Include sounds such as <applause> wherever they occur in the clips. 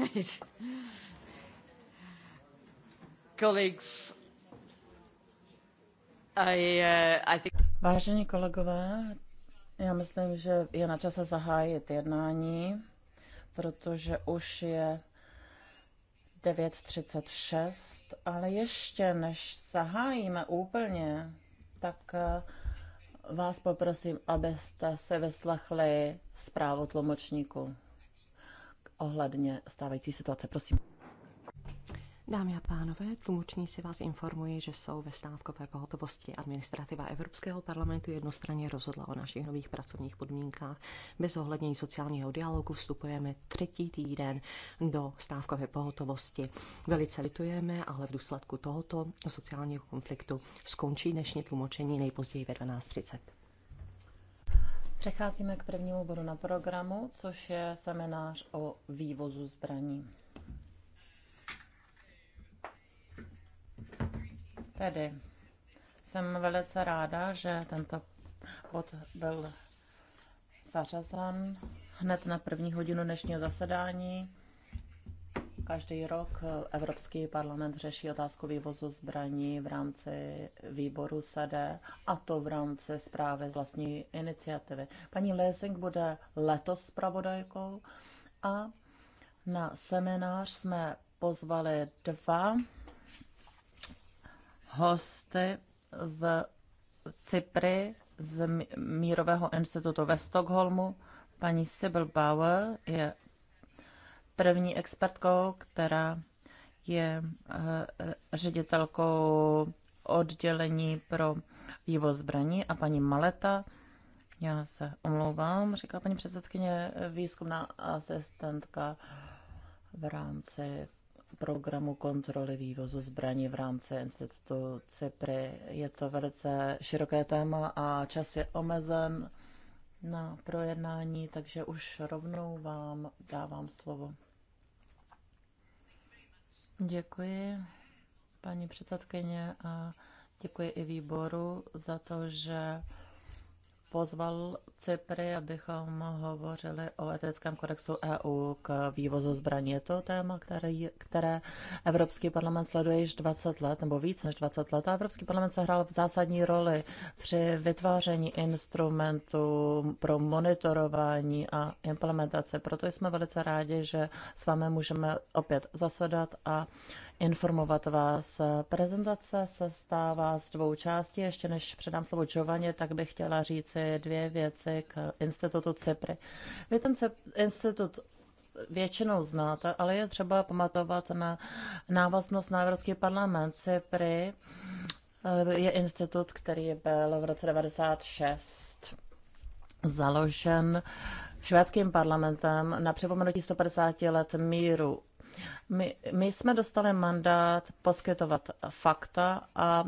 Right. Colleagues, I, uh, I think... Vážení kolegové, já myslím, že je na čase zahájit jednání, protože už je 9.36, ale ještě než zahájíme úplně, tak eh, vás poprosím, abyste se vyslechli zprávu tlumočníku ohledně stávající situace. Prosím. Dámy a pánové, tlumočníci vás informují, že jsou ve stávkové pohotovosti. Administrativa Evropského parlamentu jednostranně rozhodla o našich nových pracovních podmínkách. Bez ohlednění sociálního dialogu vstupujeme třetí týden do stávkové pohotovosti. Velice litujeme, ale v důsledku tohoto sociálního konfliktu skončí dnešní tlumočení nejpozději ve 12.30. Přecházíme k prvnímu bodu na programu, což je seminář o vývozu zbraní. Tedy jsem velice ráda, že tento bod byl zařazen hned na první hodinu dnešního zasedání. Každý rok eh, Evropský parlament řeší otázku vývozu zbraní v rámci výboru SEDE a to v rámci zprávy z vlastní iniciativy. Paní Lesing bude letos zpravodajkou a na seminář jsme pozvali dva hosty z Cypry, z Mírového institutu ve Stockholmu. Paní Sybil Bauer je první expertkou, která je eh, ředitelkou oddělení pro vývoz zbraní a paní Maleta, já se omlouvám, říká paní předsedkyně, výzkumná asistentka v rámci programu kontroly vývozu zbraní v rámci institutu CIPRI. Je to velice široké téma a čas je omezen na projednání, takže už rovnou vám dávám slovo. Děkuji, paní předsedkyně, a děkuji i výboru za to, že pozval Cypry, abychom hovořili o etickém kodexu EU k vývozu zbraní. Je to téma, který, které Evropský parlament sleduje již 20 let, nebo víc než 20 let. A Evropský parlament se hrál v zásadní roli při vytváření instrumentu pro monitorování a implementaci. Proto jsme velice rádi, že s vámi můžeme opět zasedat a informovat vás. Prezentace se stává z dvou částí. Ještě než předám slovo Giovanni, tak bych chtěla říci dvě věci k institutu CEPRI. Vy ten CEP, institut většinou znáte, ale je třeba pamatovat na návaznost na Evropský parlament. CEPRI eh, je institut, který byl v roce 96 založen švédským parlamentem na připomenutí 150 let míru my, my jsme dostali mandát poskytovat fakta a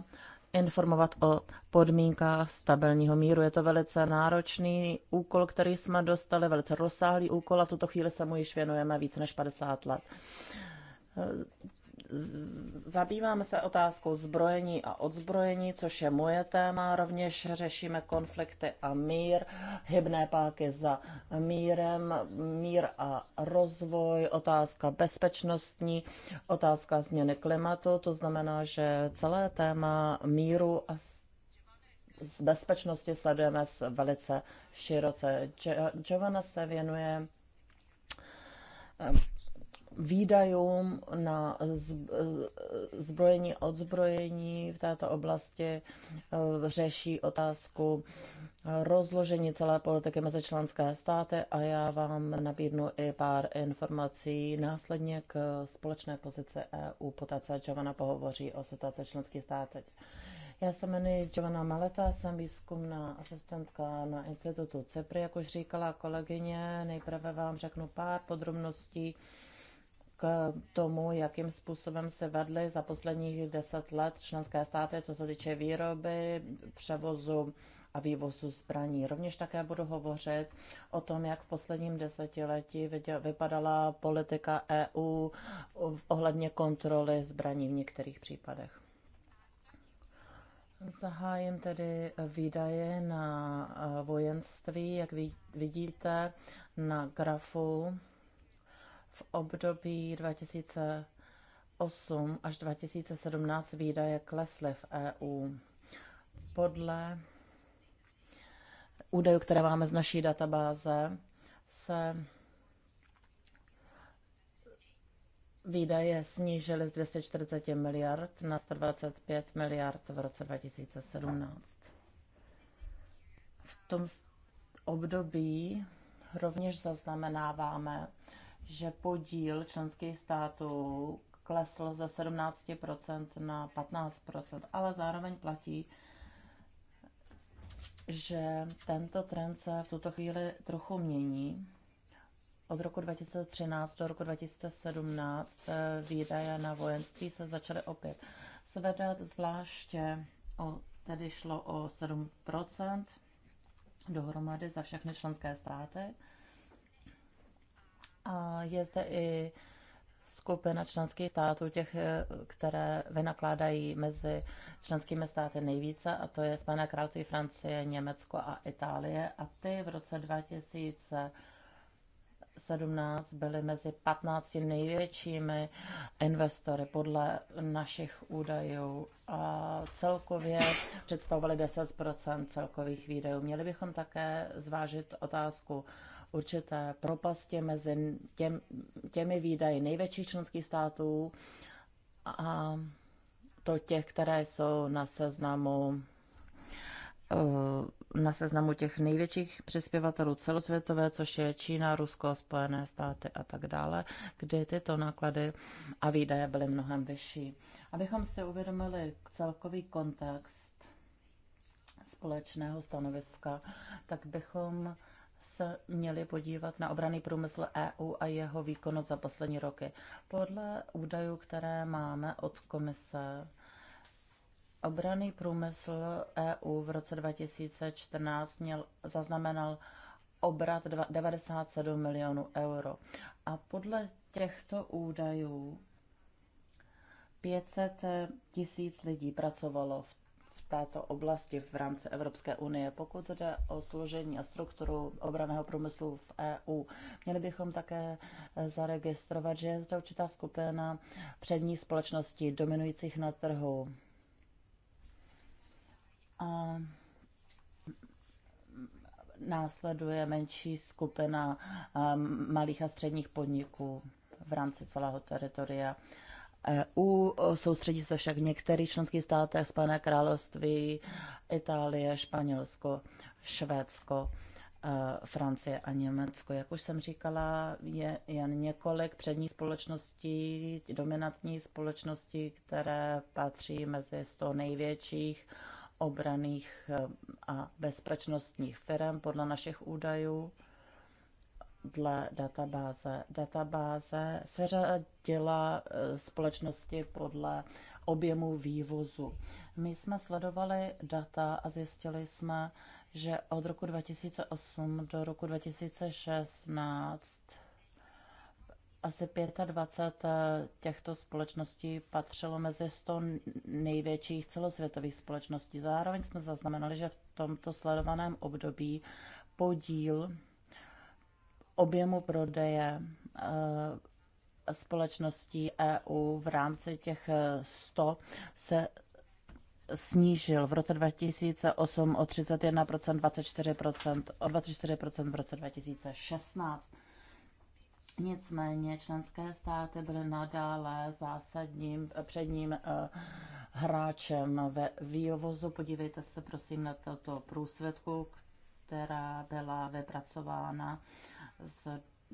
informovat o podmínkách stabilního míru. Je to velice náročný úkol, který jsme dostali, velice rozsáhlý úkol a v tuto chvíli se mu již věnujeme více než 50 let. Zabýváme se otázkou zbrojení a odzbrojení, což je moje téma. Rovněž řešíme konflikty a mír, hybné páky za mírem, mír a rozvoj, otázka bezpečnostní, otázka změny klimatu. To znamená, že celé téma míru a z bezpečnosti sledujeme s velice široce. Giovanna se věnuje výdajům na zbrojení, odzbrojení v této oblasti eh, řeší otázku rozložení celé politiky mezi členské státy a já vám nabídnu i pár informací následně k společné pozici EU, poté co Giovanna pohovoří o situaci členských států. Já se jmenuji Giovanna Maleta, jsem výzkumná asistentka na Institutu CEPRI. Jak už říkala kolegyně, nejprve vám řeknu pár podrobností k tomu, jakým způsobem se vedly za posledních deset let členské státy, co se týče výroby, převozu a vývozu zbraní. Rovněž také budu hovořit o tom, jak v posledním desetiletí vypadala politika EU ohledně kontroly zbraní v některých případech. Zahájím tedy výdaje na eh, vojenství, jak vidíte na grafu v období 2008 až 2017 výdaje klesly v EU. Podle údajů, které máme z naší databáze, se výdaje snížily z 240 miliard na 125 miliard v roce 2017. V tom období rovněž zaznamenáváme že podíl členských států klesl ze 17% na 15%, ale zároveň platí, že tento trend se v tuto chvíli trochu mění. Od roku 2013 do roku 2017 eh, výdaje na vojenství se začaly opět zvedat, zvláště o, tedy šlo o 7% dohromady za všechny členské státy. A je zde i skupina členských států, těch, eh, které vynakládají mezi členskými státy nejvíce, a to je Spojené království, Francie, Německo a Itálie. A ty v roce 2017 byly mezi 15 největšími investory podle našich údajů a celkově představovali 10 celkových výdajů. Měli bychom také zvážit otázku určité propasti mezi těm, těmi výdaji největších členských států a to těch, které jsou na seznamu eh, na seznamu těch největších přispěvatelů celosvětové, což je Čína, Rusko, Spojené státy a tak dále, kdy tyto náklady a výdaje byly mnohem vyšší. Abychom si uvědomili celkový kontext společného stanoviska, tak bychom se měli podívat na obraný průmysl EU a jeho výkonnost za poslední roky. Podle údajů, které máme od komise, obraný průmysl EU v roce 2014 měl, zaznamenal obrat 97 milionů euro. A podle těchto údajů 500 tisíc lidí pracovalo v v této oblasti v rámci Evropské unie. Pokud jde o složení a strukturu obraného průmyslu v EU, měli bychom také eh, zaregistrovat, že je zde určitá skupina přední společností dominujících na trhu. A následuje menší skupina eh, malých a středních podniků v rámci celého teritoria. EU, e, soustředí se však v některých členských státech, Spojené království, Itálie, Španělsko, Švédsko, e, Francie a Německo. Jak už jsem říkala, je jen několik předních společností, dominantní společností, které patří mezi 100 největších obraných e, a bezpečnostních firm podle našich údajů dle databáze. Databáze seřadila eh, společnosti podle objemu vývozu. My jsme sledovali data a zjistili jsme, že od roku 2008 do roku 2016 asi 25 eh, těchto společností patřilo mezi 100 největších celosvětových společností. Zároveň jsme zaznamenali, že v tomto sledovaném období podíl objemu prodeje eh, společností EU v rámci těch 100 eh, se snížil v roce 2008 o 31%, 24%, o 24% v roce 2016. Nicméně členské státy byly nadále zásadním eh, předním hráčem ve vývozu. Podívejte se prosím na toto průsvědku, která byla vypracována z,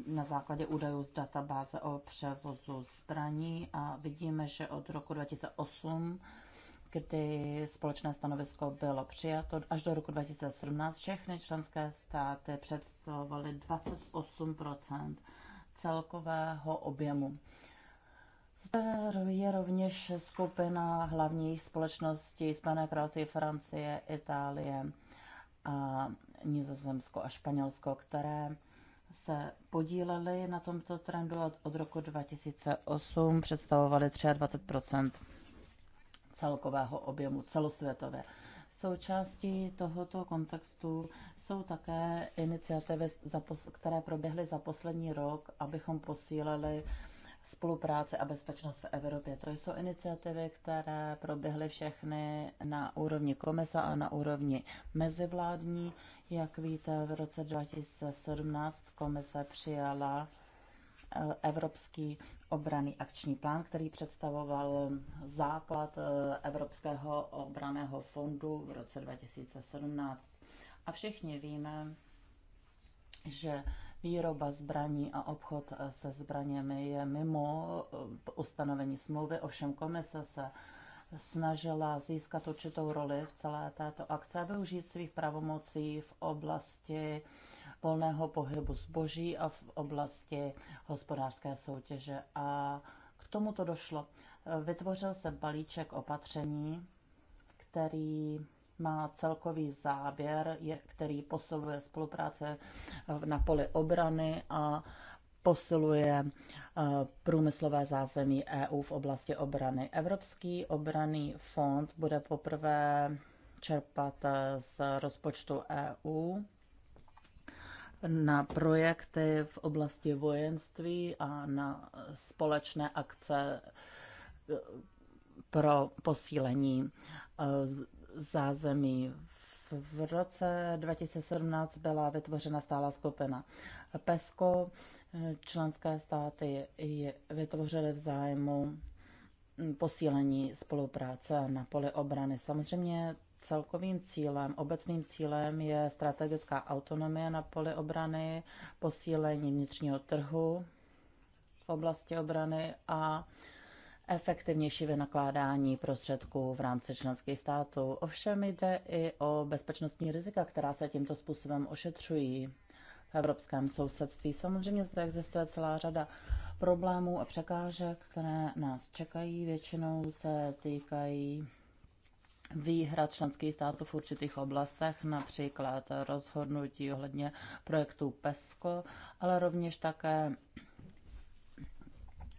na základě údajů z databáze o převozu zbraní a vidíme, že od roku 2008 kdy společné stanovisko bylo přijato až do roku 2017. Všechny členské státy představovaly 28 celkového objemu. Zde je rovněž skupina hlavních společností Spojené království Francie, Itálie a Nizozemsko a Španělsko, které se podíleli na tomto trendu a od roku 2008, představovali 23 celkového objemu celosvětově. Součástí tohoto kontextu jsou také iniciativy, které proběhly za poslední rok, abychom posílili uh, spolupráce a bezpečnost v Evropě. To jsou iniciativy, které proběhly všechny na úrovni komisa a na úrovni mezivládní. Jak víte, v roce 2017 komise přijala eh, Evropský obraný akční plán, který představoval eh, základ eh, Evropského obraného fondu v roce 2017. A všichni víme, že Výroba zbraní a obchod eh, se zbraněmi je mimo eh, ustanovení smlouvy, ovšem komise se snažila získat určitou roli v celé této akci a využít svých pravomocí v oblasti volného pohybu zboží a v oblasti hospodářské soutěže. A k tomu to došlo. Eh, vytvořil se balíček opatření, který má celkový záběr, který posiluje spolupráce na poli obrany a posiluje eh, průmyslové zázemí EU v oblasti obrany. Evropský obraný fond bude poprvé čerpat eh, z rozpočtu EU na projekty v oblasti vojenství a na společné akce eh, pro posílení zázemí. V roce 2017 byla vytvořena stála skupina PESCO. Členské státy vytvořily v zájmu posílení spolupráce na poli obrany. Samozřejmě celkovým cílem, obecným cílem je strategická autonomie na poli obrany, posílení vnitřního trhu v oblasti obrany a efektivnější vynakládání prostředků v rámci členských států. Ovšem jde i o bezpečnostní rizika, která se tímto způsobem ošetřují v evropském sousedství. Samozřejmě zde existuje celá řada problémů a překážek, které nás čekají. Většinou se týkají výhrad členských států v určitých oblastech, například rozhodnutí ohledně projektu PESCO, ale rovněž také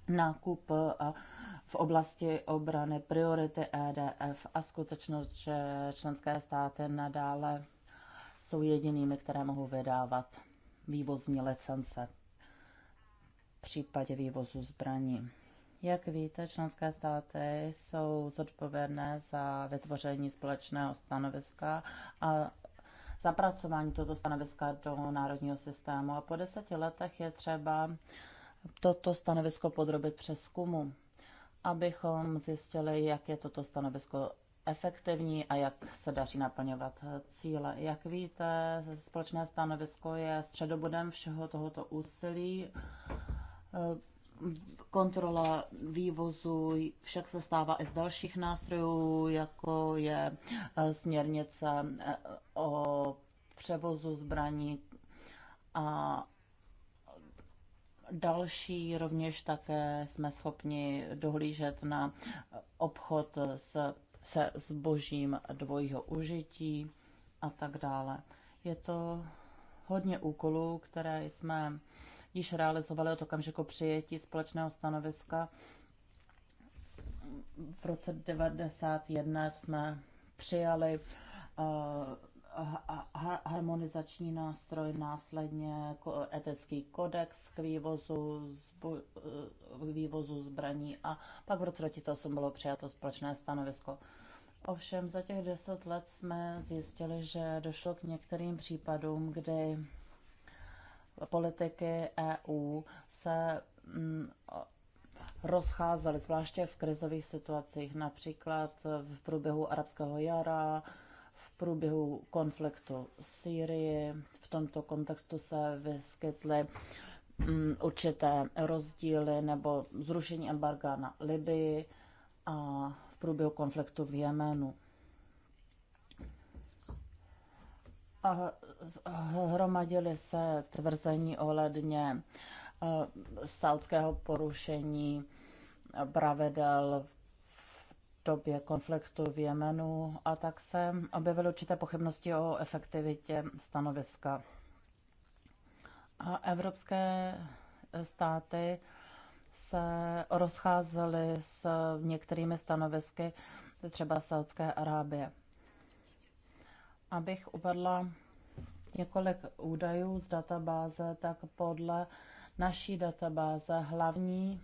nákup a v oblasti obrany priority EDF a skutečnost, že členské státy nadále jsou jedinými, které mohou vydávat vývozní licence v případě vývozu zbraní. Jak víte, členské státy jsou zodpovědné za vytvoření společného stanoviska a zapracování tohoto stanoviska do národního systému. A po deseti letech je třeba toto stanovisko podrobit přeskumu abychom zjistili, jak je toto stanovisko efektivní a jak se daří naplňovat cíle. Jak víte, společné stanovisko je středobodem všeho tohoto úsilí. Kontrola vývozu však se stává i z dalších nástrojů, jako je eh, směrnice eh, o převozu zbraní a další rovněž také jsme schopni dohlížet na obchod s, se zbožím dvojího užití a tak dále. Je to hodně úkolů, které jsme již realizovali od okamžiku přijetí společného stanoviska. V roce 1991 jsme přijali eh, harmonizační nástroj, následně etický kodex k vývozu, zbo, eh, vývozu zbraní a pak v roce 2008 bylo přijato společné stanovisko. Ovšem za těch deset let jsme zjistili, že došlo k některým případům, kdy politiky EU se mm, rozcházely, zvláště v krizových situacích, například v průběhu arabského jara, průběhu konfliktu v Sýrii. V tomto kontextu se vyskytly mm, určité rozdíly nebo zrušení embarga na Libii a v průběhu konfliktu v Jemenu. A hromadily se tvrzení ohledně eh, saudského porušení pravidel v době konfliktu v Jemenu a tak se objevily určité pochybnosti o efektivitě stanoviska. A evropské státy se rozcházely s některými stanovisky, třeba Saudské Arábie. Abych uvedla několik údajů z databáze, tak podle naší databáze hlavní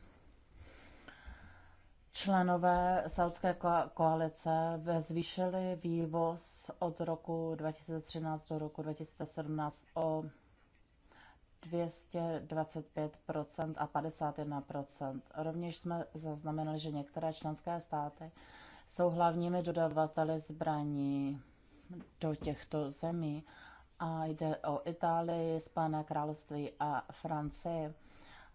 členové saudské koalice zvýšili vývoz od roku 2013 do roku 2017 o 225 a 51 Rovněž jsme zaznamenali, že některé členské státy jsou hlavními dodavateli zbraní do těchto zemí a jde o Itálii, Spojené království a Francii.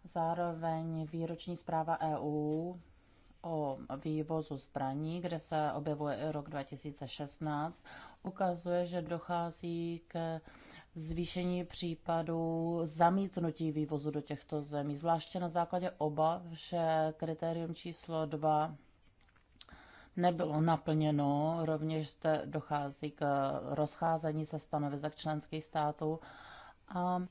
Zároveň výroční zpráva EU o vývozu zbraní, kde se objevuje i rok 2016, ukazuje, že dochází k zvýšení případů zamítnutí vývozu do těchto zemí, zvláště na základě oba, že kritérium číslo 2 nebylo naplněno. Rovněž zde dochází k rozcházení se stanovisek členských států a e,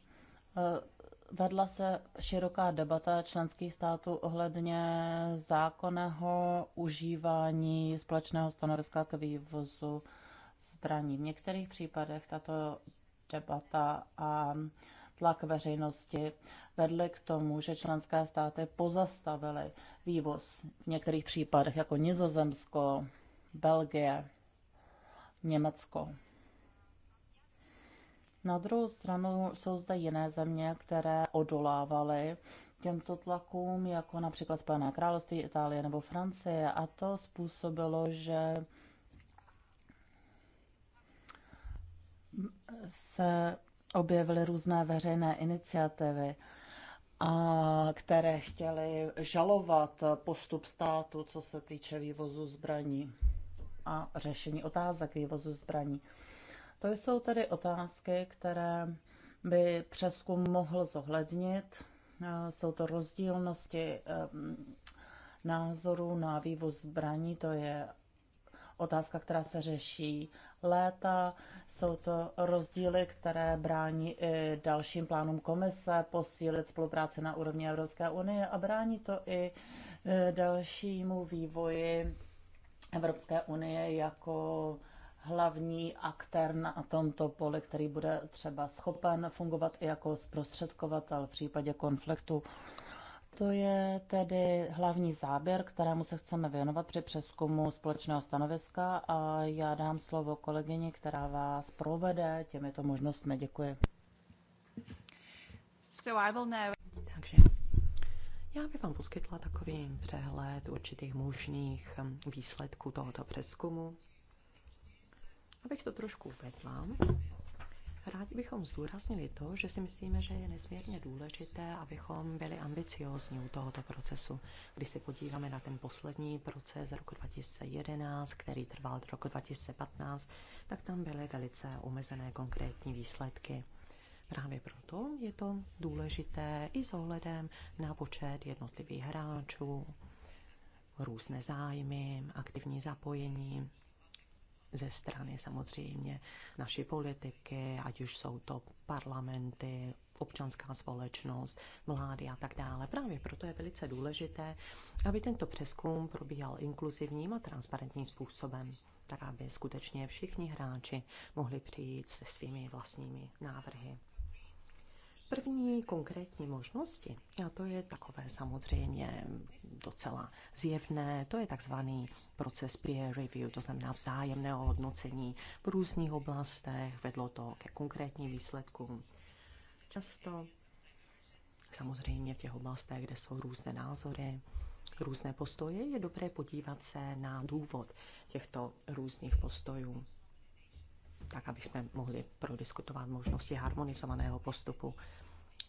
vedla se široká debata členských států ohledně zákonného užívání společného stanoviska k vývozu zbraní. V některých případech tato debata a tlak veřejnosti vedly k tomu, že členské státy pozastavily vývoz v některých případech, jako Nizozemsko, Belgie, Německo. Na druhou stranu jsou zde jiné země, které odolávaly těmto tlakům, jako například Spojené království, Itálie nebo Francie. A to způsobilo, že se objevily různé veřejné iniciativy, a které chtěly žalovat postup státu, co se týče vývozu zbraní a řešení otázek vývozu zbraní. To jsou tedy otázky, které by přeskum mohl zohlednit. Eh, jsou to rozdílnosti eh, názorů na vývoz zbraní, to je otázka, která se řeší léta. Jsou to rozdíly, které brání i dalším plánům komise posílit spolupráci na úrovni Evropské unie a brání to i eh, dalšímu vývoji Evropské unie jako hlavní aktér na tomto poli, který bude třeba schopen fungovat i jako zprostředkovatel v případě konfliktu. To je tedy hlavní záběr, kterému se chceme věnovat při přeskumu společného stanoviska a já dám slovo kolegyni, která vás provede těmito možnostmi. Děkuji. So I will now... Takže já bych vám poskytla takový přehled určitých možných um, výsledků tohoto přeskumu Abych to trošku uvedla, rádi bychom zdůraznili to, že si myslíme, že je nesmírně důležité, abychom byli ambiciózní u tohoto procesu. Když se podíváme na ten poslední proces z roku 2011, který trval do roku 2015, tak tam byly velice omezené konkrétní výsledky. Právě proto je to důležité i s ohledem na počet jednotlivých hráčů, různé zájmy, aktivní zapojení ze strany samozřejmě naší politiky, ať už jsou to parlamenty, občanská společnost, mlády a tak dále. Právě proto je velice důležité, aby tento přeskum probíhal inkluzivním a transparentním způsobem, tak aby skutečně všichni hráči mohli přijít se svými vlastními návrhy první konkrétní možnosti, a to je takové samozřejmě docela zjevné, to je takzvaný proces peer review, to znamená vzájemného hodnocení v různých oblastech, vedlo to ke konkrétním výsledkům. Často samozřejmě v těch oblastech, kde jsou různé názory, různé postoje, je dobré podívat se na důvod těchto různých postojů tak aby jsme mohli prodiskutovat možnosti harmonizovaného postupu.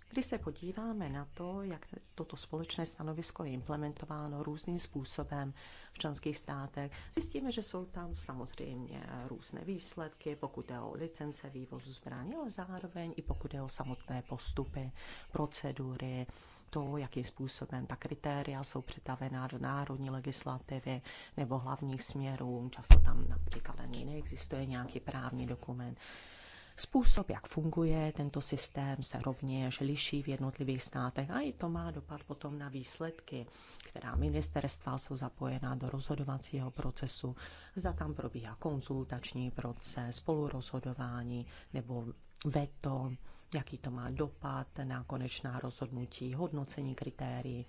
Když se podíváme na to, jak toto společné stanovisko je implementováno různým způsobem v členských státech, zjistíme, že jsou tam samozřejmě různé výsledky, pokud je o licence vývozu zbraní, ale zároveň i pokud je o samotné postupy, procedury, to, jakým způsobem ta kritéria jsou přetavená do národní legislativy nebo hlavních směrů. Často tam například ani neexistuje nějaký právní dokument. Způsob, jak funguje tento systém, se rovněž liší v jednotlivých státech a i to má dopad potom na výsledky, která ministerstva jsou zapojená do rozhodovacího procesu, zda tam probíhá konzultační proces, spolurozhodování nebo veto jaký to má dopad na konečná rozhodnutí, hodnocení kritérií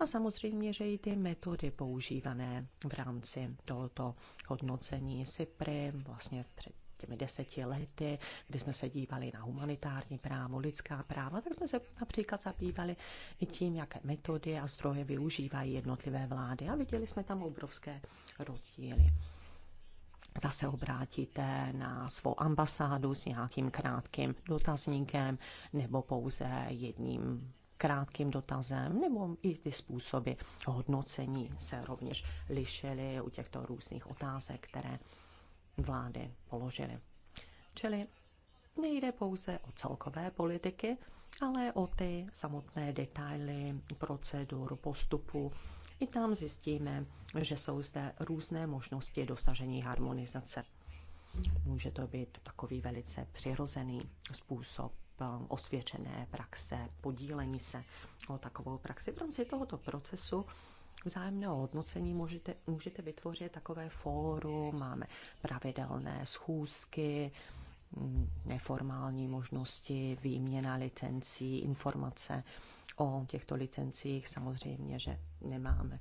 a samozřejmě, že i ty metody používané v rámci tohoto hodnocení SIPRI, vlastně před těmi deseti lety, kdy jsme se dívali na humanitární právo, lidská práva, tak jsme se například zabývali i tím, jaké metody a zdroje využívají jednotlivé vlády a viděli jsme tam obrovské rozdíly zase obrátíte na svou ambasádu s nějakým krátkým dotazníkem nebo pouze jedním krátkým dotazem, nebo i ty způsoby hodnocení se rovněž lišily u těchto různých otázek, které vlády položily. Čili nejde pouze o celkové politiky, ale o ty samotné detaily procedur, postupu i tam zjistíme, že jsou zde různé možnosti dosažení harmonizace. Může to být takový velice přirozený způsob eh, osvědčené praxe, podílení se o takovou praxi. V rámci tohoto procesu vzájemného hodnocení můžete, můžete vytvořit takové fórum, máme pravidelné schůzky, mm, neformální možnosti, výměna licencí, informace o těchto licencích samozřejmě, že nemáme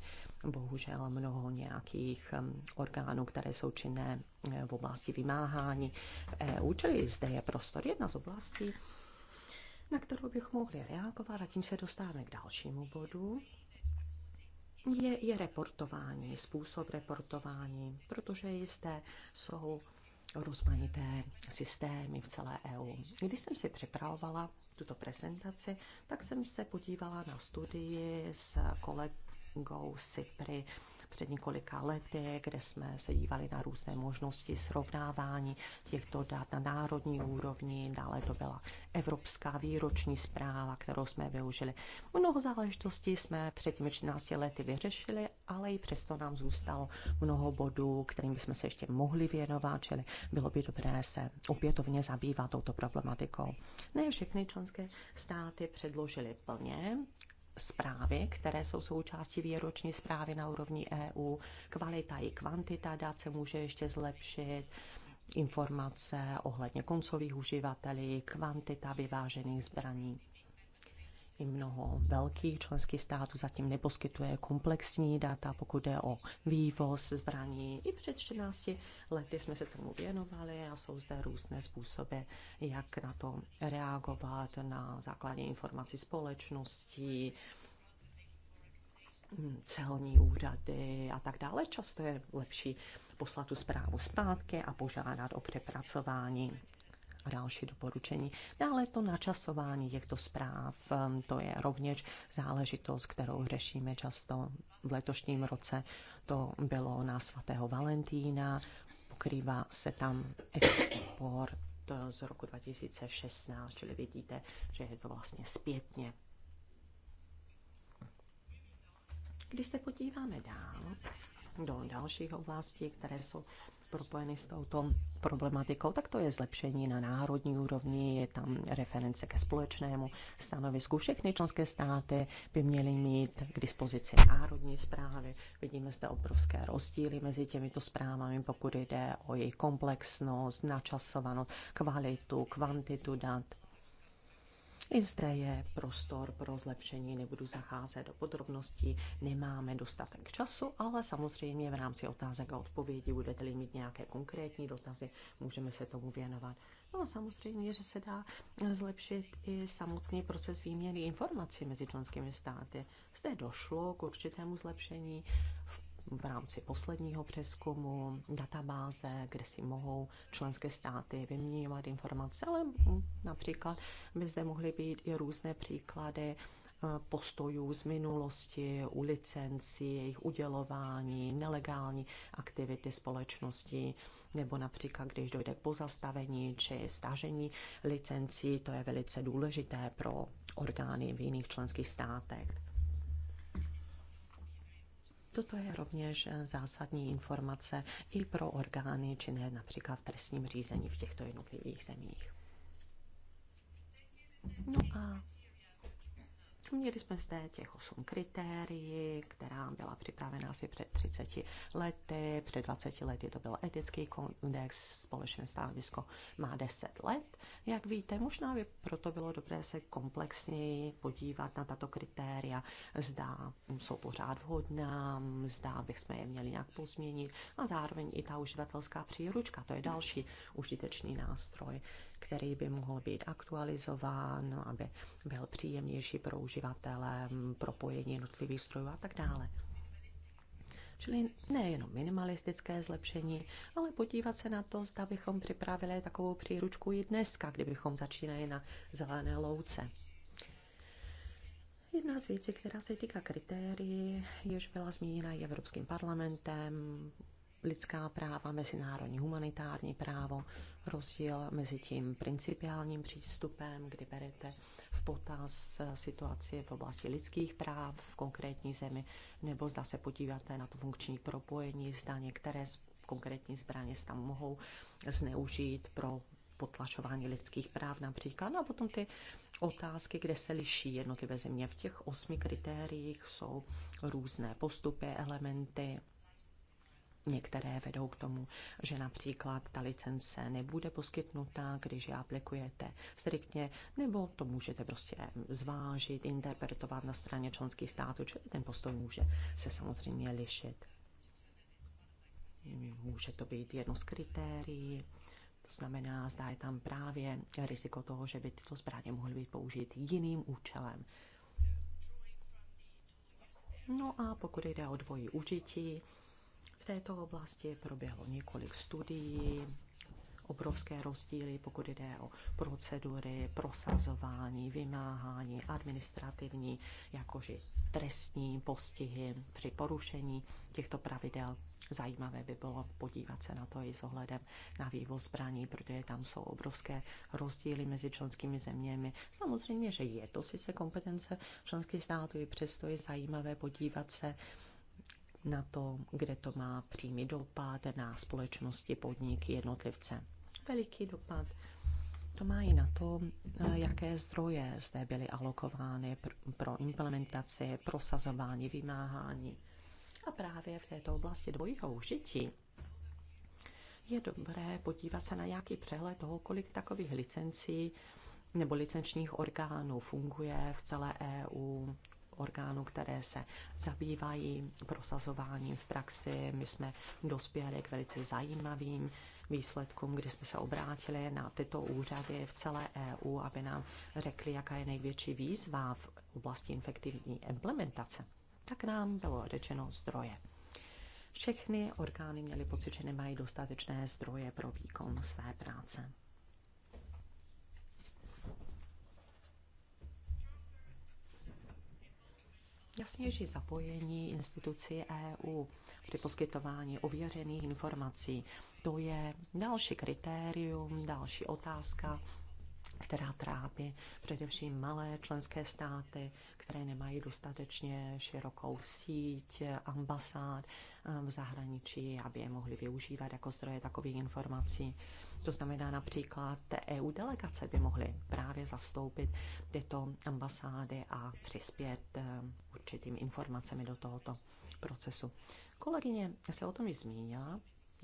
bohužel mnoho nějakých um, orgánů, které jsou činné eh, v oblasti vymáhání EU, čili zde je prostor jedna z oblastí, na kterou bych mohli reagovat a tím se dostáváme k dalšímu bodu. Je, je reportování, způsob reportování, protože jisté jsou rozmanité systémy v celé EU. Když jsem si připravovala tuto prezentaci, tak jsem se podívala na studii s kolegou Sipry před několika lety, kde jsme se dívali na různé možnosti srovnávání těchto dat na národní úrovni, dále to byla evropská výroční zpráva, kterou jsme využili. Mnoho záležitostí jsme před těmi 14 lety vyřešili, ale i přesto nám zůstalo mnoho bodů, kterým bychom se ještě mohli věnovat, čili bylo by dobré se opětovně zabývat touto problematikou. Ne všechny členské státy předložily plně zprávy, které jsou součástí výroční zprávy na úrovni EU. Kvalita i kvantita dat se může ještě zlepšit informace ohledně koncových uživatelů, kvantita vyvážených zbraní. I mnoho velkých členských států zatím neposkytuje komplexní data, pokud jde o vývoz zbraní. I před 14 lety jsme se tomu věnovali a jsou zde různé způsoby, jak na to reagovat na základě informací společností, celní úřady a tak dále. Často je lepší poslat tu zprávu zpátky a požádat o přepracování a další doporučení. Dále to načasování těchto zpráv, ehm, to je rovněž záležitost, kterou řešíme často v letošním roce. To bylo na svatého Valentína, pokrývá se tam export eh, z roku 2016, čili vidíte, že je to vlastně zpětně. Když se podíváme dál do dalších oblastí, které jsou propojeny s touto problematikou, tak to je zlepšení na národní úrovni, je tam reference ke společnému stanovisku. Všechny členské státy by měly mít k dispozici národní zprávy. Vidíme zde obrovské rozdíly mezi těmito zprávami, pokud jde o jejich komplexnost, načasovanost, kvalitu, kvantitu dat. I zde je prostor pro zlepšení, nebudu zacházet do podrobností, nemáme dostatek času, ale samozřejmě v rámci otázek a odpovědí budete-li mít nějaké konkrétní dotazy, můžeme se tomu věnovat. No a samozřejmě, že se dá zlepšit i samotný proces výměny informací mezi členskými státy. Zde došlo k určitému zlepšení v v rámci posledního přeskumu databáze, kde si mohou členské státy vyměňovat informace, ale například by zde mohly být i různé příklady eh, postojů z minulosti, u licencí, jejich udělování, nelegální aktivity společnosti, nebo například, když dojde k pozastavení či stažení licencí, to je velice důležité pro orgány v jiných členských státech. Toto je rovněž zásadní informace i pro orgány či ne například v trestním řízení v těchto jednotlivých zemích. No a Měli jsme zde těch osm kritérií, která byla připravena asi před 30 lety. Před 20 lety to byl etický kodex, společné stanovisko má 10 let. Jak víte, možná by proto bylo dobré se komplexněji podívat na tato kritéria, zda jsou pořád vhodná, zda bychom je měli nějak pozměnit a zároveň i ta uživatelská příručka, to je další užitečný nástroj který by mohl být aktualizován, aby byl příjemnější pro uživatele, propojení jednotlivých strojů a tak dále. Čili nejenom minimalistické zlepšení, ale podívat se na to, zda bychom připravili takovou příručku i dneska, kdybychom začínali na zelené louce. Jedna z věcí, která se týká kritérií, jež byla zmíněna i Evropským parlamentem, lidská práva, mezinárodní humanitární právo, rozdíl mezi tím principiálním přístupem, kdy berete v potaz eh, situaci v oblasti lidských práv v konkrétní zemi, nebo zda se podíváte na to funkční propojení, zda některé z konkrétní zbraně se tam mohou zneužít pro potlačování lidských práv například. No a potom ty otázky, kde se liší jednotlivé země. V těch osmi kritériích jsou různé postupy, elementy, Některé vedou k tomu, že například ta licence nebude poskytnutá, když ji aplikujete striktně, nebo to můžete prostě zvážit, interpretovat na straně členských států, čili ten postoj může se samozřejmě lišit. Může to být jedno z kritérií, to znamená, zdá je tam právě riziko toho, že by tyto zbraně mohly být použít jiným účelem. No a pokud jde o dvojí užití, v této oblasti proběhlo několik studií, obrovské rozdíly, pokud jde o procedury, prosazování, vymáhání, administrativní, jakož i trestní postihy při porušení těchto pravidel. Zajímavé by bylo podívat se na to i s ohledem na vývoz zbraní, protože tam jsou obrovské rozdíly mezi členskými zeměmi. Samozřejmě, že je to sice kompetence členských států, i přesto je zajímavé podívat se na to, kde to má přímý dopad na společnosti, podniky, jednotlivce. Veliký dopad to má i na to, eh, jaké zdroje zde byly alokovány pro implementaci, prosazování, vymáhání. A právě v této oblasti dvojího užití je dobré podívat se na nějaký přehled toho, kolik takových licencí nebo licenčních orgánů funguje v celé EU, orgánů, které se zabývají prosazováním v praxi. My jsme dospěli k velice zajímavým výsledkům, kdy jsme se obrátili na tyto úřady v celé EU, aby nám řekli, jaká je největší výzva v oblasti infektivní implementace. Tak nám bylo řečeno zdroje. Všechny orgány měly pocit, že nemají dostatečné zdroje pro výkon své práce. jasnější zapojení institucí EU při poskytování ověřených informací. To je další kritérium, další otázka, která trápí především malé členské státy, které nemají dostatečně širokou síť ambasád eh, v zahraničí, aby je mohli využívat jako zdroje takových informací. To znamená například EU delegace by mohly právě zastoupit tyto ambasády a přispět eh, určitými informacemi do tohoto procesu. Kolegyně se o tom již zmínila,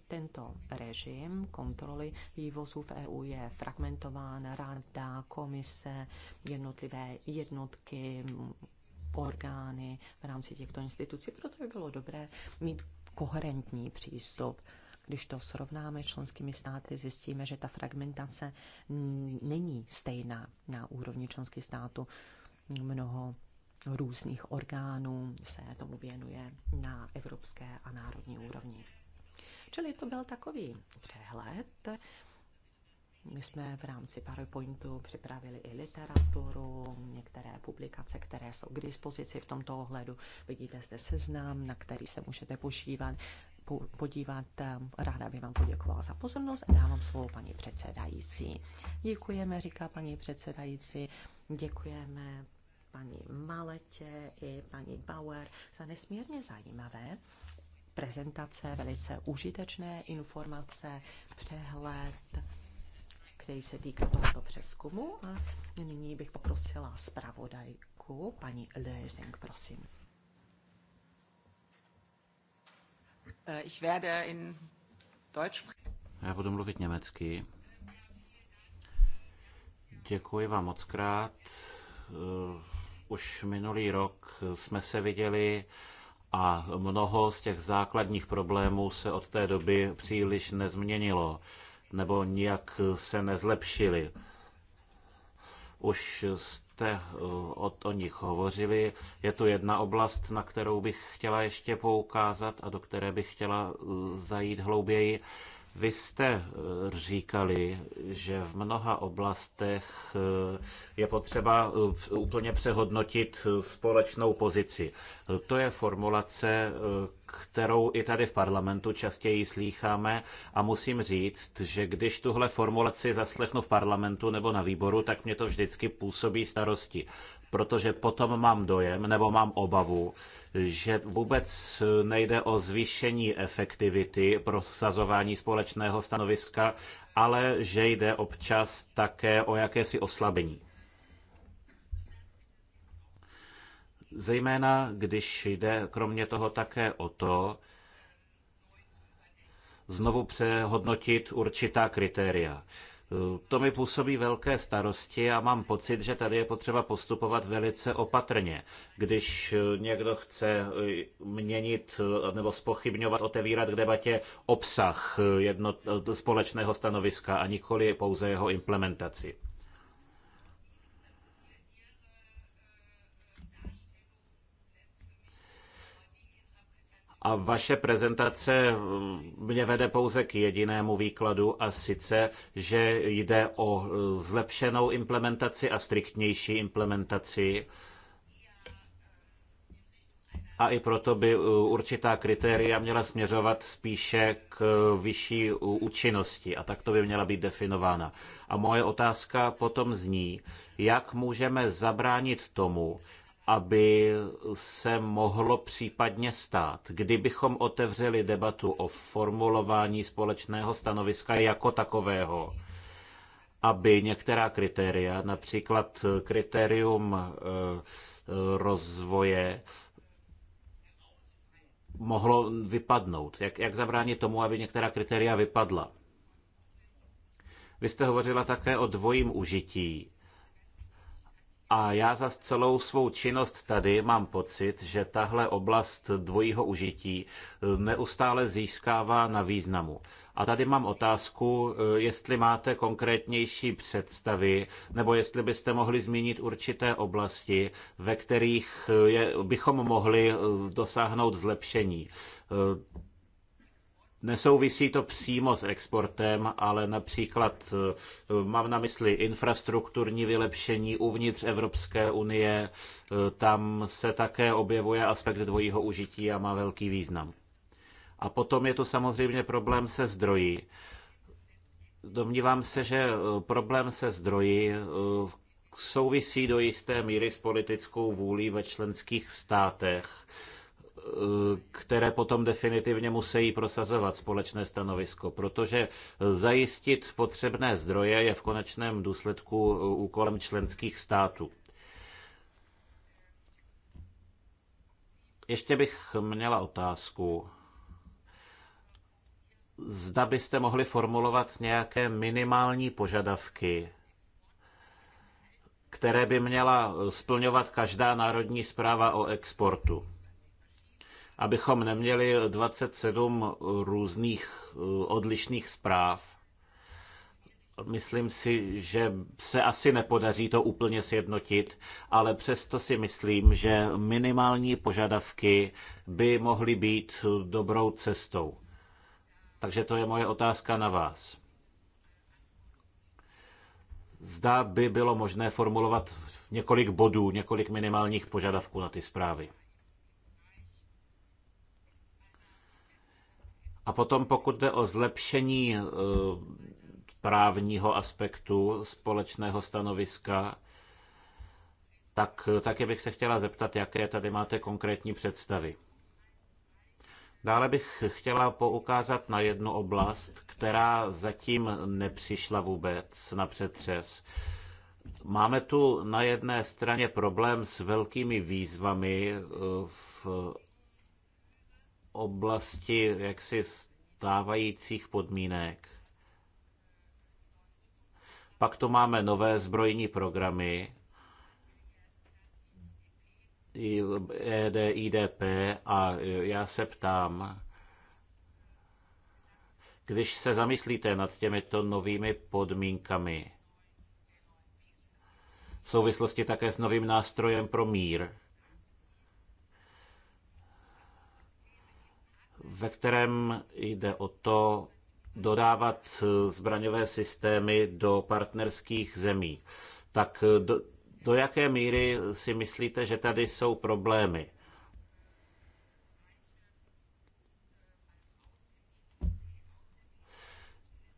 tento režim kontroly vývozu v EU je fragmentován, rada, komise, jednotlivé jednotky, orgány v rámci těchto institucí. Proto by bylo dobré mít koherentní přístup. Když to srovnáme členskými státy, zjistíme, že ta fragmentace není stejná na úrovni členských států. Mnoho různých orgánů se tomu věnuje na evropské a národní úrovni. Čili to byl takový přehled. My jsme v rámci PowerPointu připravili i literaturu, některé publikace, které jsou k dispozici v tomto ohledu. Vidíte zde seznam, na který se můžete pošívat, podívat. Ráda bych vám poděkovala za pozornost a dávám slovo paní předsedající. Děkujeme, říká paní předsedající. Děkujeme paní Maletě i paní Bauer za nesmírně zajímavé prezentace, velice užitečné informace, přehled, který se týká tohoto přeskumu. A nyní bych poprosila zpravodajku, paní Lézing, prosím. Äh, ich werde in Deutsch Já budu mluvit německy. Děkuji vám moc krát. Už minulý rok jsme se viděli a mnoho z těch základních problémů se od té doby příliš nezměnilo nebo nijak se nezlepšili. Už jste eh, o, o nich hovořili. Je tu jedna oblast, na kterou bych chtěla ještě poukázat a do které bych chtěla eh, zajít hlouběji. Vy jste eh, říkali, že v mnoha oblastech eh, je potřeba eh, úplně přehodnotit společnou pozici. To je formulace, kterou i tady v parlamentu častěji slýcháme a musím říct, že když tuhle formulaci zaslechnu v parlamentu nebo na výboru, tak mě to vždycky působí starosti protože potom mám dojem nebo mám obavu, že vůbec nejde o zvýšení efektivity prosazování společného stanoviska, ale že jde občas také o jakési oslabení. Zejména když jde kromě toho také o to, znovu přehodnotit určitá kritéria. To mi působí velké starosti a mám pocit, že tady je potřeba postupovat velice opatrně. Když eh, někdo chce eh, měnit eh, nebo spochybňovat, otevírat k debatě obsah jedno, společného stanoviska a nikoli pouze jeho implementaci. A vaše prezentace mm, mě vede pouze k jedinému výkladu a sice, že jde o mm, zlepšenou implementaci a striktnější implementaci a i proto by mm, určitá kritéria měla směřovat spíše k vyšší účinnosti a tak to by měla být definována. A moje otázka potom zní, jak můžeme zabránit tomu, aby se mohlo případně stát, kdybychom otevřeli debatu o formulování společného stanoviska jako takového, aby některá kritéria, například kritérium eh, rozvoje, mohlo vypadnout? Jak, jak zabránit tomu, aby některá kritéria vypadla? Vy jste hovořila také o dvojím užití a já za celou svou činnost tady mám pocit, že tahle oblast dvojího užití eh, neustále získává na významu. A tady mám otázku, eh, jestli máte konkrétnější představy, nebo jestli byste mohli zmínit určité oblasti, ve kterých eh, je, bychom mohli dosáhnout zlepšení. Nesouvisí to přímo s exportem, ale například eh, mám na mysli infrastrukturní vylepšení uvnitř Evropské unie. Eh, tam se také objevuje aspekt dvojího užití a má velký význam. A potom je to samozřejmě problém se zdroji. Domnívám se, že eh, problém se zdroji souvisí do jisté míry s politickou vůlí ve členských státech které potom definitivně musí prosazovat společné stanovisko, protože zajistit potřebné zdroje je v konečném důsledku úkolem členských států. Ještě bych měla otázku. Zda byste mohli formulovat nějaké minimální požadavky které by měla splňovat každá národní zpráva o exportu abychom neměli 27 různých eh, odlišných zpráv. Myslím si, že se asi nepodaří to úplně sjednotit, ale přesto si myslím, že minimální požadavky by mohly být eh, dobrou cestou. Takže to je moje otázka na vás. Zda by bylo možné formulovat několik bodů, několik minimálních požadavků na ty zprávy. A potom pokud jde o zlepšení eh, právního aspektu společného stanoviska, tak také bych se chtěla zeptat, jaké tady máte konkrétní představy. Dále bych chtěla poukázat na jednu oblast, která zatím nepřišla vůbec na přetřes. Máme tu na jedné straně problém s velkými výzvami eh, v oblasti jaksi stávajících podmínek. Pak tu máme nové zbrojní programy, IDP e a já se ptám, když se zamyslíte nad těmito novými podmínkami, v souvislosti také s novým nástrojem pro mír, ve kterém jde o to dodávat eh, zbraňové systémy do partnerských zemí. Tak do, do jaké míry si myslíte, že tady jsou problémy?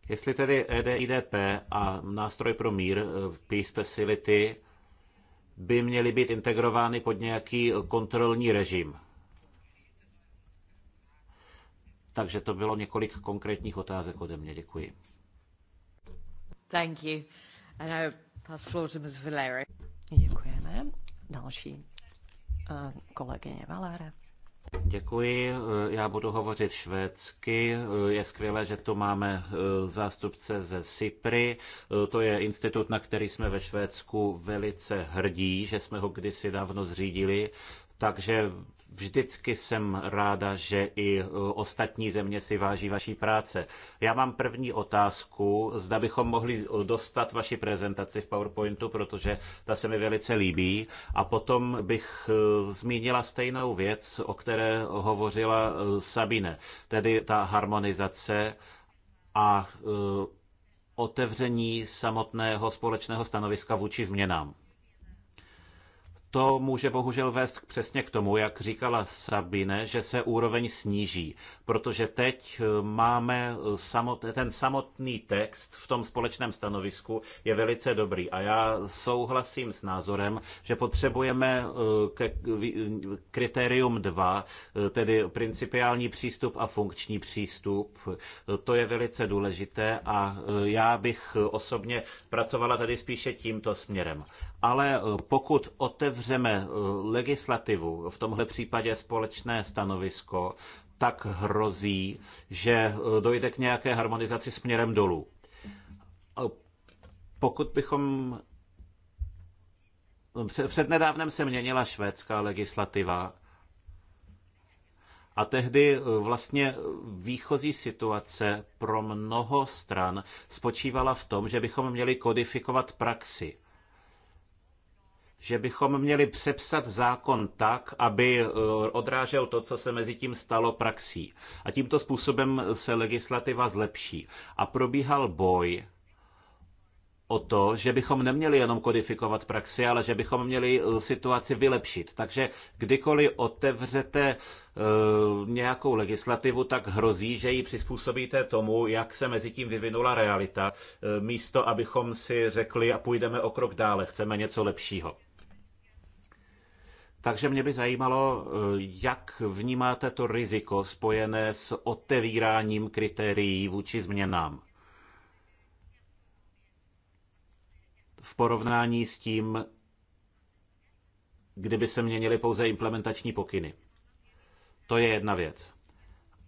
Jestli tedy EDIDP a nástroj pro mír eh, v Peace Facility by měly být integrovány pod nějaký kontrolní režim. Takže to bylo několik konkrétních otázek ode mě. Děkuji. Thank you. And I pass floor to Ms. Valeri. Děkujeme. Další eh, kolegyně Valere. Děkuji, eh, já budu hovořit švédsky. Eh, je skvělé, že tu máme zástupce ze SIPRI. To je institut, na který jsme ve Švédsku velice hrdí, že jsme ho kdysi dávno zřídili. Takže Vždycky jsem ráda, že i e, ostatní země si váží vaší práce. Já mám první otázku, zda bychom mohli e, dostat vaši prezentaci v PowerPointu, protože ta se mi velice líbí. A potom bych e, zmínila stejnou věc, o které hovořila Sabine, tedy ta harmonizace a otevření samotného společného stanoviska vůči změnám to může bohužel vést přesně k tomu, jak říkala Sabine, že se úroveň sníží, protože teď eh, máme eh, samot, ten samotný text v tom společném stanovisku je velice dobrý a já souhlasím s názorem, že potřebujeme eh, k, kritérium 2, tedy principiální přístup a funkční přístup. To je velice důležité a já bych osobně pracovala tady spíše tímto směrem. Ale pokud otevřeme uzavřeme eh, legislativu, v tomhle případě společné stanovisko, tak hrozí, že eh, dojde k nějaké harmonizaci směrem dolů. Pokud bychom eh, Přednedávnem se měnila švédská legislativa a tehdy vlastně výchozí situace pro mnoho stran spočívala v tom, že bychom měli kodifikovat praxi že bychom měli přepsat zákon tak, aby eh, odrážel to, co se mezi tím stalo praxí. A tímto způsobem se legislativa zlepší. A probíhal boj o to, že bychom neměli jenom kodifikovat praxi, ale že bychom měli eh, situaci vylepšit. Takže kdykoliv otevřete eh, nějakou legislativu, tak hrozí, že ji přizpůsobíte tomu, jak se mezi tím vyvinula realita, místo abychom si řekli a půjdeme o krok dále, chceme něco lepšího. Takže mě by zajímalo, eh, jak vnímáte to riziko spojené s otevíráním kritérií vůči změnám. V porovnání s tím, kdyby se měnily pouze implementační pokyny. To je jedna věc.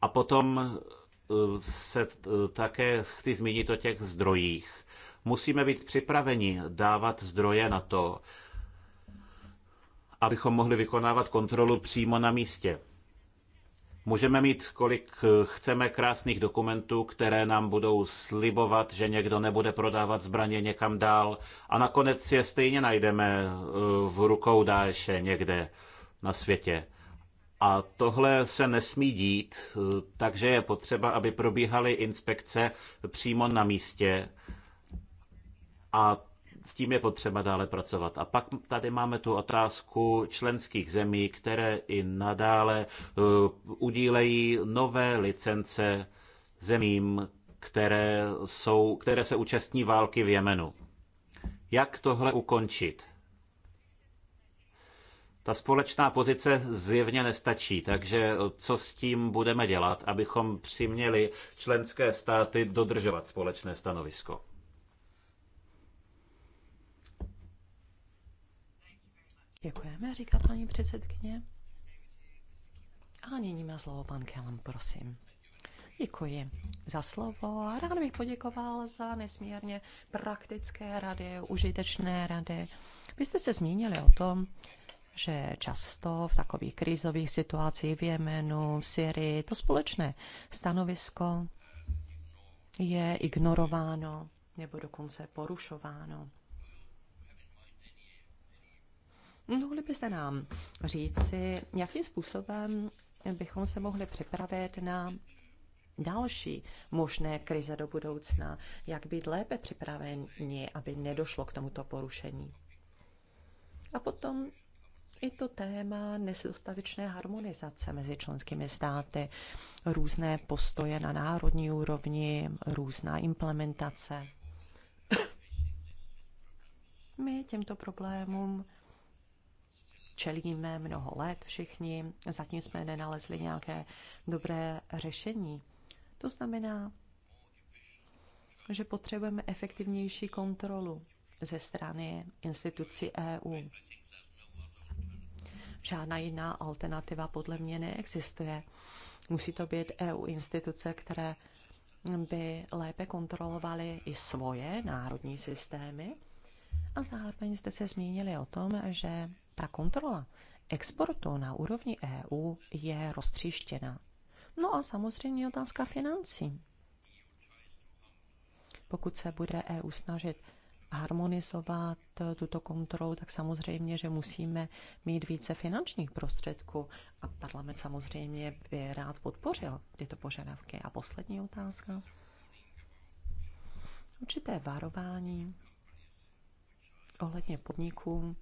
A potom eh, se eh, také chci zmínit o těch zdrojích. Musíme být připraveni dávat zdroje na to, abychom mohli vykonávat kontrolu přímo na místě. Můžeme mít, kolik eh, chceme krásných dokumentů, které nám budou slibovat, že někdo nebude prodávat zbraně někam dál a nakonec je stejně najdeme eh, v rukou Dáše někde na světě. A tohle se nesmí dít, eh, takže je potřeba, aby probíhaly inspekce přímo na místě. A s tím je potřeba dále pracovat. A pak tady máme tu otázku členských zemí, které i nadále eh, udílejí nové licence zemím, které, jsou, které se účastní války v Jemenu. Jak tohle ukončit? Ta společná pozice zjevně nestačí, takže co s tím budeme dělat, abychom přiměli členské státy dodržovat společné stanovisko? Děkujeme, říká paní předsedkyně. A nyní má slovo pan Kelm, prosím. Děkuji za slovo a rád bych poděkoval za nesmírně praktické rady, užitečné rady. Vy jste se zmínili o tom, že často v takových krizových situacích v Jemenu, v Syrii, to společné stanovisko je ignorováno nebo dokonce porušováno. Mohli byste nám říci, jakým způsobem bychom se mohli připravit na další možné krize do budoucna, jak být lépe připraveni, aby nedošlo k tomuto porušení. A potom i to téma nedostatečné harmonizace mezi členskými státy, různé postoje na národní úrovni, různá implementace. My těmto problémům čelíme mnoho let všichni, zatím jsme nenalezli nějaké dobré řešení. To znamená, že potřebujeme efektivnější kontrolu ze strany institucí EU. Žádná jiná alternativa podle mě neexistuje. Musí to být EU instituce, které by lépe kontrolovaly i svoje národní systémy. A zároveň jste se zmínili o tom, že ta kontrola exportu na úrovni EU je roztříštěna. No a samozřejmě otázka financí. Pokud se bude EU snažit harmonizovat tuto kontrolu, tak samozřejmě, že musíme mít více finančních prostředků a parlament samozřejmě by rád podpořil tyto požadavky. A poslední otázka. Určité varování ohledně podniků,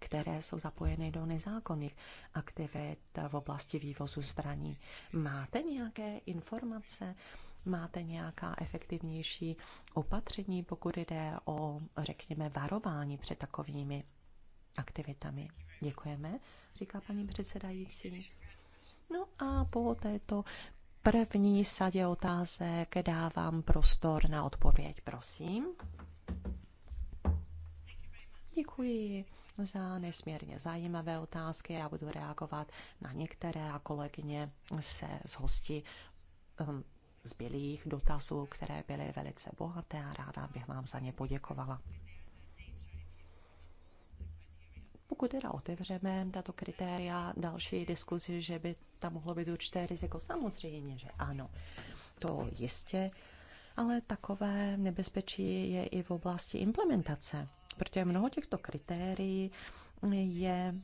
které jsou zapojeny do nezákonných aktivit v oblasti vývozu zbraní. Máte nějaké informace? Máte nějaká efektivnější opatření, pokud jde o, řekněme, varování před takovými aktivitami? Děkujeme, říká paní předsedající. No a po této první sadě otázek dávám prostor na odpověď, prosím. Děkuji za nesmírně zajímavé otázky. Já budu reagovat na některé a kolegyně se zhostí um, zbylých dotazů, které byly velice bohaté a ráda bych vám za ně poděkovala. Pokud teda otevřeme tato kritéria další diskuzi, že by tam mohlo být určité riziko, samozřejmě, že ano, to jistě, ale takové nebezpečí je i v oblasti implementace protože mnoho těchto kritérií je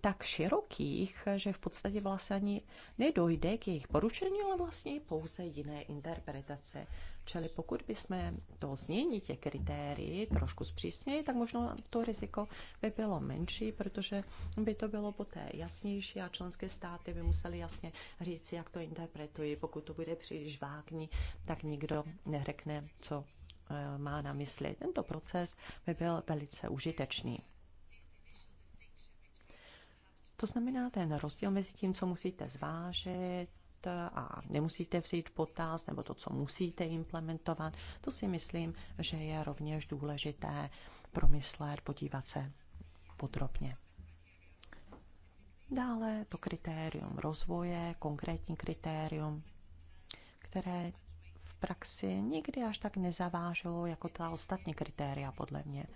tak širokých, že v podstatě vlastně ani nedojde k jejich porušení, ale vlastně pouze jiné interpretace. Čili pokud bychom to změní těch kritérií trošku zpřísněji, tak možná to riziko by bylo menší, protože by to bylo poté jasnější a členské státy by museli jasně říct, jak to interpretují. Pokud to bude příliš vágní, tak nikdo neřekne, co Eh, má na mysli. Tento proces by byl velice užitečný. To znamená ten rozdíl mezi tím, co musíte zvážit a nemusíte vzít potaz, nebo to, co musíte implementovat, to si myslím, že je rovněž důležité promyslet, podívat se podrobně. Dále to kritérium rozvoje, konkrétní kritérium, které praxi nikdy až tak nezavážou jako ta ostatní kritéria, podle mě.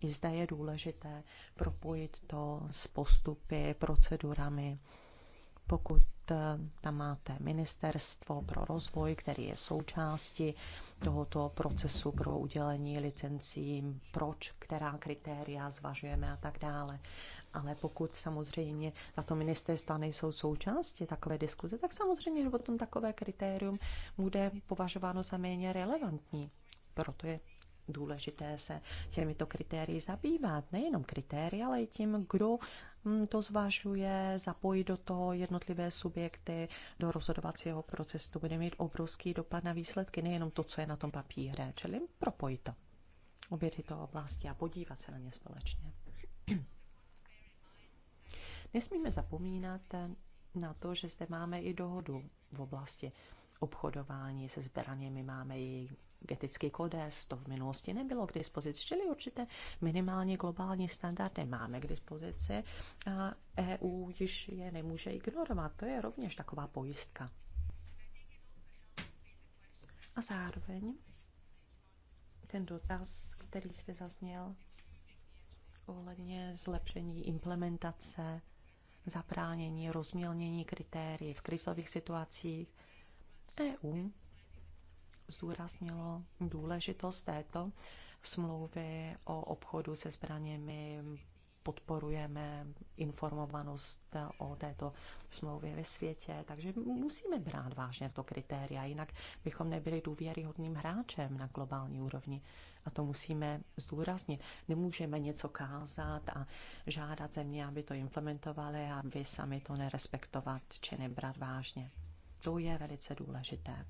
I zde je důležité propojit to s postupy, procedurami. Pokud eh, tam máte ministerstvo pro rozvoj, který je součástí tohoto procesu pro udělení licencí, proč, která kritéria zvažujeme a tak dále ale pokud samozřejmě na to ministerstva nejsou součástí takové diskuze, tak samozřejmě, že potom takové kritérium bude považováno za méně relevantní. Proto je důležité se těmito kritérii zabývat. Nejenom kritérii, ale i tím, kdo mm, to zvažuje, zapojí do toho jednotlivé subjekty, do rozhodovacího procesu. Bude mít obrovský dopad na výsledky, nejenom to, co je na tom papíře, čili propojit to. Obě tyto oblasti a podívat se na ně společně. Nesmíme zapomínat na to, že zde máme i dohodu v oblasti obchodování se zbraněmi, máme i getický kodes, to v minulosti nebylo k dispozici, čili určité minimálně globální standardy máme k dispozici a EU již je nemůže ignorovat. To je rovněž taková pojistka. A zároveň ten dotaz, který jste zazněl ohledně zlepšení implementace zabránění rozmělnění kritérií v krizových situacích. EU zdůraznilo důležitost této smlouvy o obchodu se zbraněmi podporujeme informovanost o této smlouvě ve světě, takže musíme brát vážně to kritéria, jinak bychom nebyli důvěryhodným hráčem na globální úrovni. A to musíme zdůraznit. Nemůžeme něco kázat a žádat země, aby to implementovali a vy sami to nerespektovat či nebrat vážně. To je velice důležité.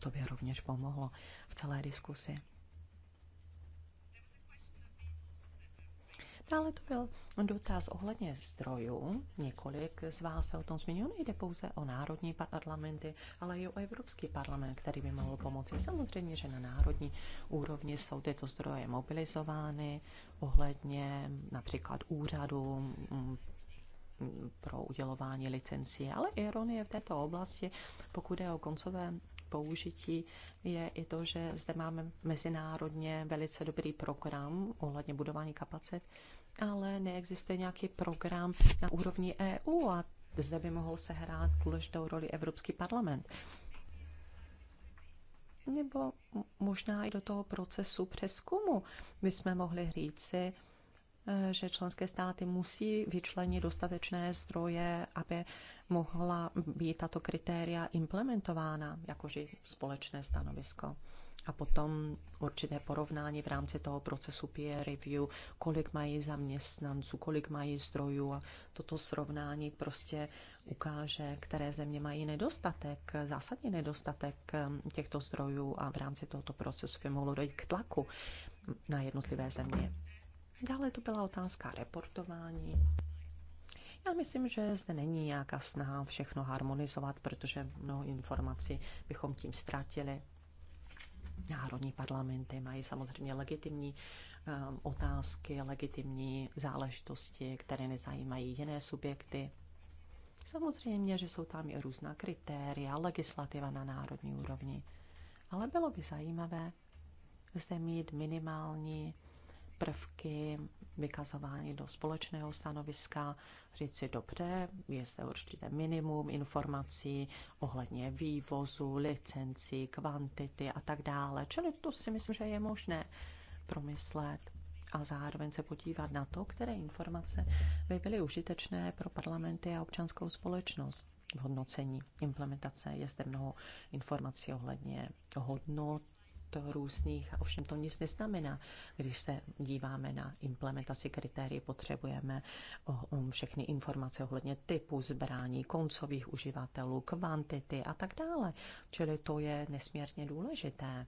To by rovněž pomohlo v celé diskusi. Ale to byl dotaz ohledně zdrojů. Několik z vás se o tom zmínilo. Nejde pouze o národní parlamenty, ale i o Evropský parlament, který by mohl pomoci. Samozřejmě, že na národní úrovni jsou tyto zdroje mobilizovány ohledně například úřadu mm, pro udělování licencí, ale ironie v této oblasti, pokud je o koncové použití je i to, že zde máme mezinárodně velice dobrý program ohledně budování kapacit ale neexistuje nějaký program na úrovni EU a zde by mohl hrát důležitou roli Evropský parlament. Nebo možná i do toho procesu přeskumu jsme mohli říci, e, že členské státy musí vyčlenit dostatečné zdroje, aby mohla být tato kritéria implementována, jakože společné stanovisko a potom určité porovnání v rámci toho procesu peer review, kolik mají zaměstnanců, kolik mají zdrojů a toto srovnání prostě ukáže, které země mají nedostatek, zásadní nedostatek um, těchto zdrojů a v rámci tohoto procesu by mohlo dojít k tlaku na jednotlivé země. Dále to byla otázka reportování. Já myslím, že zde není nějaká snaha všechno harmonizovat, protože mnoho informací bychom tím ztratili. Národní parlamenty mají samozřejmě legitimní um, otázky, legitimní záležitosti, které nezajímají jiné subjekty. Samozřejmě, že jsou tam i různá kritéria, legislativa na národní úrovni. Ale bylo by zajímavé zde mít minimální prvky vykazování do společného stanoviska, říct si dobře, je zde určitě minimum informací ohledně vývozu, licencí, kvantity a tak dále. Čili to si myslím, že je možné promyslet a zároveň se podívat na to, které informace by byly užitečné pro parlamenty a občanskou společnost v hodnocení implementace. Je zde mnoho informací ohledně hodnot to různých, ovšem to nic neznamená. Když se díváme na implementaci kritérií, potřebujeme o, o všechny informace ohledně typu zbraní, koncových uživatelů, kvantity a tak dále. Čili to je nesmírně důležité.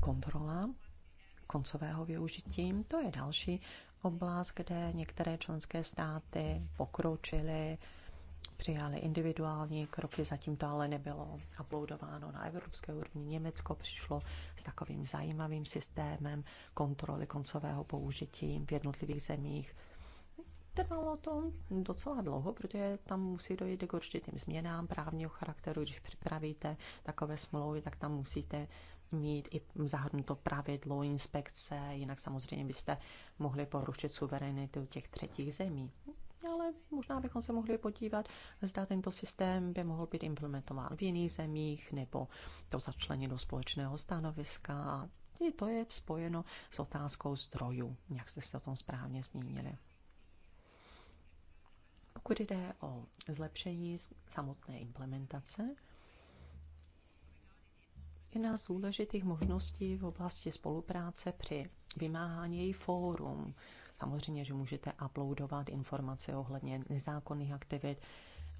Kontrola koncového využití, to je další oblast, kde některé členské státy pokročily přijali individuální kroky, zatím to ale nebylo uploadováno na evropské úrovni. Německo přišlo s takovým zajímavým systémem kontroly koncového použití v jednotlivých zemích. Trvalo to docela dlouho, protože tam musí dojít k určitým změnám právního charakteru. Když připravíte takové smlouvy, tak tam musíte mít i zahrnuto pravidlo inspekce, jinak samozřejmě byste mohli porušit suverenitu těch třetích zemí ale možná bychom se mohli podívat, zda tento systém by mohl být implementován v jiných zemích nebo to začlenit do společného stanoviska. I to je spojeno s otázkou zdrojů, jak jste se o tom správně zmínili. Pokud jde o zlepšení samotné implementace, Jedna z důležitých možností v oblasti spolupráce při vymáhání její fórum Samozřejmě, že můžete uploadovat informace ohledně nezákonných aktivit,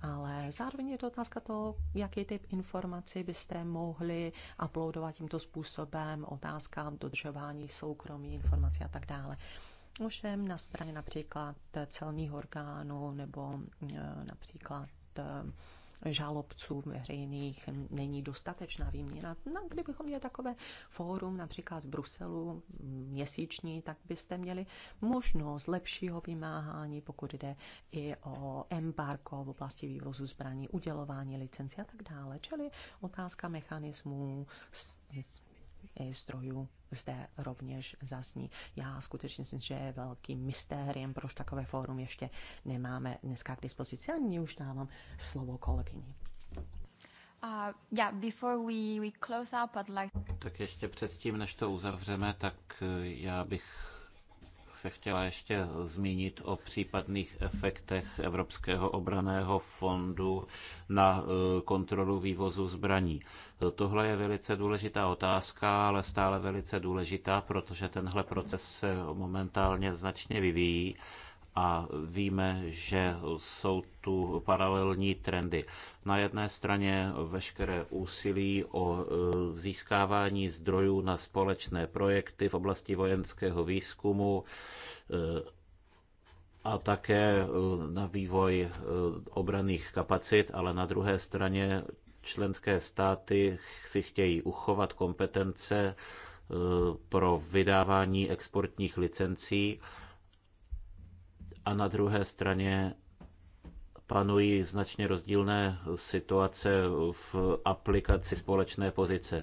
ale zároveň je to otázka toho, jaký typ informací byste mohli uploadovat tímto způsobem, otázka dodržování soukromí informací a tak dále. Ovšem na straně například celního orgánu nebo eh, například eh, žalobců veřejných není dostatečná výměna. No, kdybychom měli takové fórum například v Bruselu měsíční, tak byste měli možnost lepšího vymáhání, pokud jde i o embargo v oblasti vývozu zbraní, udělování licenci a tak dále. Čili otázka mechanismů zdrojů zde rovněž zazní. Já skutečně myslím, že je velkým mystériem, proč takové fórum ještě nemáme dneska k dispozici. A nyní už dávám slovo kolegyni. Uh, yeah, before we, we close up, I'd like... Tak ještě předtím, než to uzavřeme, tak eh, já bych se chtěla ještě zmínit o případných efektech Evropského obraného fondu na e, kontrolu vývozu zbraní. Tohle je velice důležitá otázka, ale stále velice důležitá, protože tenhle proces se momentálně značně vyvíjí a víme, že jsou tu paralelní trendy. Na jedné straně veškeré úsilí o e, získávání zdrojů na společné projekty v oblasti vojenského výzkumu e, a také e, na vývoj obraných kapacit, ale na druhé straně členské státy si chtějí uchovat kompetence pro vydávání exportních licencí a na druhé straně panují značně rozdílné situace v aplikaci společné pozice.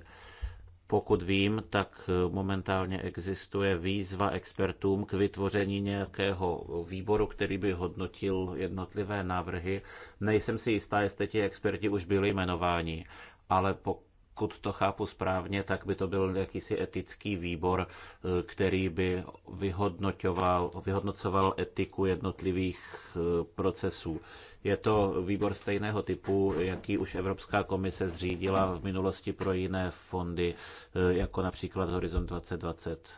Pokud vím, tak momentálně existuje výzva expertům k vytvoření nějakého výboru, který by hodnotil jednotlivé návrhy. Nejsem si jistá, jestli ti experti už byli jmenováni, ale pokud pokud to chápu správně, tak by to byl jakýsi etický výbor, eh, který by vyhodnoťoval, vyhodnocoval etiku jednotlivých eh, procesů. Je to výbor stejného typu, jaký už Evropská komise zřídila v minulosti pro jiné fondy, eh, jako například Horizon 2020.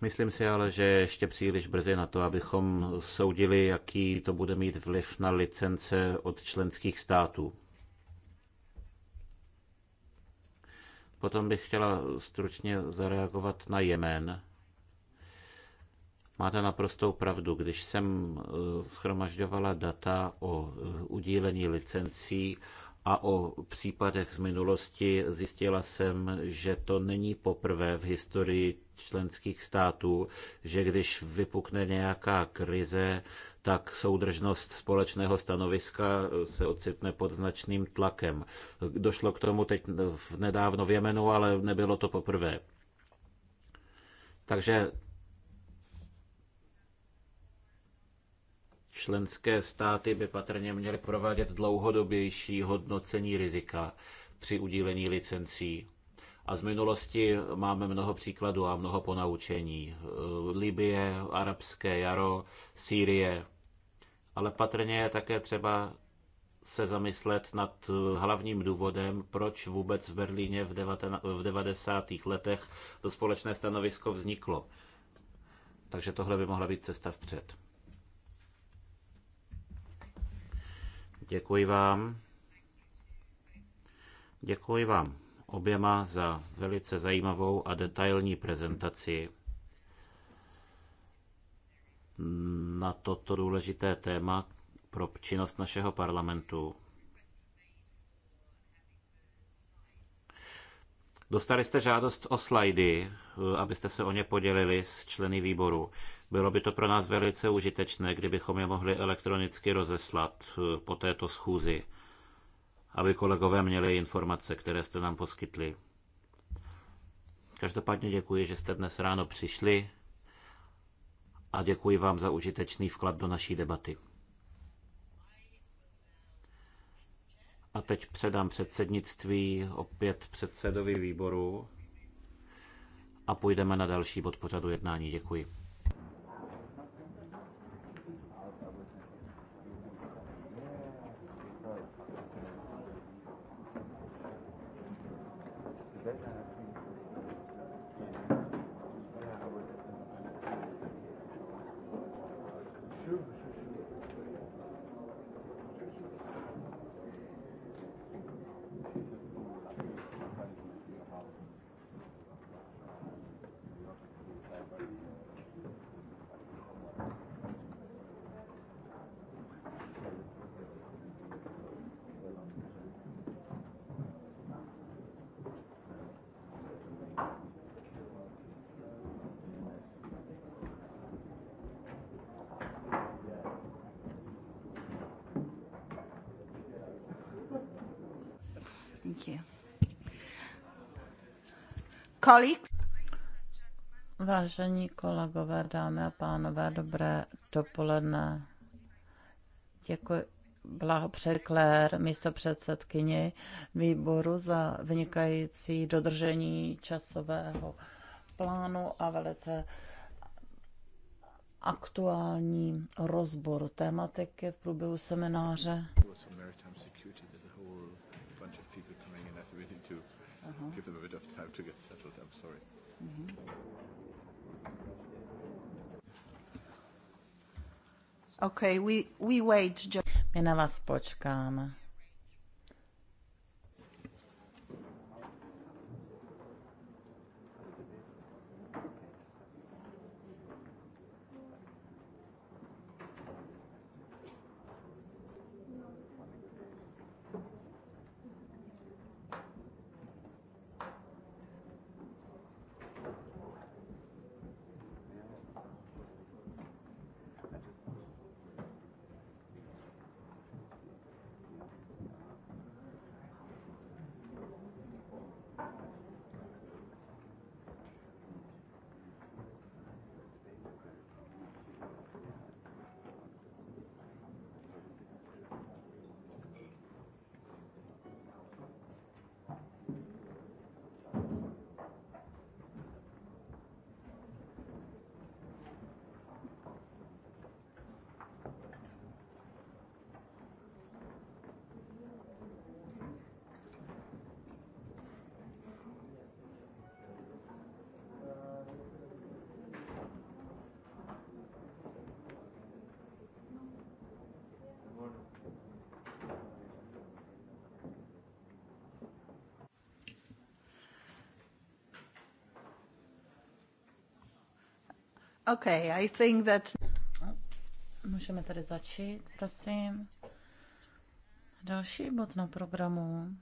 Myslím si ale, že ještě příliš brzy na to, abychom soudili, jaký to bude mít vliv na licence od členských států. Potom bych chtěla stručně zareagovat na Jemen. Máte naprostou pravdu. Když jsem eh, schromažďovala data o eh, udílení licencí a o případech z minulosti, zjistila jsem, že to není poprvé v historii členských států, že když vypukne nějaká krize, tak soudržnost společného stanoviska se ocitne pod značným tlakem. Došlo k tomu teď v nedávno v Jemenu, ale nebylo to poprvé. Takže členské státy by patrně měly provádět dlouhodobější hodnocení rizika při udílení licencí. A z minulosti máme mnoho příkladů a mnoho ponaučení. Libie, arabské jaro, Sýrie, ale patrně je také třeba se zamyslet nad eh, hlavním důvodem, proč vůbec v Berlíně v, devaten, v 90. letech to společné stanovisko vzniklo. Takže tohle by mohla být cesta vpřed. Děkuji vám. Děkuji vám oběma za velice zajímavou a detailní prezentaci na toto důležité téma pro činnost našeho parlamentu. Dostali jste žádost o slajdy, abyste se o ně podělili s členy výboru. Bylo by to pro nás velice užitečné, kdybychom je mohli elektronicky rozeslat eh, po této schůzi, aby kolegové měli informace, které jste nám poskytli. Každopádně děkuji, že jste dnes ráno přišli a děkuji vám za užitečný vklad do naší debaty. A teď předám předsednictví opět předsedovi výboru a půjdeme na další bod pořadu jednání. Děkuji. colleagues. Vážení kolegové, dámy a pánové, dobré dopoledne. Děkuji. Blahopřeji Claire, místo předsedkyni výboru za vynikající dodržení časového plánu a velice aktuální rozbor tématiky v průběhu semináře. give them a bit of time to get settled. I'm sorry. Mm-hmm. Okay, we, we wait. My na vás počkáme. Okay, I think that... Můžeme tady začít, prosím. Další bod na programu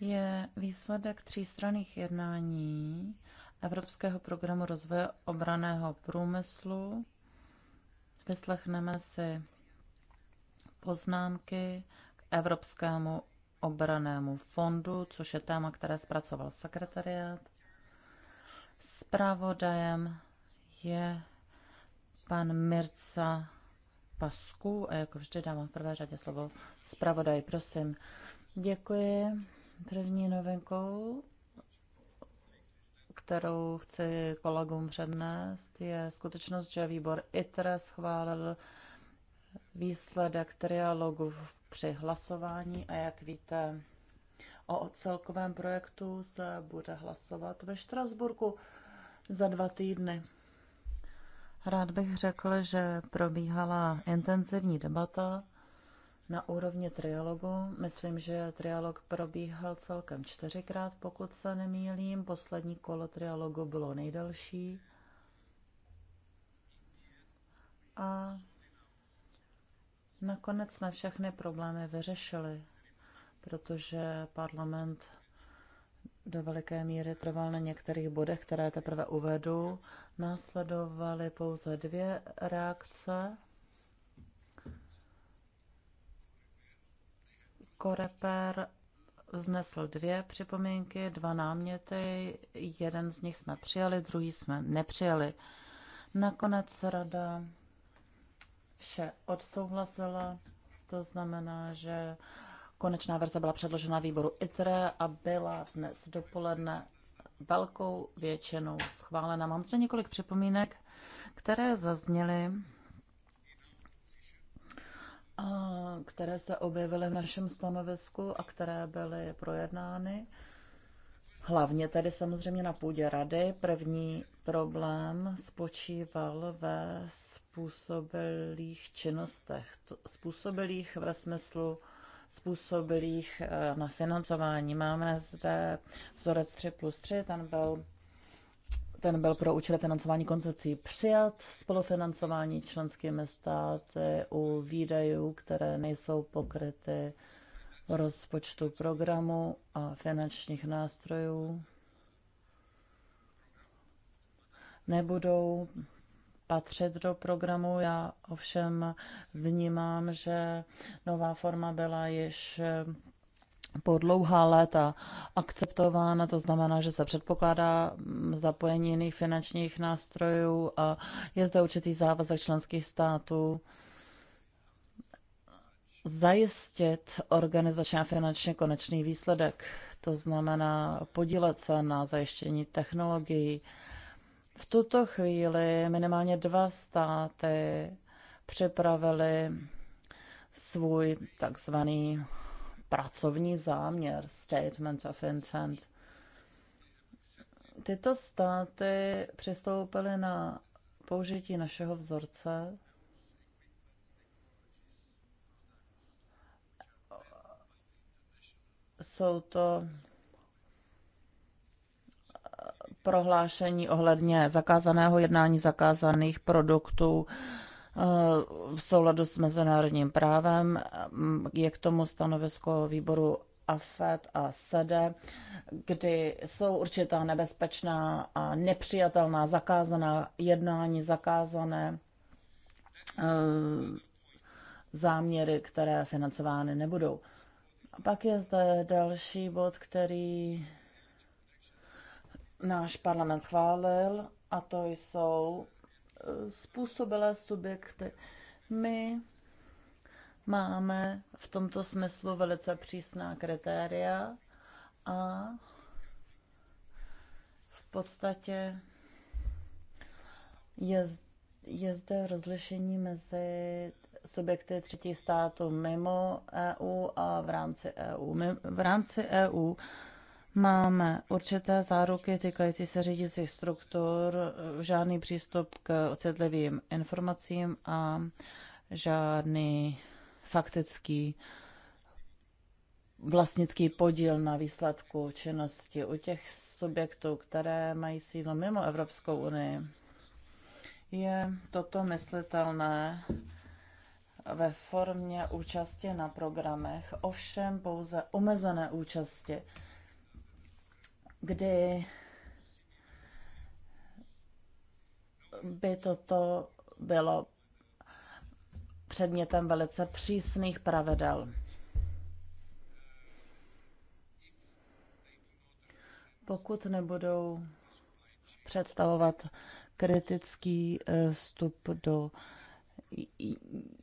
je výsledek třístranných jednání Evropského programu rozvoje obraného průmyslu. Vyslechneme si poznámky k Evropskému obranému fondu, což je téma, které zpracoval sekretariát. Spravodajem je pan Mirca Pasku a jako vždy dávám v prvé řadě slovo zpravodaj, prosím. Děkuji. První novinkou, kterou chci kolegům přednést, je skutečnost, že výbor ITRE schválil výsledek trialogu při hlasování a jak víte, o celkovém projektu se bude hlasovat ve Štrasburku za dva týdny. Rád bych řekl, že probíhala intenzivní debata na úrovni trialogu. Myslím, že trialog probíhal celkem čtyřikrát, pokud se nemýlím. Poslední kolo trialogu bylo nejdelší. A nakonec jsme všechny problémy vyřešili protože parlament do veliké míry trval na některých bodech, které teprve uvedu. Následovaly pouze dvě reakce. Koreper vznesl dvě připomínky, dva náměty. Jeden z nich jsme přijali, druhý jsme nepřijali. Nakonec rada vše odsouhlasila. To znamená, že Konečná verze byla předložena výboru ITRE a byla dnes dopoledne velkou většinou schválena. Mám zde několik připomínek, které zazněly, které se objevily v našem stanovisku a které byly projednány. Hlavně tedy samozřejmě na půdě rady. První problém spočíval ve způsobilých činnostech. Způsobilých ve smyslu způsobilých eh, na financování. Máme zde vzorec 3 plus 3, ten byl ten byl pro účely financování koncepcí přijat spolufinancování členskými státy u výdajů, které nejsou pokryty rozpočtu programu a finančních nástrojů nebudou patřit do programu. Já ovšem vnímám, že nová forma byla již eh, po dlouhá léta akceptována, to znamená, že se předpokládá mm, zapojení jiných finančních nástrojů a je zde určitý závazek členských států zajistit organizačně a finančně konečný výsledek. To znamená podílet se na zajištění technologií, v tuto chvíli minimálně dva státy připravili svůj takzvaný pracovní záměr, Statement of Intent. Tyto státy přistoupily na použití našeho vzorce jsou to prohlášení ohledně zakázaného jednání zakázaných produktů eh, v souladu s mezinárodním právem. Mm, je k tomu stanovisko výboru AFED a SEDE, kdy jsou určitá nebezpečná a nepřijatelná zakázaná jednání, zakázané eh, záměry, které financovány nebudou. A pak je zde další bod, který náš parlament schválil, a to jsou eh, způsobilé subjekty. My máme v tomto smyslu velice přísná kritéria a v podstatě je, je zde rozlišení mezi subjekty třetí státu mimo EU a v rámci EU. My, v rámci EU Máme určité záruky týkající se řídících struktur, žádný přístup k ocitlivým informacím a žádný faktický vlastnický podíl na výsledku činnosti u těch subjektů, které mají sídlo mimo Evropskou unii. Je toto myslitelné ve formě účasti na programech, ovšem pouze omezené účasti kdy by toto bylo předmětem velice přísných pravidel. Pokud nebudou představovat kritický eh, vstup do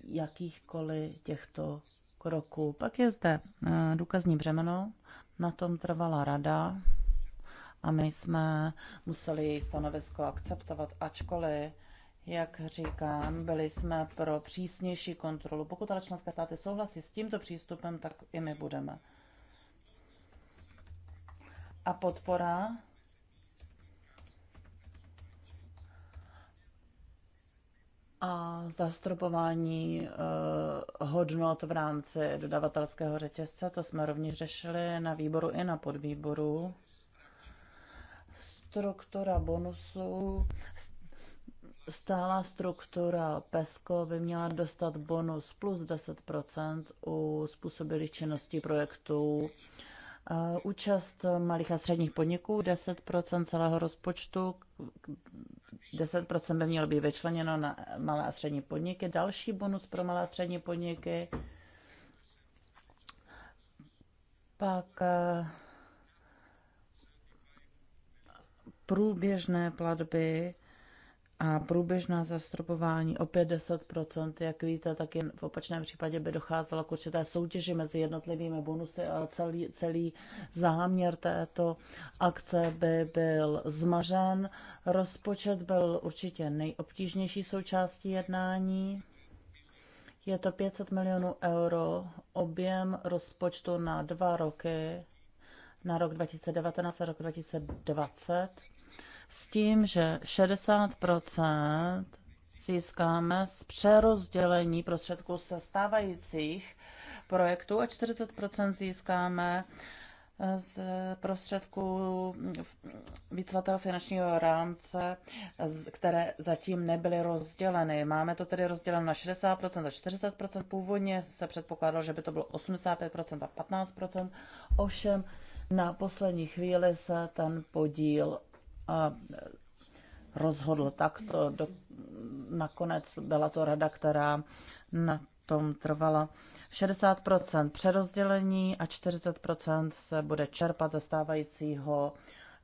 jakýchkoliv těchto kroků. Pak je zde eh, důkazní břemeno, na tom trvala rada a my jsme museli její stanovisko akceptovat, ačkoliv jak říkám, byli jsme pro přísnější kontrolu. Pokud ale členské státy souhlasí s tímto přístupem, tak i my budeme. A podpora a zastropování eh, hodnot v rámci dodavatelského řetězce, to jsme rovněž řešili na výboru i na podvýboru struktura bonusů, stálá struktura PESCO by měla dostat bonus plus 10% u způsobilých činností projektů. Eh, účast malých a středních podniků 10% celého rozpočtu, 10% by mělo být vyčleněno na malé a střední podniky. Další bonus pro malé a střední podniky pak eh, průběžné platby a průběžná zastropování o 50%, jak víte, tak jen v opačném případě by docházelo k určité soutěži mezi jednotlivými bonusy a celý, celý záměr této akce by byl zmařen. Rozpočet byl určitě nejobtížnější součástí jednání. Je to 500 milionů euro, objem rozpočtu na dva roky, na rok 2019 a rok 2020 s tím, že 60 získáme z přerozdělení prostředků se stávajících projektů a 40 získáme eh, z prostředků víceletého finančního rámce, které zatím nebyly rozděleny. Máme to tedy rozděleno na 60% a 40%. Původně se předpokládalo, že by to bylo 85% a 15%. Ovšem na poslední chvíli se ten podíl a rozhodl takto. Do, nakonec byla to rada, která na tom trvala. 60% přerozdělení a 40% se bude čerpat ze stávajícího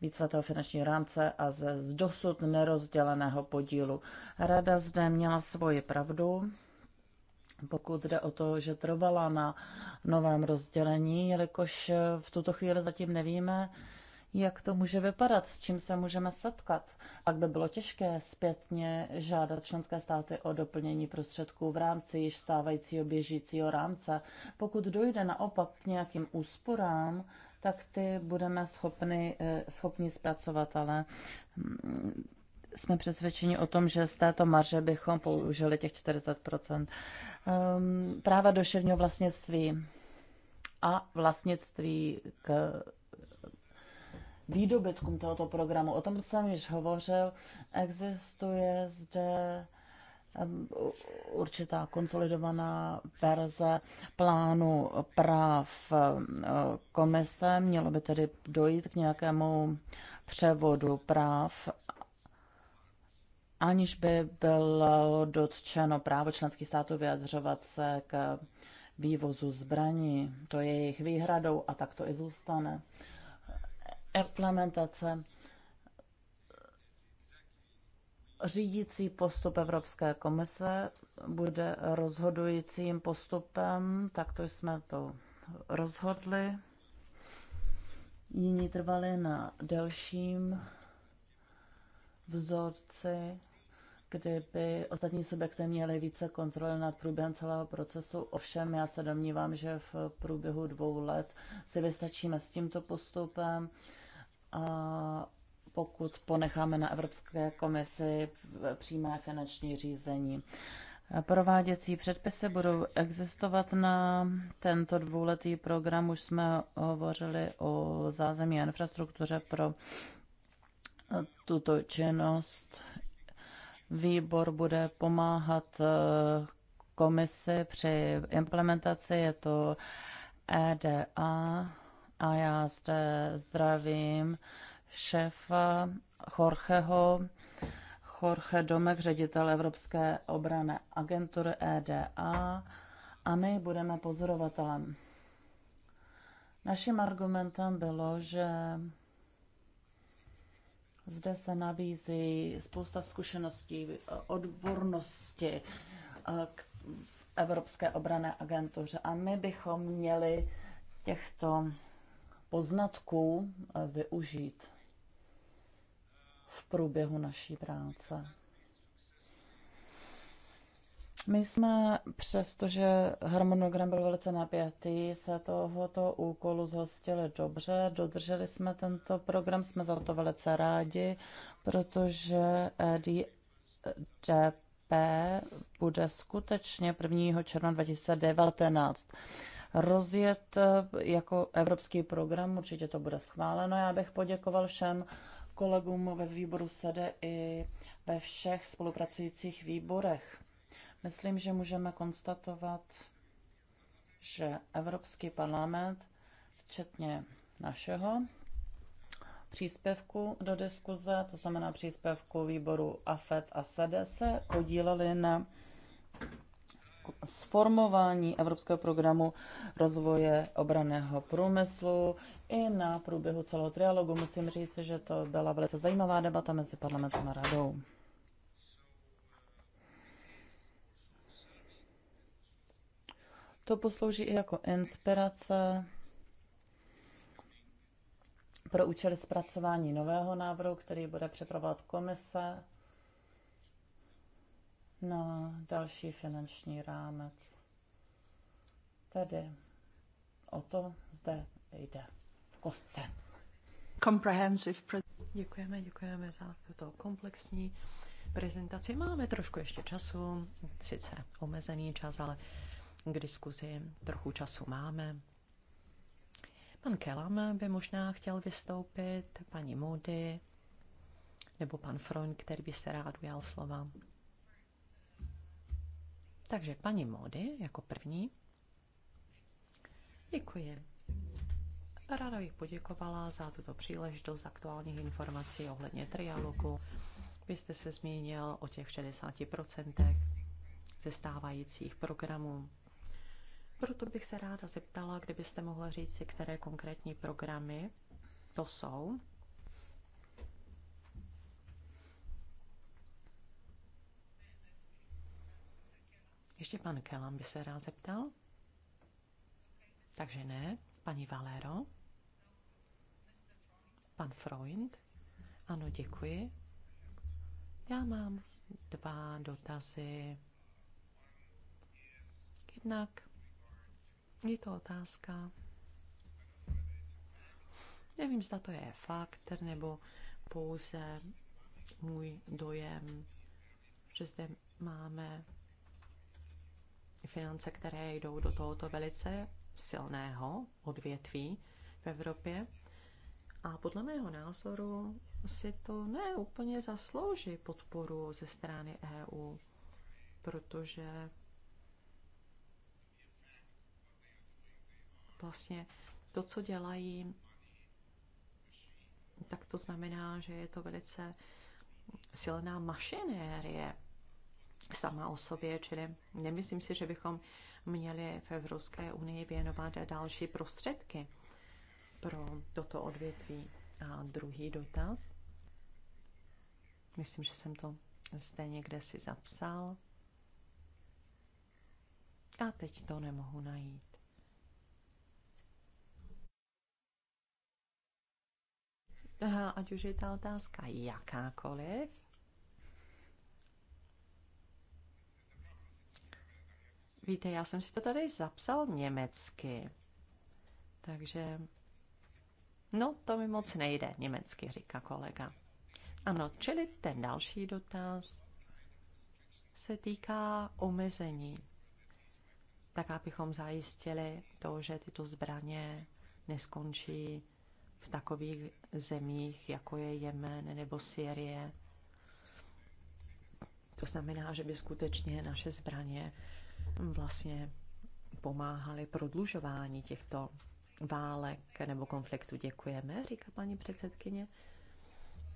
víceletého finančního rámce a ze z dosud nerozděleného podílu. Rada zde měla svoji pravdu, pokud jde o to, že trvala na novém rozdělení, jelikož v tuto chvíli zatím nevíme, jak to může vypadat, s čím se můžeme setkat. Pak by bylo těžké zpětně žádat členské státy o doplnění prostředků v rámci již stávajícího běžícího rámce. Pokud dojde naopak k nějakým úsporám, tak ty budeme schopni, eh, schopni zpracovat, ale mm, jsme přesvědčeni o tom, že z této marže bychom použili těch 40 ehm, Práva duševního vlastnictví a vlastnictví k výdobytkům tohoto programu. O tom jsem již hovořil. Existuje zde určitá konsolidovaná verze plánu práv komise. Mělo by tedy dojít k nějakému převodu práv aniž by bylo dotčeno právo členských států vyjadřovat se k vývozu zbraní. To je jejich výhradou a tak to i zůstane implementace řídící postup Evropské komise bude rozhodujícím postupem, takto jsme to rozhodli. Jiní trvali na delším vzorci kdyby ostatní subjekty měly více kontroly nad průběhem celého procesu. Ovšem, já se domnívám, že v průběhu dvou let si vystačíme s tímto postupem a pokud ponecháme na Evropské komisi přímé finanční řízení. Prováděcí předpisy budou existovat na tento dvouletý program. Už jsme hovořili o zázemí a infrastruktuře pro tuto činnost Výbor bude pomáhat eh, komisi při implementaci, je to EDA a já zde zdravím šéfa Jorgeho, Jorge Domek, ředitel Evropské obrané agentury EDA a my budeme pozorovatelem. Naším argumentem bylo, že zde se nabízí spousta zkušeností, odbornosti eh, v Evropské obrané agentuře a my bychom měli těchto poznatků eh, využít v průběhu naší práce. My jsme, přestože harmonogram byl velice napjatý, se tohoto úkolu zhostili dobře, dodrželi jsme tento program, jsme za to velice rádi, protože e DP bude skutečně 1. června 2019 rozjet e, jako evropský program, určitě to bude schváleno. Já bych poděkoval všem kolegům ve výboru SEDE i ve všech spolupracujících výborech. Myslím, že můžeme konstatovat, že Evropský parlament, včetně našeho příspěvku do diskuze, to znamená příspěvku výboru AFET a SEDE, se podíleli na sformování Evropského programu rozvoje obraného průmyslu i na průběhu celého trialogu. Musím říct, že to byla velice zajímavá debata mezi parlamentem a radou. To poslouží i jako inspirace pro účely zpracování nového návrhu, který bude připravovat komise na další finanční rámec. Tedy o to zde jde v kostce. Comprehensive děkujeme, děkujeme za tuto komplexní prezentaci. Máme trošku ještě času, sice omezený čas, ale k diskuzi. Trochu času máme. Pan Kelam by možná chtěl vystoupit, paní Moody, nebo pan Freund, který by se rád ujal slova. Takže paní Mody jako první. Děkuji. Ráda bych poděkovala za tuto příležitost aktuálních informací ohledně trialogu. Vy jste se zmínil o těch 60% ze stávajících programů. Proto bych se ráda zeptala, kdybyste mohla říct si, které konkrétní programy to jsou. Ještě pan Kelam by se rád zeptal. Takže ne, paní Valero. Pan Freund. Ano, děkuji. Já mám dva dotazy. Jednak je to otázka. Nevím, zda to je fakt nebo pouze můj dojem, že zde máme finance, které jdou do tohoto velice silného odvětví v Evropě. A podle mého názoru si to neúplně zaslouží podporu ze strany EU, protože vlastně to, co dělají, tak to znamená, že je to velice silná mašinérie sama o sobě, čili nemyslím si, že bychom měli v Evropské unii věnovat další prostředky pro toto odvětví. A druhý dotaz. Myslím, že jsem to zde někde si zapsal. A teď to nemohu najít. Eh, ať už je ta otázka jakákoliv, Víte, já jsem si to tady zapsal německy, takže no, to mi moc nejde, německy říká kolega. Ano, čili ten další dotaz se týká omezení, tak abychom zajistili to, že tyto zbraně neskončí v takových zemích, jako je Jemen nebo Syrie. To znamená, že by skutečně naše zbraně vlastně pomáhaly prodlužování těchto válek nebo konfliktu. Děkujeme, říká paní předsedkyně.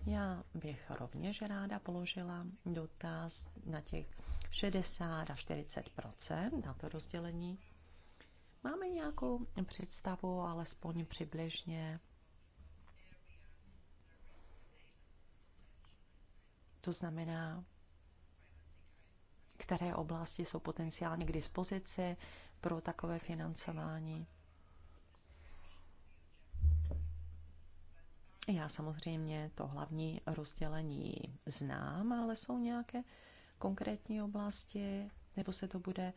Já bych rovněž ráda položila dotaz na těch 60 a 40 na to rozdělení. Máme nějakou představu, alespoň přibližně, To znamená, které oblasti jsou potenciálně k dispozici pro takové financování. Já samozřejmě to hlavní rozdělení znám, ale jsou nějaké konkrétní oblasti, nebo se to bude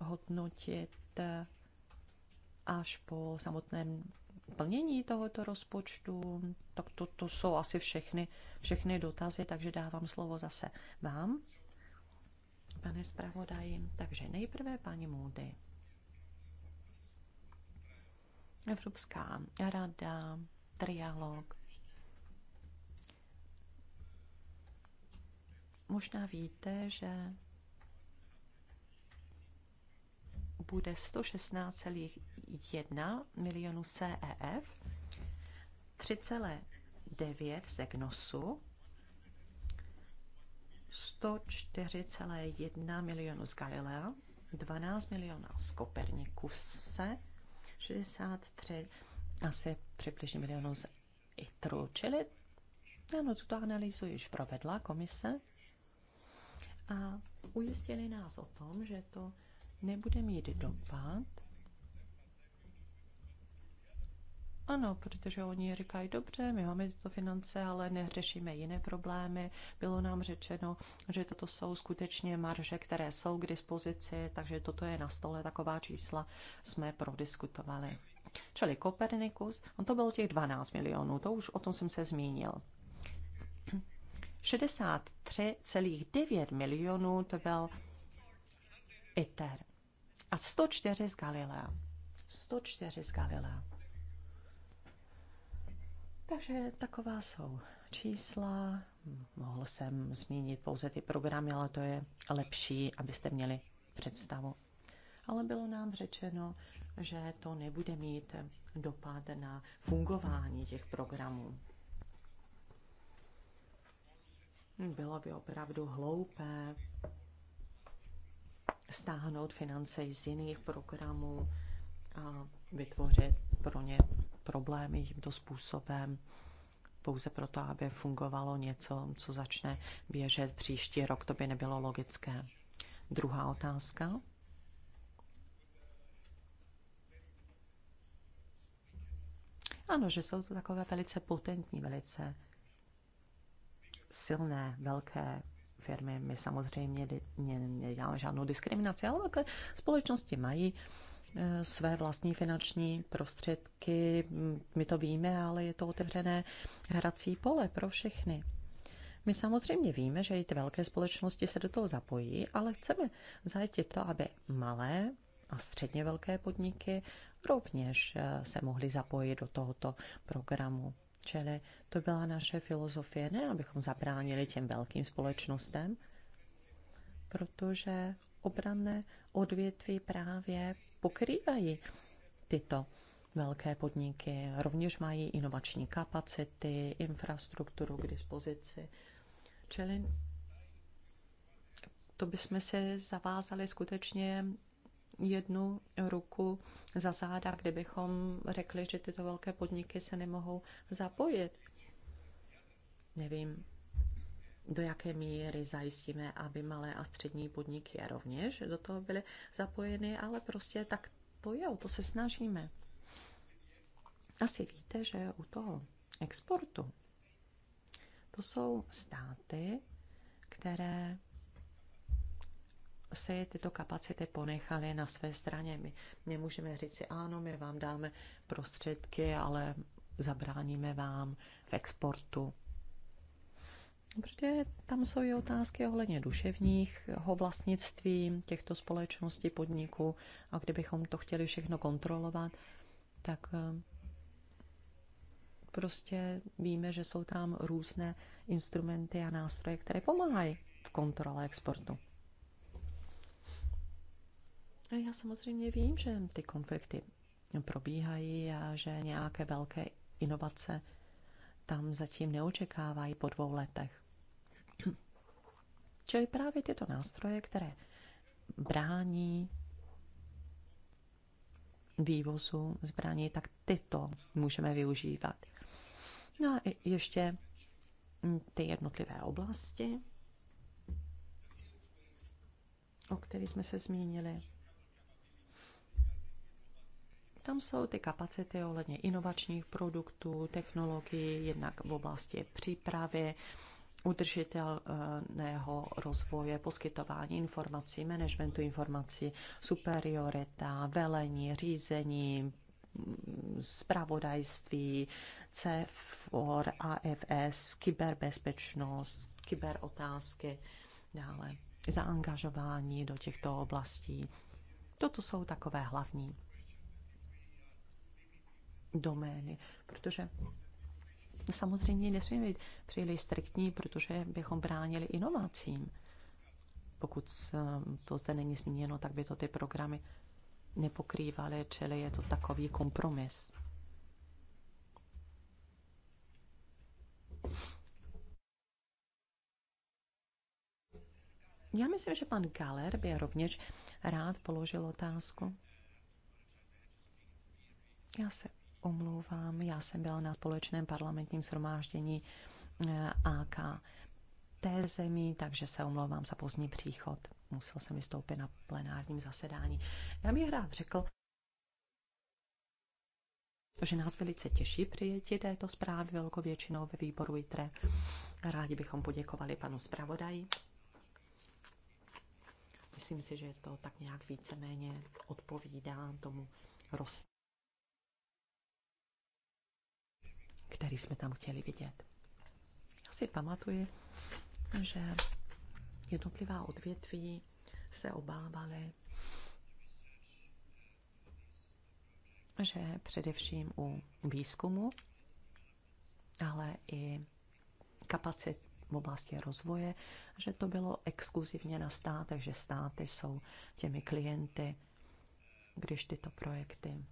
hodnotit eh, až po samotném plnění tohoto rozpočtu, tak to, to jsou asi všechny všechny dotazy, takže dávám slovo zase vám, pane zpravodaji. Takže nejprve paní Moody. Evropská rada, trialog. Možná víte, že bude 116,1 milionů CEF, 9 ze Gnosu, 104,1 milionu z Galilea, 12 milionů z Kopernikuse, 63 asi přibližně milionů z ITRU, čili ano, tuto analýzu již provedla komise a ujistili nás o tom, že to nebude mít dopad Ano, protože oni říkají, dobře, my máme tyto finance, ale neřešíme jiné problémy. Bylo nám řečeno, že toto jsou skutečně marže, které jsou k dispozici, takže toto je na stole, taková čísla jsme prodiskutovali. Čili Kopernikus, on to bylo těch 12 milionů, to už o tom jsem se zmínil. 63,9 milionů to byl ITER a 104 z Galilea. 104 z Galilea. Takže taková jsou čísla. Mohl jsem zmínit pouze ty programy, ale to je lepší, abyste měli představu. Ale bylo nám řečeno, že to nebude mít dopad na fungování těch programů. Bylo by opravdu hloupé stáhnout finance z jiných programů a vytvořit pro ně problémy tímto způsobem pouze proto, aby fungovalo něco, co začne běžet příští rok, to by nebylo logické. Druhá otázka. Ano, že jsou to takové velice potentní, velice silné, velké firmy. My samozřejmě neděláme žádnou diskriminaci, ale velké společnosti mají uh, Eh, své vlastní finanční prostředky. Mm, my to víme, ale je to otevřené hrací pole pro všechny. My samozřejmě víme, že i ty velké společnosti se do toho zapojí, ale chceme zajistit to, aby malé a středně velké podniky rovněž eh, se mohly zapojit do tohoto programu. Čili to byla naše filozofie, ne abychom zabránili těm velkým společnostem, protože obranné odvětví právě pokrývají tyto velké podniky. Rovněž mají inovační kapacity, infrastrukturu k dispozici. Čili to bychom se zavázali skutečně jednu ruku za záda, kdybychom řekli, že tyto velké podniky se nemohou zapojit. Nevím, do jaké míry zajistíme, aby malé a střední podniky rovněž do toho byly zapojeny, ale prostě tak to je, o to se snažíme. Asi víte, že u toho exportu to jsou státy, které si tyto kapacity ponechali na své straně. My nemůžeme říct si, ano, my vám dáme prostředky, ale zabráníme vám v exportu Protože tam jsou i otázky ohledně ho vlastnictví těchto společností, podniků a kdybychom to chtěli všechno kontrolovat, tak eh, prostě víme, že jsou tam různé instrumenty a nástroje, které pomáhají v kontrole exportu. A já samozřejmě vím, že ty konflikty probíhají a že nějaké velké inovace tam zatím neočekávají po dvou letech. <clears throat> Čili právě tyto nástroje, které brání vývozu zbraní, tak tyto můžeme využívat. No a ještě mm, ty jednotlivé oblasti, o kterých jsme se zmínili. Tam jsou ty kapacity ohledně inovačních produktů, technologií, jednak v oblasti přípravy, udržitelného rozvoje, poskytování informací, managementu informací, superiorita, velení, řízení, spravodajství, CFOR, AFS, kyberbezpečnost, kyberotázky, dále zaangažování do těchto oblastí. Toto jsou takové hlavní domény, protože samozřejmě nesmíme být příliš striktní, protože bychom bránili inovacím. Pokud to zde není zmíněno, tak by to ty programy nepokrývaly, čili je to takový kompromis. Já myslím, že pan Galer by rovněž rád položil otázku. Já se omlouvám, já jsem byla na společném parlamentním shromáždění eh, AK té zemí, takže se omlouvám za pozdní příchod. Musel jsem vystoupit na plenárním zasedání. Já bych rád řekl, že nás velice těší přijetí této zprávy velkou většinou ve výboru ITRE. Rádi bychom poděkovali panu zpravodaji. Myslím si, že to tak nějak víceméně odpovídá tomu roz který jsme tam chtěli vidět. Já si pamatuji, že jednotlivá odvětví se obávaly, že především u výzkumu, ale i kapacit v oblasti rozvoje, že to bylo exkluzivně na státech, že státy jsou těmi klienty, když tyto projekty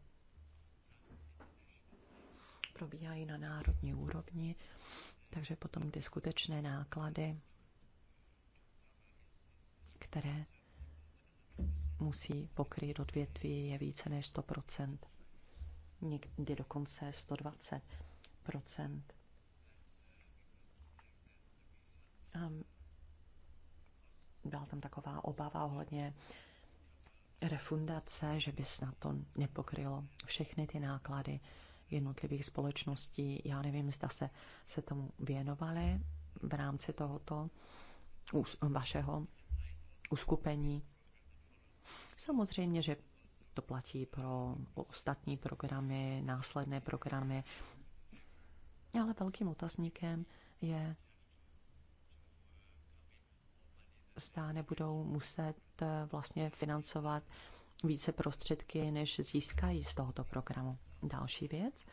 probíhají na národní úrovni, takže potom ty skutečné náklady, které musí pokryt odvětví, je více než 100%, někdy dokonce 120%. A byla tam taková obava ohledně refundace, že by snad to nepokrylo všechny ty náklady, jednotlivých společností. Já nevím, zda se, se tomu věnovali v rámci tohoto vašeho uskupení. Samozřejmě, že to platí pro ostatní programy, následné programy, ale velkým otazníkem je, zda nebudou muset eh, vlastně financovat více prostředky, než získají z tohoto programu. Další věc.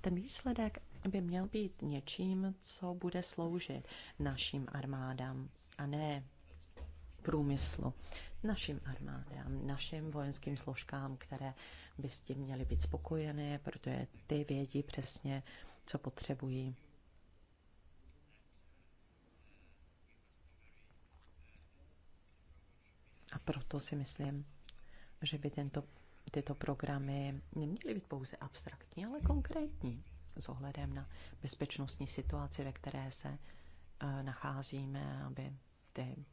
Ten výsledek by měl být něčím, co bude sloužit našim armádám a ne průmyslu, našim armádám, našim vojenským složkám, které by s tím měly být spokojené, protože ty vědí přesně, co potřebují. A proto si myslím, že by tento tyto programy neměly být pouze abstraktní, ale konkrétní s ohledem na bezpečnostní situaci, ve které se eh, nacházíme, aby ty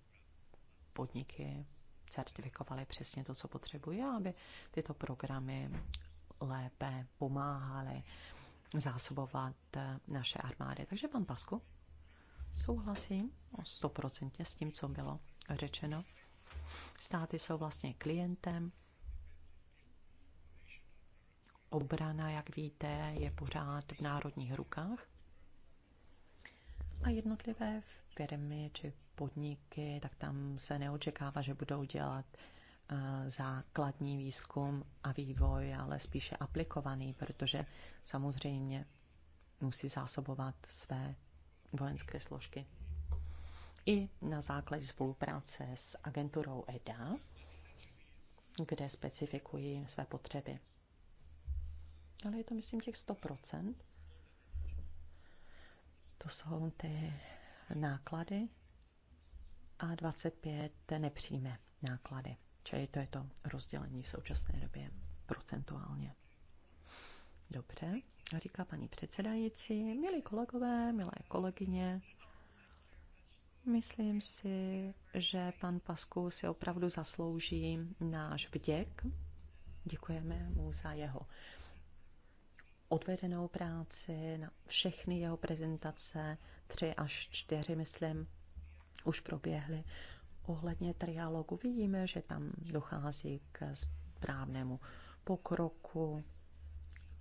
podniky certifikovaly přesně to, co potřebují, aby tyto programy lépe pomáhaly zásobovat eh, naše armády. Takže pan Pasku, souhlasím o 100% s tím, co bylo řečeno. Státy jsou vlastně klientem Obrana, jak víte, je pořád v národních rukách. A jednotlivé firmy či podniky, tak tam se neočekává, že budou dělat eh, základní výzkum a vývoj, ale spíše aplikovaný, protože samozřejmě musí zásobovat své vojenské složky. I na základě spolupráce s agenturou EDA, kde specifikují své potřeby ale je to, myslím, těch 100%. To jsou ty náklady a 25 nepřímé náklady. Čili to je to rozdělení v současné době procentuálně. Dobře, říká paní předsedající, milí kolegové, milé kolegyně, myslím si, že pan Pasku si opravdu zaslouží náš vděk. Děkujeme mu za jeho odvedenou práci, na všechny jeho prezentace, tři až čtyři, myslím, už proběhly. Ohledně trialogu vidíme, že tam dochází k správnému pokroku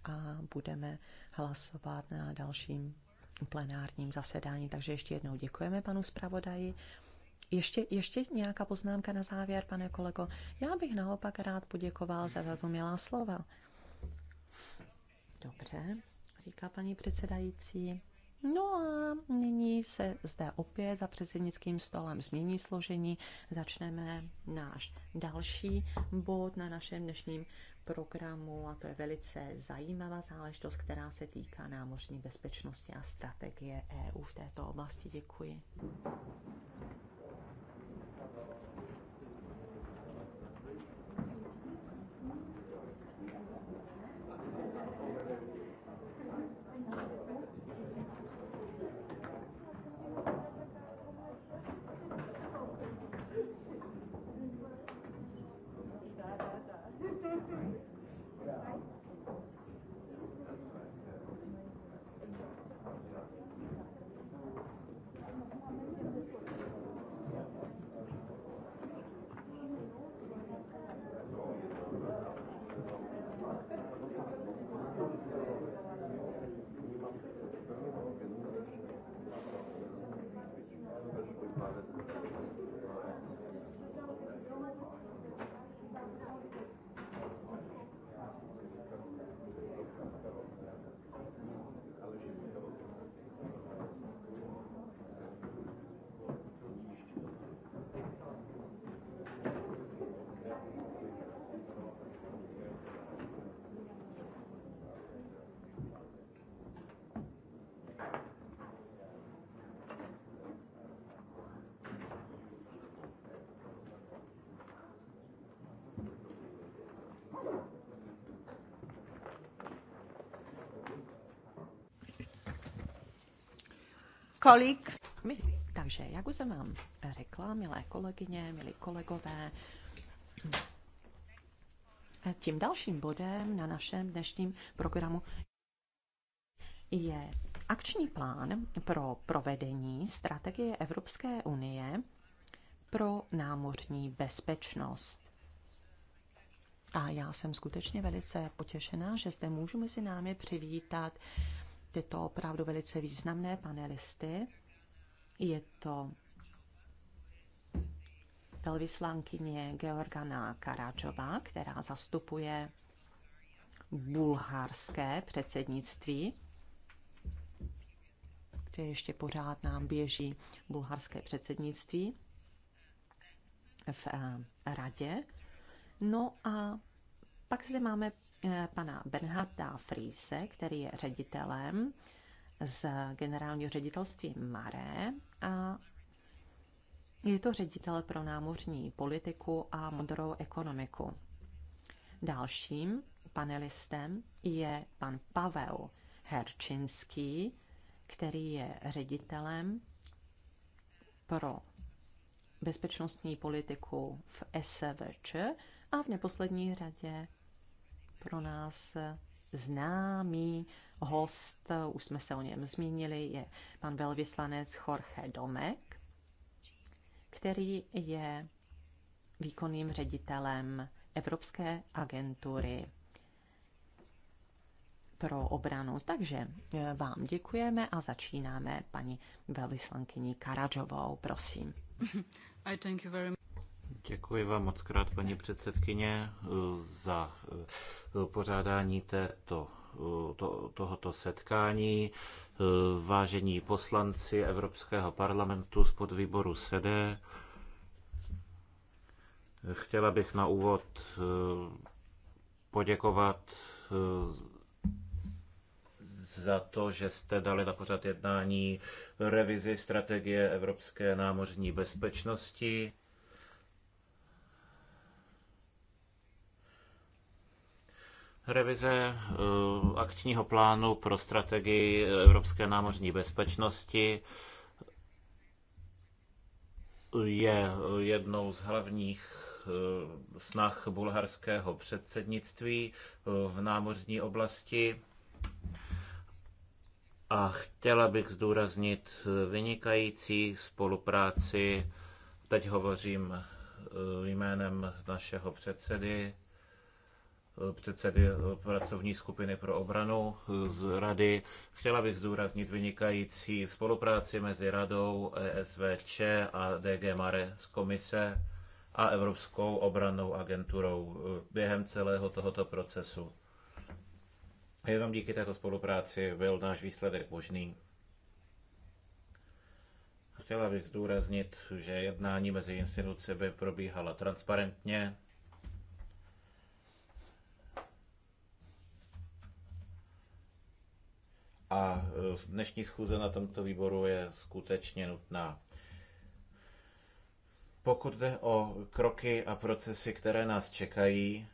a budeme hlasovat na dalším plenárním zasedání. Takže ještě jednou děkujeme panu zpravodaji. Ještě, ještě nějaká poznámka na závěr, pane kolego. Já bych naopak rád poděkoval za tato milá slova. Dobře, říká paní předsedající. No a nyní se zde opět za předsednickým stolem změní složení. Začneme náš další bod na našem dnešním programu a to je velice zajímavá záležitost, která se týká námořní bezpečnosti a strategie EU v této oblasti. Děkuji. Kolik? takže, jak už jsem vám řekla, milé kolegyně, milí kolegové, tím dalším bodem na našem dnešním programu je akční plán pro provedení strategie Evropské unie pro námořní bezpečnost. A já jsem skutečně velice potěšená, že zde můžu mezi námi přivítat uh, tyto opravdu velice významné panelisty. Je to velvyslankyně Georgana Karáčová, která zastupuje bulharské předsednictví, kde ještě pořád nám běží bulharské předsednictví v eh, radě. No a pak zde máme eh, pana Bernharda Friese, který je ředitelem z generálního ředitelství Mare a je to ředitel pro námořní politiku a modrou ekonomiku. Dalším panelistem je pan Pavel Herčinský, který je ředitelem pro bezpečnostní politiku v SVČ a v neposlední řadě pro nás známý host, už jsme se o něm zmínili, je pan velvyslanec Jorge Domek, který je výkonným ředitelem Evropské agentury pro obranu. Takže eh, vám děkujeme a začínáme paní velvyslankyní Karadžovou, prosím. <laughs> I thank you very much. Děkuji vám moc krát, paní předsedkyně, za eh, pořádání této, eh, to, tohoto setkání. Eh, vážení poslanci Evropského parlamentu z podvýboru SEDE, chtěla bych na úvod poděkovat za to, že jste dali na pořad jednání revizi strategie Evropské námořní bezpečnosti. Revize eh, akčního plánu pro strategii Evropské námořní bezpečnosti je jednou z hlavních eh, snah bulharského předsednictví eh, v námořní oblasti. A chtěla bych zdůraznit vynikající spolupráci, teď hovořím jménem našeho předsedy Eh, předsedy eh, pracovní skupiny pro obranu eh, z Rady. Chtěla bych zdůraznit vynikající spolupráci mezi Radou ESVČ a DG Mare z komise a Evropskou obranou agenturou během celého tohoto procesu. Jenom díky této spolupráci byl náš výsledek možný. Chtěla bych zdůraznit, že jednání mezi institucemi probíhala transparentně, a e, dnešní schůze na tomto výboru je skutečně nutná. Pokud jde o kroky a procesy, které nás čekají,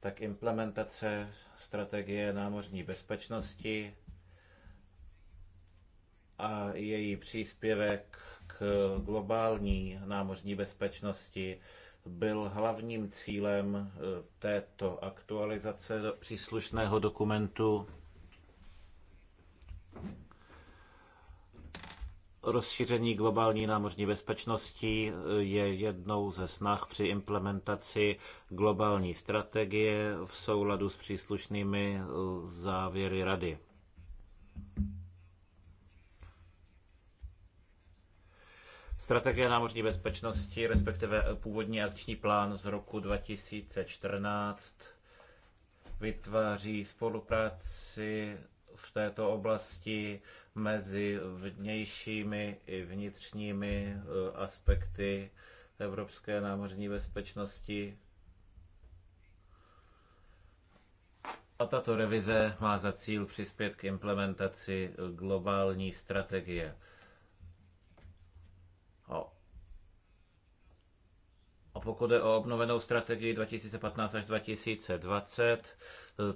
tak implementace strategie námořní bezpečnosti a její příspěvek k globální námořní bezpečnosti byl hlavním cílem eh, této aktualizace příslušného dokumentu Rozšíření globální námořní bezpečnosti eh, je jednou ze snah při implementaci globální strategie v souladu s příslušnými eh, závěry Rady. Strategie námořní bezpečnosti, respektive původní akční plán z roku 2014, vytváří spolupráci v této oblasti mezi vnějšími i vnitřními eh, aspekty evropské námořní bezpečnosti. A tato revize má za cíl přispět k implementaci globální strategie. A pokud jde o obnovenou strategii 2015 až 2020,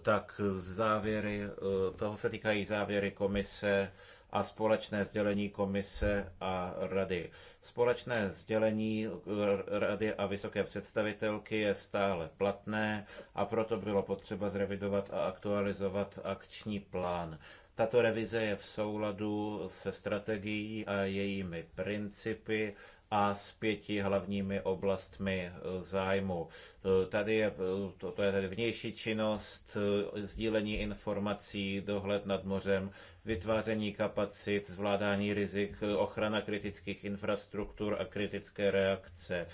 tak závěry, eh, toho se týkají závěry komise a společné sdělení komise a rady. Společné sdělení eh, rady a vysoké představitelky je stále platné a proto bylo potřeba zrevidovat a aktualizovat akční plán. Tato revize je v souladu se strategií a jejími principy a s pěti hlavními oblastmi eh, zájmu. Eh, tady je, eh, to, to je tady vnější činnost, sdílení informací, dohled nad mořem, vytváření kapacit, zvládání rizik, ochrana kritických infrastruktur a kritické reakce,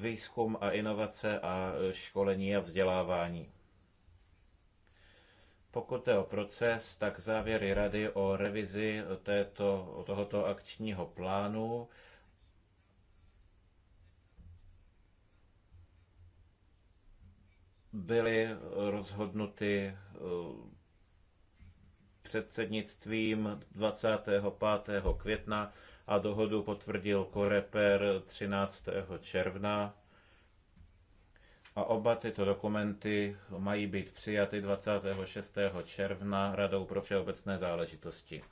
výzkum a inovace a školení a vzdělávání. Pokud je o proces, tak závěry rady o revizi této, tohoto akčního plánu byly rozhodnuty eh, předsednictvím 25. května a dohodu potvrdil Koreper 13. června. A oba tyto dokumenty mají být přijaty 26. června Radou pro všeobecné záležitosti.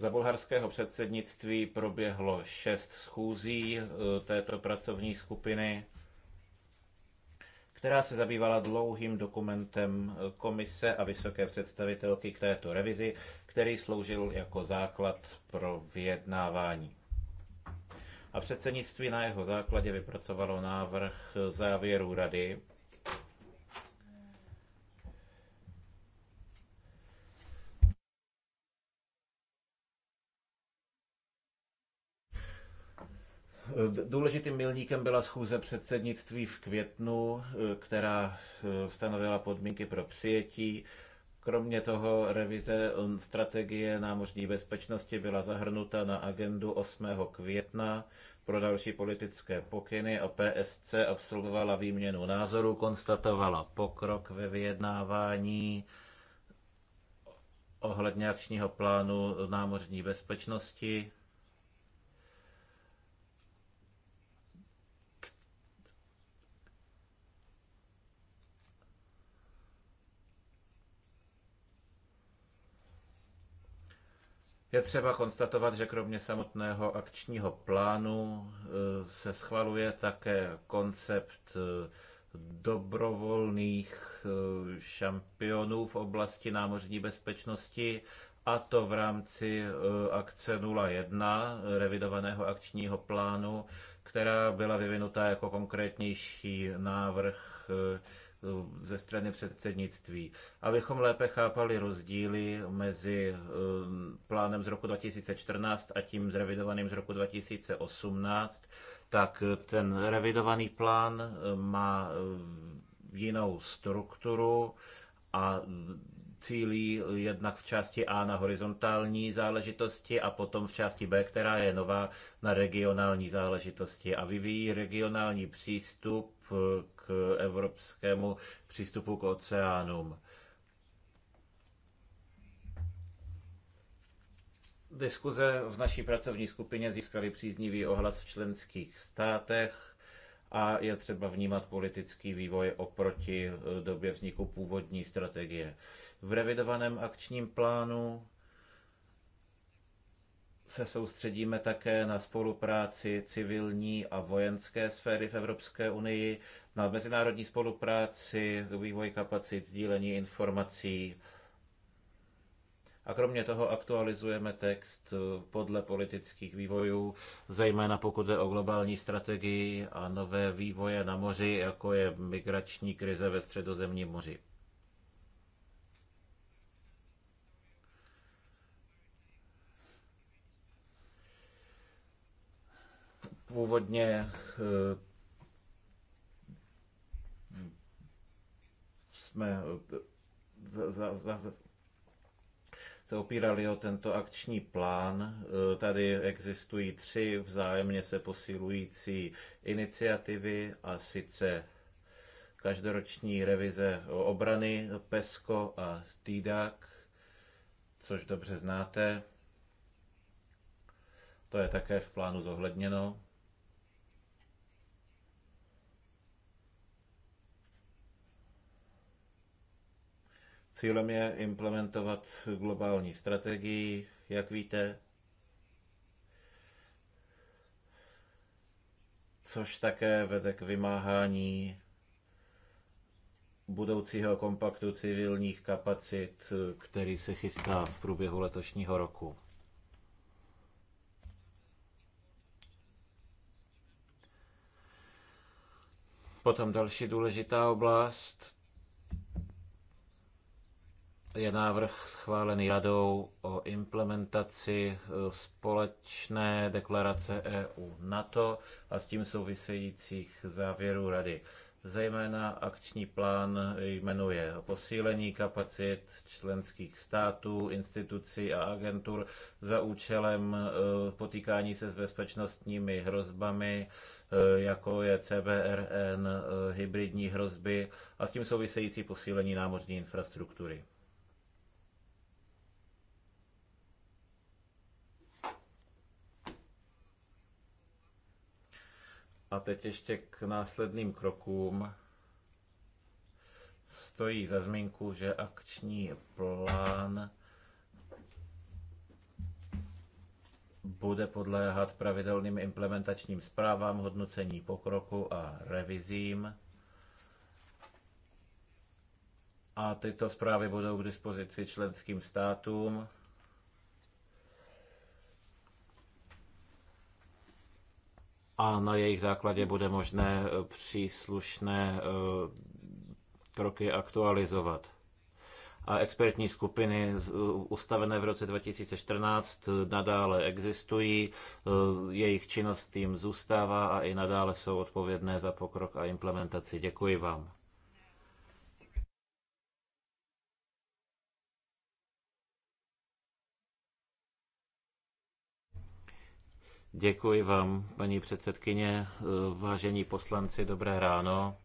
Za bulharského předsednictví proběhlo šest schůzí eh, této pracovní skupiny, která se zabývala dlouhým dokumentem eh, komise a vysoké představitelky k této revizi, který sloužil jako základ pro vyjednávání. A předsednictví na jeho základě vypracovalo návrh eh, závěrů rady, Důležitým milníkem byla schůze předsednictví v květnu, e, která e, stanovila podmínky pro přijetí. Kromě toho revize strategie námořní bezpečnosti byla zahrnuta na agendu 8. května pro další politické pokyny a PSC absolvovala výměnu názorů, konstatovala pokrok ve vyjednávání ohledně akčního plánu námořní bezpečnosti Je třeba konstatovat, že kromě samotného akčního plánu eh, se schvaluje také koncept eh, dobrovolných eh, šampionů v oblasti námořní bezpečnosti, a to v rámci akce 01, revidovaného akčního plánu, která byla vyvinuta jako konkrétnější návrh Eh, ze strany předsednictví, abychom lépe chápali rozdíly mezi eh, plánem z roku 2014 a tím zrevidovaným z roku 2018, tak ten revidovaný plán eh, má jinou strukturu a cílí jednak v části A na horizontální záležitosti a potom v části B, která je nová, na regionální záležitosti a vyvíjí regionální přístup evropskému přístupu k oceánům. Diskuze v naší pracovní skupině získaly příznivý ohlas v členských státech a je třeba vnímat politický vývoj oproti době vzniku původní strategie. V revidovaném akčním plánu se soustředíme také na spolupráci civilní a vojenské sféry v Evropské unii na mezinárodní spolupráci, vývoj kapacit, sdílení informací. A kromě toho aktualizujeme text podle politických vývojů, zejména pokud jde o globální strategii a nové vývoje na moři, jako je migrační krize ve středozemním moři. Původně eh, jsme eh, za, za, za, se opírali o tento akční plán. Eh, tady existují tři vzájemně se posilující iniciativy a sice každoroční revize obrany PESCO a TIDAC, což dobře znáte. To je také v plánu zohledněno. Cílem je implementovat globální strategii, jak víte, což také vede k vymáhání budoucího kompaktu civilních kapacit, který se chystá v průběhu letošního roku. Potom další důležitá oblast, je návrh schválený radou o implementaci e, společné deklarace EU NATO a s tím souvisejících závěrů rady. Zejména akční plán jmenuje posílení kapacit členských států, institucí a agentur za účelem e, potýkání se s bezpečnostními hrozbami, e, jako je CBRN, hybridní hrozby a s tím související posílení námořní infrastruktury. A teď ještě k následným krokům. Stojí za zmínku, že akční plán bude podléhat pravidelným implementačním zprávám, hodnocení pokroku a revizím. A tyto zprávy budou k dispozici členským státům a na jejich základě bude možné eh, příslušné eh, kroky aktualizovat. A expertní skupiny eh, ustavené v roce 2014 nadále existují, jejich činnost tím zůstává a i nadále jsou odpovědné za pokrok a implementaci. Děkuji vám. Děkuji vám, paní předsedkyně, vážení poslanci, dobré ráno.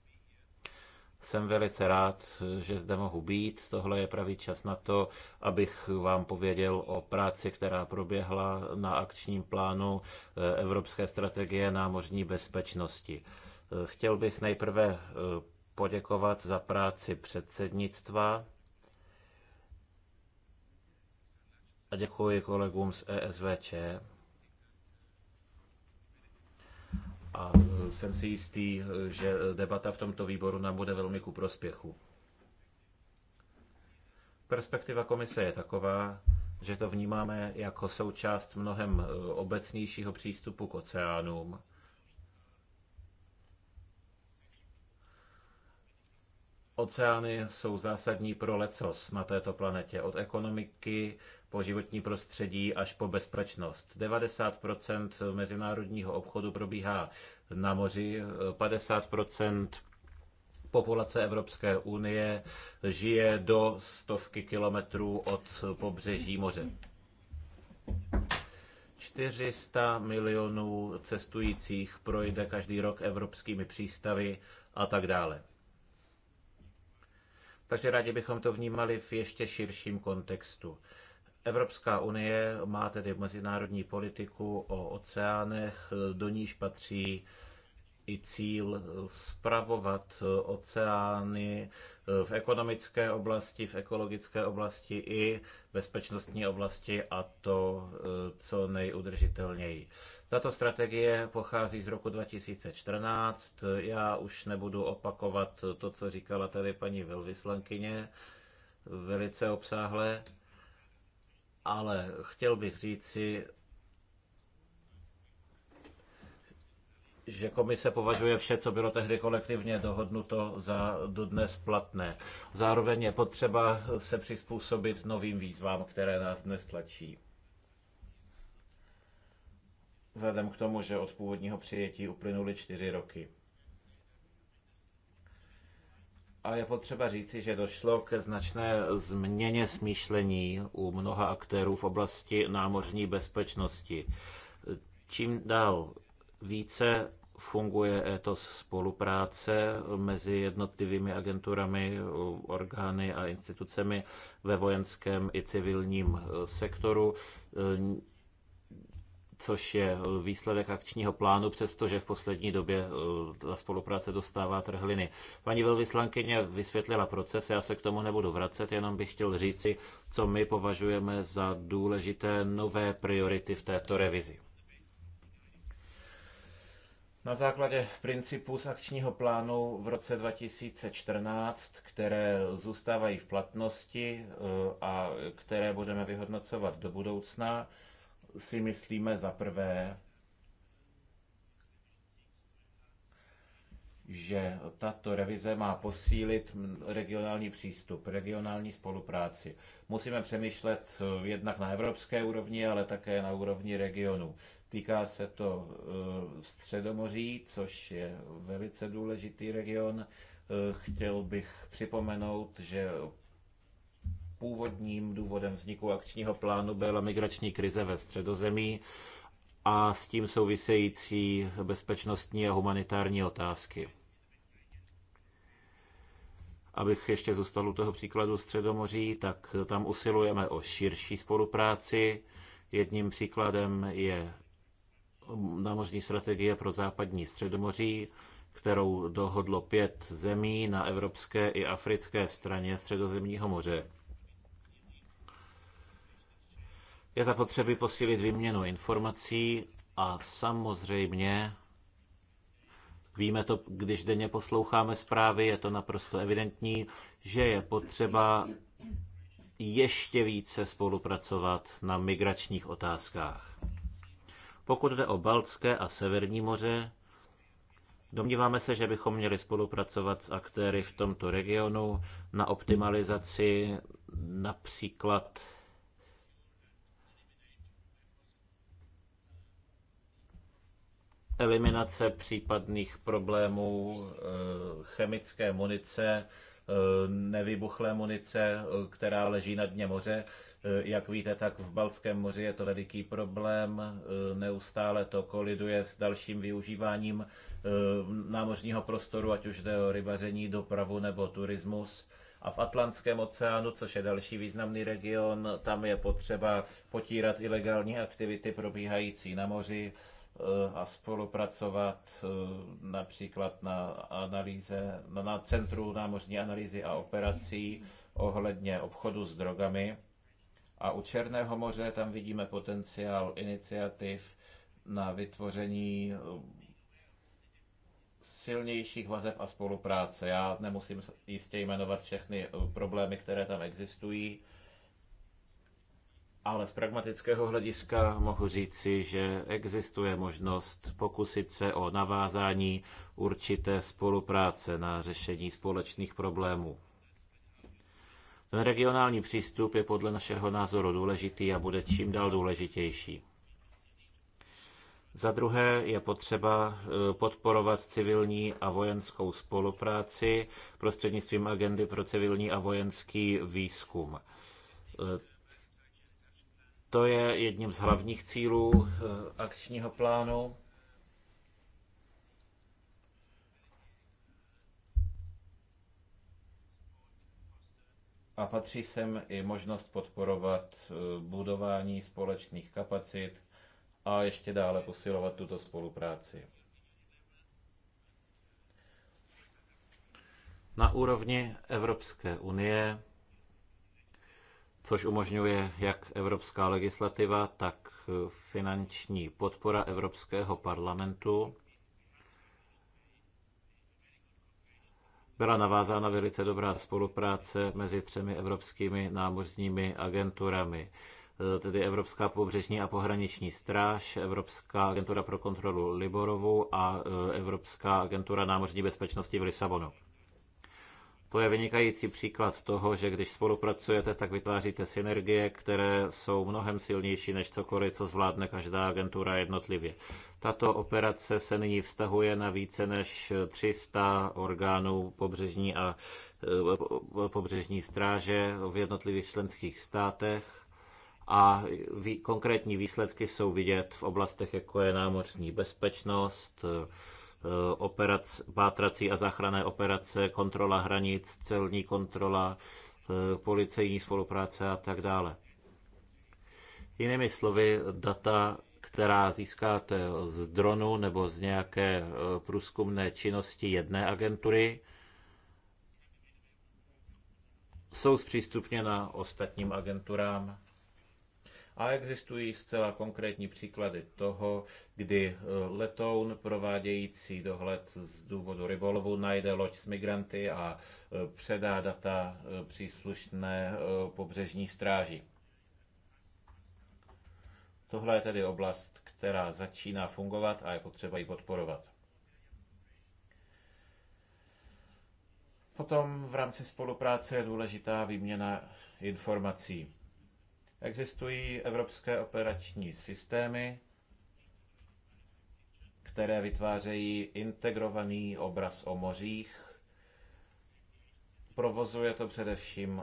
Jsem velice rád, že zde mohu být. Tohle je pravý čas na to, abych vám pověděl o práci, která proběhla na akčním plánu eh, Evropské strategie námořní bezpečnosti. Eh, chtěl bych nejprve eh, poděkovat za práci předsednictva a děkuji kolegům z ESVČ a e, jsem si jistý, e, že e, debata v tomto výboru nám bude velmi ku prospěchu. Perspektiva komise je taková, že to vnímáme jako součást mnohem obecnějšího přístupu k oceánům. Oceány jsou zásadní pro lecos na této planetě, od ekonomiky po životní prostředí až po bezpečnost. 90% mezinárodního obchodu probíhá na moři, 50% populace Evropské unie žije do stovky kilometrů od pobřeží moře. 400 milionů cestujících projde každý rok evropskými přístavy a tak dále. Takže rádi bychom to vnímali v ještě širším kontextu. Evropská unie má tedy mezinárodní politiku o oceánech, do níž patří i cíl spravovat oceány v ekonomické oblasti, v ekologické oblasti i bezpečnostní oblasti a to eh, co nejudržitelněji. Tato strategie pochází z roku 2014. Já už nebudu opakovat to, co říkala tady paní velvyslankyně velice obsáhle ale chtěl bych říci, že komise považuje vše, co bylo tehdy kolektivně dohodnuto, za dodnes platné. Zároveň je potřeba se přizpůsobit novým výzvám, které nás dnes tlačí. Vzhledem k tomu, že od původního přijetí uplynuly čtyři roky. A je potřeba říci, že došlo ke značné změně smýšlení u mnoha aktérů v oblasti námořní bezpečnosti. Čím dál více funguje to spolupráce mezi jednotlivými agenturami, orgány a institucemi ve vojenském i civilním sektoru což je výsledek akčního plánu, přestože v poslední době eh, ta spolupráce dostává trhliny. Paní velvyslankyně vysvětlila proces, já se k tomu nebudu vracet, jenom bych chtěl říci, co my považujeme za důležité nové priority v této revizi. Na základě principů z akčního plánu v roce 2014, které zůstávají v platnosti eh, a které budeme vyhodnocovat do budoucna, si myslíme za prvé, že tato revize má posílit regionální přístup, regionální spolupráci. Musíme přemýšlet jednak na evropské úrovni, ale také na úrovni regionu. Týká se to eh, Středomoří, což je velice důležitý region. Eh, chtěl bych připomenout, že původním důvodem vzniku akčního plánu byla migrační krize ve středozemí a s tím související bezpečnostní a humanitární otázky. Abych ještě zůstal u toho příkladu Středomoří, tak tam usilujeme o širší spolupráci. Jedním příkladem je námořní strategie pro západní Středomoří, kterou dohodlo pět zemí na evropské i africké straně Středozemního moře. Je zapotřebí posílit výměnu informací a samozřejmě Víme to, když denně posloucháme zprávy, je to naprosto evidentní, že je potřeba ještě více spolupracovat na migračních otázkách. Pokud jde o Baltské a Severní moře, domníváme se, že bychom měli spolupracovat s aktéry v tomto regionu na optimalizaci například eliminace případných problémů eh, chemické munice, eh, nevybuchlé munice, eh, která leží na dně moře. Jak víte, tak v Balském moři je to veliký problém, neustále to koliduje s dalším využíváním námořního prostoru, ať už jde o rybaření, dopravu nebo turismus. A v Atlantském oceánu, což je další významný region, tam je potřeba potírat ilegální aktivity probíhající na moři Eh, a spolupracovat eh, například na analýze, na Centru námořní analýzy a operací ohledně obchodu s drogami. A u Černého moře tam vidíme potenciál iniciativ na vytvoření eh, silnějších vazeb a spolupráce. Já nemusím jistě jmenovat všechny problémy, které tam existují, ale z pragmatického hlediska mohu říci, že existuje možnost pokusit se o navázání určité spolupráce na řešení společných problémů. Ten regionální přístup je podle našeho názoru důležitý a bude čím dál důležitější. Za druhé je potřeba e, podporovat civilní a vojenskou spolupráci prostřednictvím agendy pro civilní a vojenský výzkum. E, to je jedním z hlavních cílů eh, akčního plánu. A patří sem i možnost podporovat eh, budování společných kapacit a ještě dále posilovat tuto spolupráci. Na úrovni Evropské unie což umožňuje jak evropská legislativa, tak eh, finanční podpora Evropského parlamentu. Byla navázána velice dobrá spolupráce mezi třemi evropskými námořními agenturami eh, tedy Evropská pobřežní a pohraniční stráž, Evropská agentura pro kontrolu Liborovu a eh, Evropská agentura námořní bezpečnosti v Lisabonu. To je vynikající příklad toho, že když spolupracujete, tak vytváříte synergie, které jsou mnohem silnější než cokoliv, co zvládne každá agentura jednotlivě. Tato operace se nyní vztahuje na více než 300 orgánů pobřežní a e, pobřežní stráže v jednotlivých členských státech a konkrétní výsledky jsou vidět v oblastech, jako je námořní bezpečnost, Eh, operace, pátrací a záchranné operace, kontrola hranic, celní kontrola, eh, policejní spolupráce a tak dále. Jinými slovy, data, která získáte z dronu nebo z nějaké eh, průzkumné činnosti jedné agentury, jsou zpřístupněna ostatním agenturám a existují zcela konkrétní příklady toho, kdy eh, letoun provádějící dohled z důvodu rybolovu najde loď s migranty a eh, předá data eh, příslušné pobřežní stráži. Tohle je tedy oblast, která začíná fungovat a je potřeba ji podporovat. Potom v rámci spolupráce je důležitá výměna informací. Existují evropské operační systémy, které vytvářejí integrovaný obraz o mořích. Provozuje to především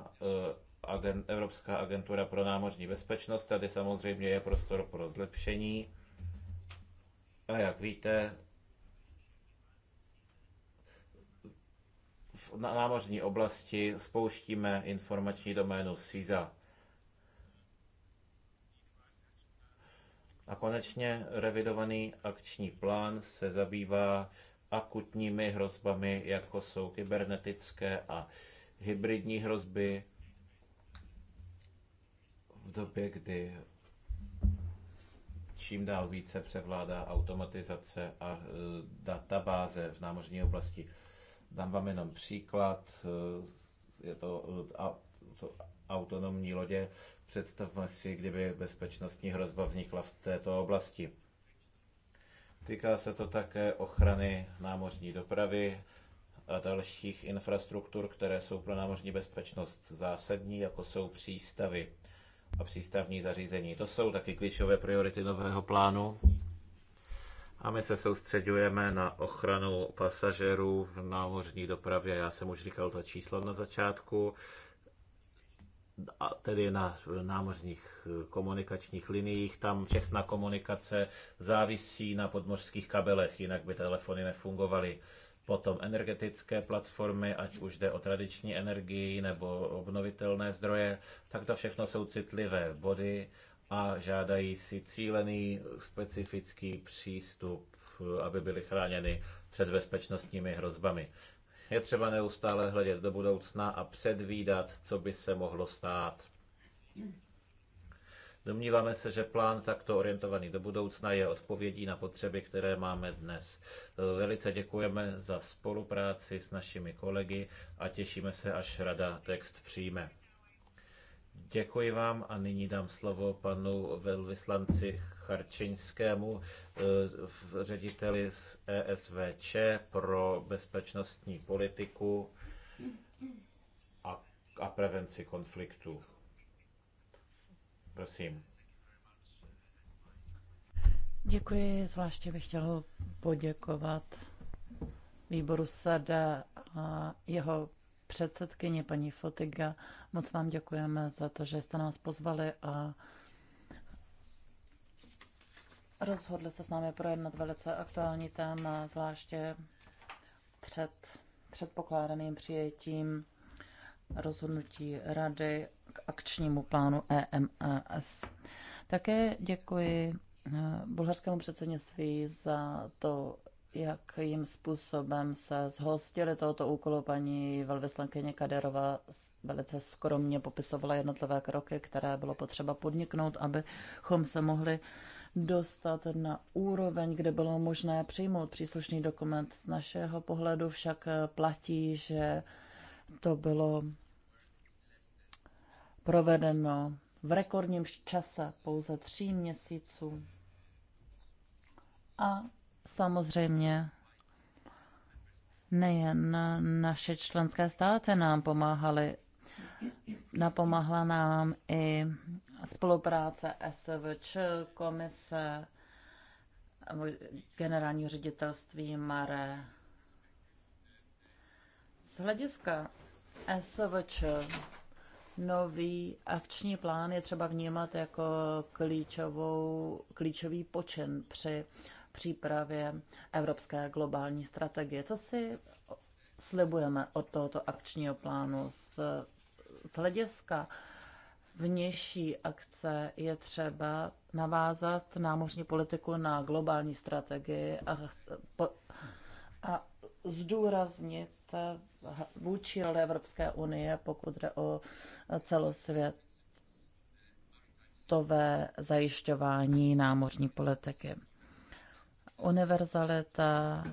eh, Evropská agentura pro námořní bezpečnost. Tady samozřejmě je prostor pro zlepšení. A jak víte, v námořní oblasti spouštíme informační doménu SISA. A konečně revidovaný akční plán se zabývá akutními hrozbami, jako jsou kybernetické a hybridní hrozby v době, kdy čím dál více převládá automatizace a e, databáze v námořní oblasti. Dám vám jenom příklad, e, je to, e, to autonomní lodě, Představme si, kdyby bezpečnostní hrozba vznikla v této oblasti. Týká se to také ochrany námořní dopravy a dalších infrastruktur, které jsou pro námořní bezpečnost zásadní, jako jsou přístavy a přístavní zařízení. To jsou taky klíčové priority nového plánu. A my se soustředujeme na ochranu pasažerů v námořní dopravě. Já jsem už říkal to číslo na začátku a tedy na námořních komunikačních liniích. Tam všechna komunikace závisí na podmořských kabelech, jinak by telefony nefungovaly. Potom energetické platformy, ať už jde o tradiční energii nebo obnovitelné zdroje, tak to všechno jsou citlivé body a žádají si cílený specifický přístup, aby byly chráněny před bezpečnostními hrozbami. Je třeba neustále hledět do budoucna a předvídat, co by se mohlo stát. Domníváme se, že plán takto orientovaný do budoucna je odpovědí na potřeby, které máme dnes. Velice děkujeme za spolupráci s našimi kolegy a těšíme se, až Rada text přijme. Děkuji vám a nyní dám slovo panu velvyslanci Charčeňskému, eh, řediteli z ESVČ pro bezpečnostní politiku a, a prevenci konfliktů. Prosím. Děkuji, zvláště bych chtěl poděkovat výboru SADA a jeho předsedkyně paní Fotiga. Moc vám děkujeme za to, že jste nás pozvali a rozhodli se s námi projednat velice aktuální téma, zvláště před předpokládaným přijetím rozhodnutí Rady k akčnímu plánu EMAS. E Také děkuji eh, bulharskému předsednictví za to, jakým způsobem se zhostili tohoto úkolu. Paní velvyslankyně Kaderova velice skromně popisovala jednotlivé kroky, které bylo potřeba podniknout, abychom se mohli dostat na úroveň, kde bylo možné přijmout příslušný dokument. Z našeho pohledu však platí, že to bylo provedeno v rekordním čase pouze tří měsíců. A Samozřejmě nejen naše členské státy nám pomáhaly. Napomáhla nám i spolupráce SVČ, komise, generálního ředitelství MARE. Z hlediska SVČ nový akční plán je třeba vnímat jako klíčovou, klíčový počin při uh, přípravě Evropské globální strategie. Co si slibujeme od tohoto akčního plánu z, z hlediska vnější akce je třeba navázat námořní politiku na globální strategii a, a zdůraznit vůči roli Evropské unie, pokud jde o celosvětové zajišťování námořní politiky univerzalita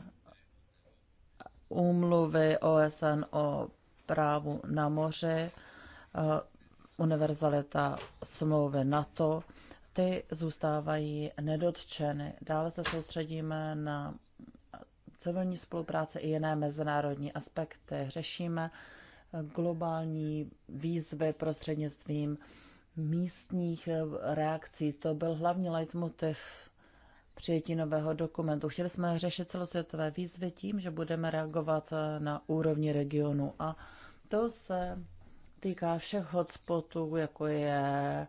úmluvy OSN o právu na moři, eh, univerzalita smlouvy NATO, ty zůstávají nedotčeny. Dále se soustředíme na civilní spolupráce i jiné mezinárodní aspekty. Řešíme eh, globální výzvy prostřednictvím místních eh, reakcí. To byl hlavní leitmotiv přijetí nového dokumentu. Chtěli jsme řešit celosvětové výzvy tím, že budeme reagovat eh, na úrovni regionu a to se týká všech hotspotů, jako je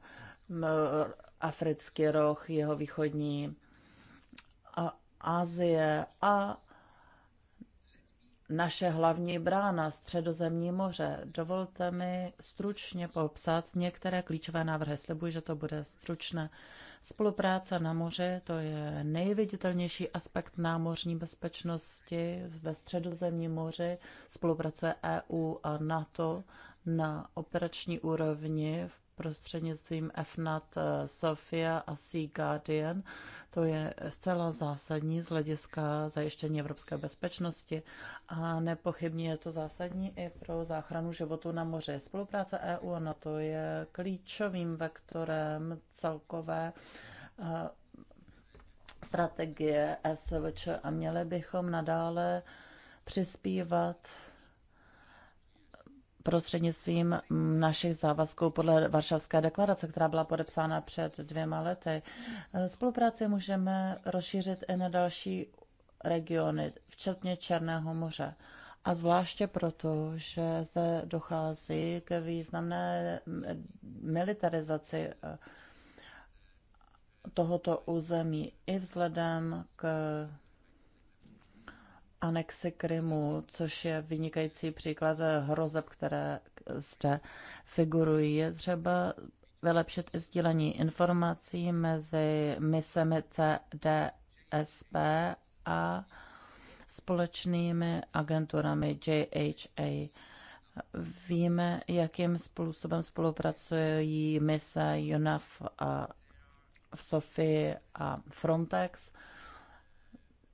africký roh, jeho východní a Asie a naše hlavní brána Středozemní moře. Dovolte mi stručně popsat některé klíčové návrhy. Slibuji, že to bude stručné. Spolupráce na moři, to je nejviditelnější aspekt námořní bezpečnosti ve středozemním moři. Spolupracuje EU a NATO na operační úrovni v prostřednictvím FNAT eh, Sofia a Sea Guardian. To je zcela zásadní z hlediska zajištění evropské bezpečnosti a nepochybně je to zásadní i pro záchranu životu na moři. Spolupráce EU a NATO je klíčovým vektorem celkové eh, strategie SVČ a měli bychom nadále přispívat prostřednictvím našich závazků podle Varšavské deklarace, která byla podepsána před dvěma lety. Spolupráci můžeme rozšířit i na další regiony, včetně Černého moře. A zvláště proto, že zde dochází k významné militarizaci eh, tohoto území i vzhledem k anexe Krymu, což je vynikající příklad hrozeb, které zde figurují. Je třeba vylepšit i sdílení informací mezi misemi CDSP a společnými agenturami JHA. Víme, jakým způsobem spolupracují mise UNAF a v Sofii a Frontex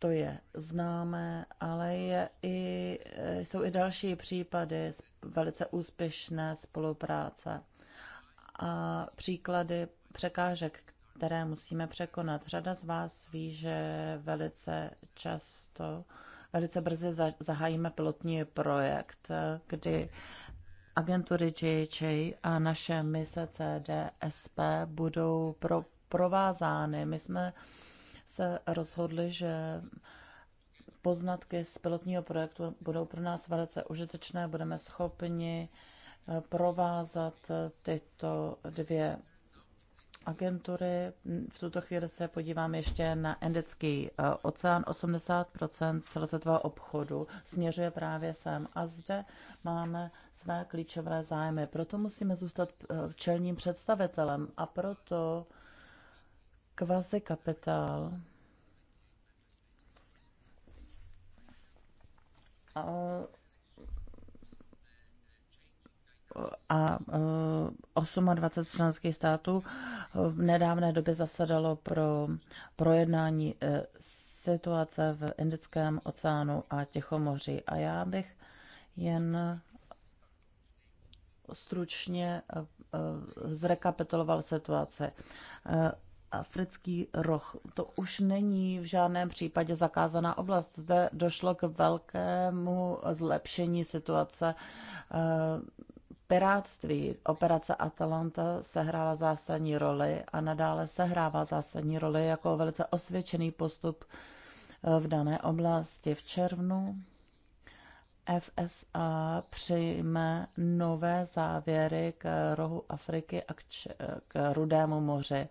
to je známé, ale je i, e, jsou i další případy velice úspěšné spolupráce a příklady překážek, které musíme překonat. Řada z vás ví, že velice často, velice brzy zahájíme pilotní projekt, e, kdy agentury JHA a naše mise CDSP budou pro, provázány. My jsme uh, se rozhodli, že poznatky z pilotního projektu budou pro nás velice užitečné. Budeme schopni eh, provázat eh, tyto dvě agentury. V tuto chvíli se podívám ještě na Indický eh, oceán. 80 celosvětového obchodu směřuje právě sem a zde máme své klíčové zájmy. Proto musíme zůstat čelním představitelem a proto kvaze kapitál. A, a 28 členských států v nedávné době zasadalo pro projednání e, situace v Indickém oceánu a Tichomoří. A já bych jen stručně e, e, zrekapituloval situaci africký roh. To už není v žádném případě zakázaná oblast. Zde došlo k velkému zlepšení situace eh, piráctví. Operace Atalanta sehrála zásadní roli a nadále sehrává zásadní roli jako velice osvědčený postup eh, v dané oblasti. V červnu FSA přijme nové závěry k rohu Afriky a k, k Rudému moři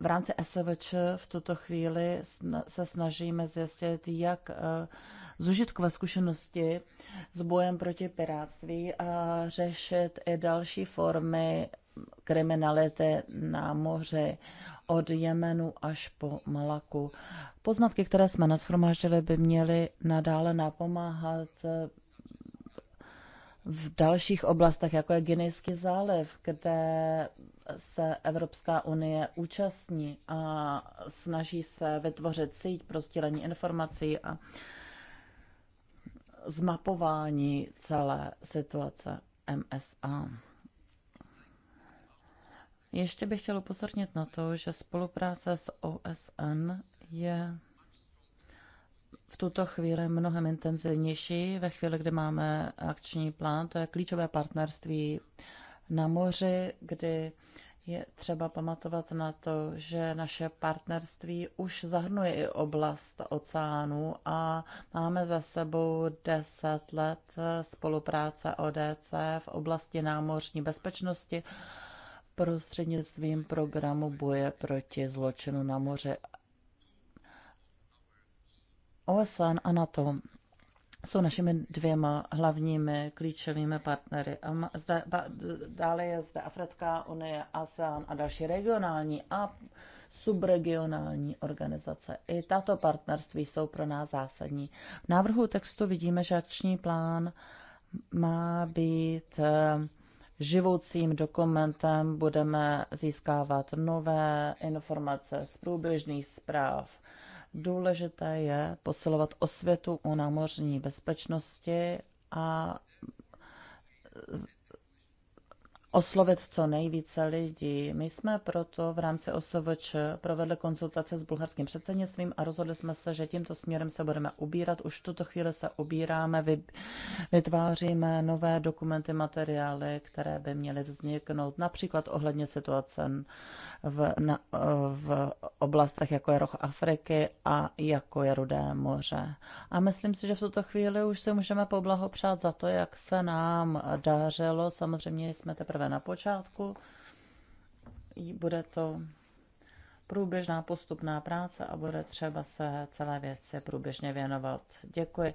v rámci SVČ v tuto chvíli se snažíme zjistit, jak eh, zužitkové zkušenosti s bojem proti piráctví a řešit i další formy kriminality na moři od Jemenu až po Malaku. Poznatky, které jsme nashromáždili, by měly nadále napomáhat eh, v dalších oblastech, jako je Ginejský záliv, kde se Evropská unie účastní a snaží se vytvořit síť pro sdílení informací a zmapování celé situace MSA. Ještě bych chtěl upozornit na to, že spolupráce s OSN je v tuto chvíli mnohem intenzivnější. Ve chvíli, kdy máme akční plán, to je klíčové partnerství na moři, kdy je třeba pamatovat na to, že naše partnerství už zahrnuje i oblast oceánů a máme za sebou 10 let spolupráce ODC v oblasti námořní bezpečnosti prostřednictvím programu boje proti zločinu na moři. OSN a NATO jsou našimi dvěma hlavními klíčovými partnery. A zda, ba, dále je zde Africká unie, ASEAN a další regionální a subregionální organizace. I tato partnerství jsou pro nás zásadní. V návrhu textu vidíme, že akční plán má být eh, živoucím dokumentem. Budeme získávat nové informace z průběžných zpráv, Důležité je posilovat osvětu o námořní bezpečnosti a oslovit co nejvíce lidí. My jsme proto v rámci OSVČ provedli konzultace s bulharským předsednictvím a rozhodli jsme se, že tímto směrem se budeme ubírat. Už v tuto chvíli se ubíráme, vytváříme nové dokumenty, materiály, které by měly vzniknout, například ohledně situace v, na, v oblastech, jako je roh Afriky a jako je Rudé moře. A myslím si, že v tuto chvíli už si můžeme poblahopřát za to, jak se nám dařilo. Samozřejmě jsme teprve teprve na počátku. Bude to průběžná postupná práce a bude třeba se celé věci průběžně věnovat. Děkuji.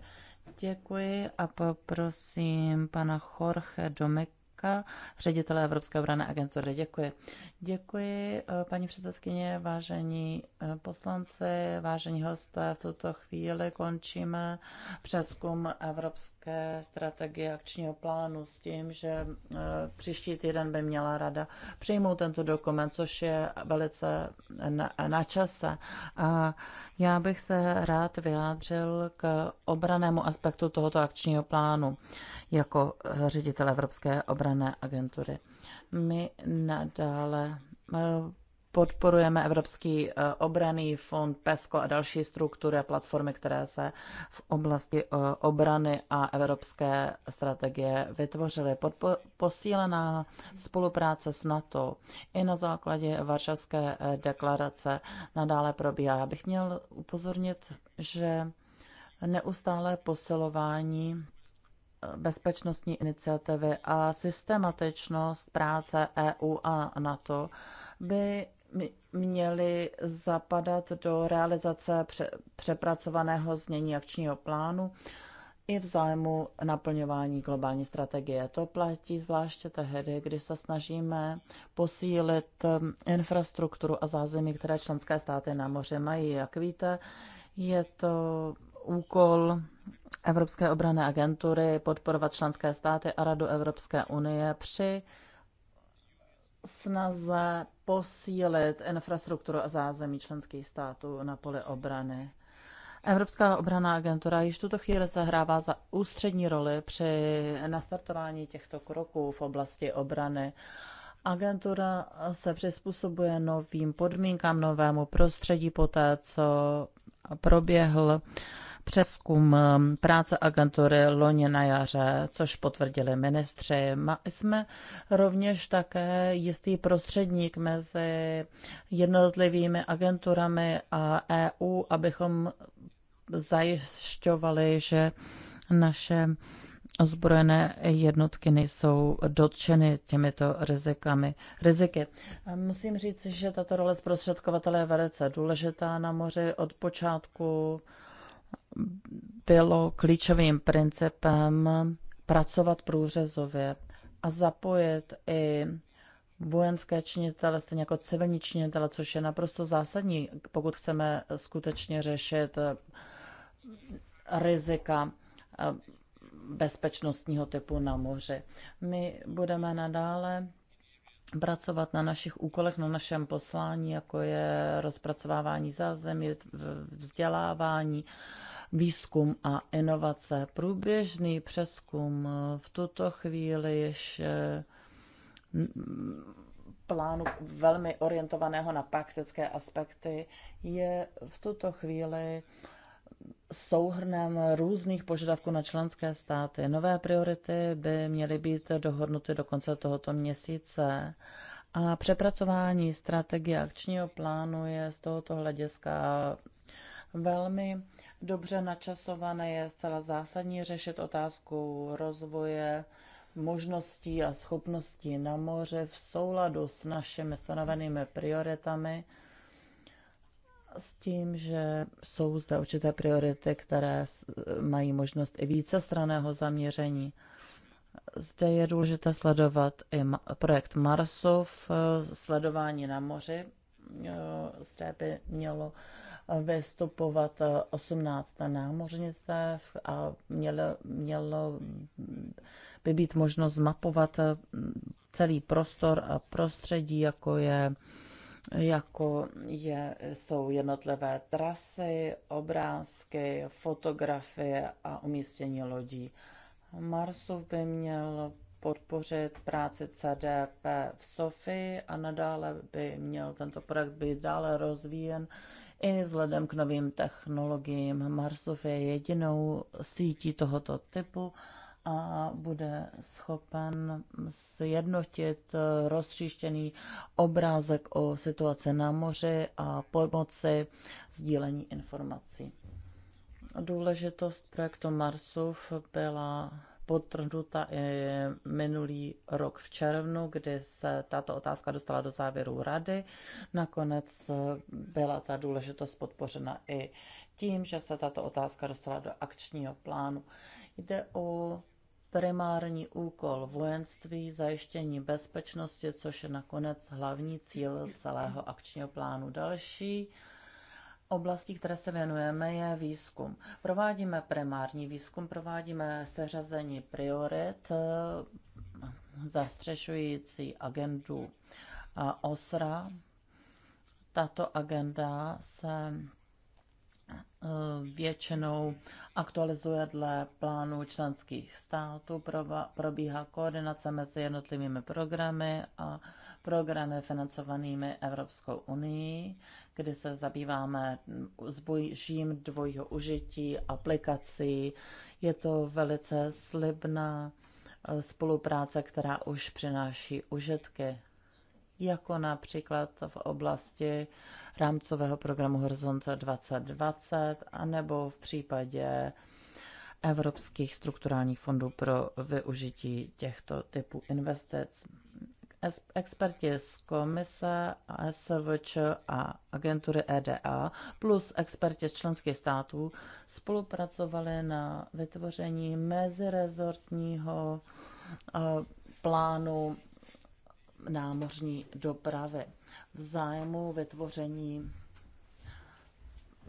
Děkuji a poprosím pana Jorge Domek Švábka, ředitele Evropské obrané agentury. Děkuji. Děkuji, eh, paní předsedkyně, vážení eh, poslanci, vážení hosté. V tuto chvíli končíme přeskum Evropské strategie akčního plánu s tím, že eh, příští týden by měla rada přijmout tento dokument, což je velice na, na čase. A já bych se rád vyjádřil k obranému aspektu tohoto akčního plánu jako eh, ředitel Evropské obrané agentury. My nadále eh, podporujeme Evropský eh, obraný fond, PESCO a další struktury a platformy, které se v oblasti eh, obrany a evropské strategie vytvořily. posílená spolupráce s NATO i na základě Varšavské eh, deklarace nadále probíhá. Já bych měl upozornit, že neustále posilování bezpečnostní iniciativy a systematičnost práce EU a NATO by měly zapadat do realizace přepracovaného znění akčního plánu i v zájmu naplňování globální strategie. To platí zvláště tehdy, když se snažíme posílit um, infrastrukturu a zázemí, které členské státy na moře mají. Jak víte, je to úkol Evropské obrané agentury podporovat členské státy a Radu Evropské unie při snaze posílit infrastrukturu a zázemí členských států na poli obrany. Evropská obraná agentura již tuto chvíli zahrává za ústřední roli při nastartování těchto kroků v oblasti obrany. Agentura se přizpůsobuje novým podmínkám, novému prostředí poté, co proběhl uh, přeskum um, práce agentury loni na jaře, což potvrdili ministři. Jsme rovněž také jistý prostředník mezi jednotlivými agenturami a EU, abychom zajišťovali, že naše ozbrojené jednotky nejsou dotčeny těmito rizikami. riziky. Musím říct, že tato role zprostředkovatele je velice důležitá na moři od počátku bylo klíčovým principem pracovat průřezově a zapojit i vojenské činitele, stejně jako civilní činitele, což je naprosto zásadní, pokud chceme skutečně řešit eh, rizika eh, bezpečnostního typu na moři. My budeme nadále pracovat na našich úkolech, na našem poslání, jako je rozpracovávání zázemí, vzdělávání, výzkum a inovace. Průběžný přeskum v tuto chvíli ještě mm, plánu velmi orientovaného na praktické aspekty je v tuto chvíli souhrnem různých požadavků na členské státy. Nové priority by měly být dohodnuty do konce tohoto měsíce. A přepracování strategie akčního plánu je z tohoto hlediska velmi dobře načasované. Je zcela zásadní řešit otázku rozvoje možností a schopností na moře v souladu s našimi stanovenými prioritami s tím, že jsou zde určité priority, které mají možnost i straného zaměření. Zde je důležité sledovat i projekt Marsov, eh, sledování na moři. Eh, zde by mělo eh, vystupovat 18 námořnictev a mělo, mělo by být možnost zmapovat celý prostor a prostředí, jako je jako je, jsou jednotlivé trasy, obrázky, fotografie a umístění lodí. Marsu by měl podpořit práci CDP v Sofii a nadále by měl tento projekt být dále rozvíjen i vzhledem k novým technologiím. Marsov je jedinou sítí tohoto typu a bude schopen sjednotit roztříštěný obrázek o situaci na moři a pomoci sdílení informací. Důležitost projektu Marsův byla potrhnuta i minulý rok v červnu, kdy se tato otázka dostala do závěru rady. Nakonec byla ta důležitost podpořena i tím, že se tato otázka dostala do akčního plánu. Jde o primární úkol vojenství, zajištění bezpečnosti, což je nakonec hlavní cíl celého akčního plánu. Další oblastí, které se věnujeme, je výzkum. Provádíme primární výzkum, provádíme seřazení priorit zastřešující agendu OSRA. Tato agenda se Eh, většinou aktualizuje dle plánu členských států, probíhá koordinace mezi jednotlivými programy a programy financovanými Evropskou unii, kdy se zabýváme zbožím dvojího užití, aplikací. Je to velice slibná eh, spolupráce, která už přináší užitky jako například v oblasti rámcového programu Horizont 2020, anebo v případě evropských strukturálních fondů pro využití těchto typů investic. Experti z komise, SVČ a agentury EDA plus experti z členských států spolupracovali na vytvoření mezirezortního eh, plánu námořní dopravy v zájmu vytvoření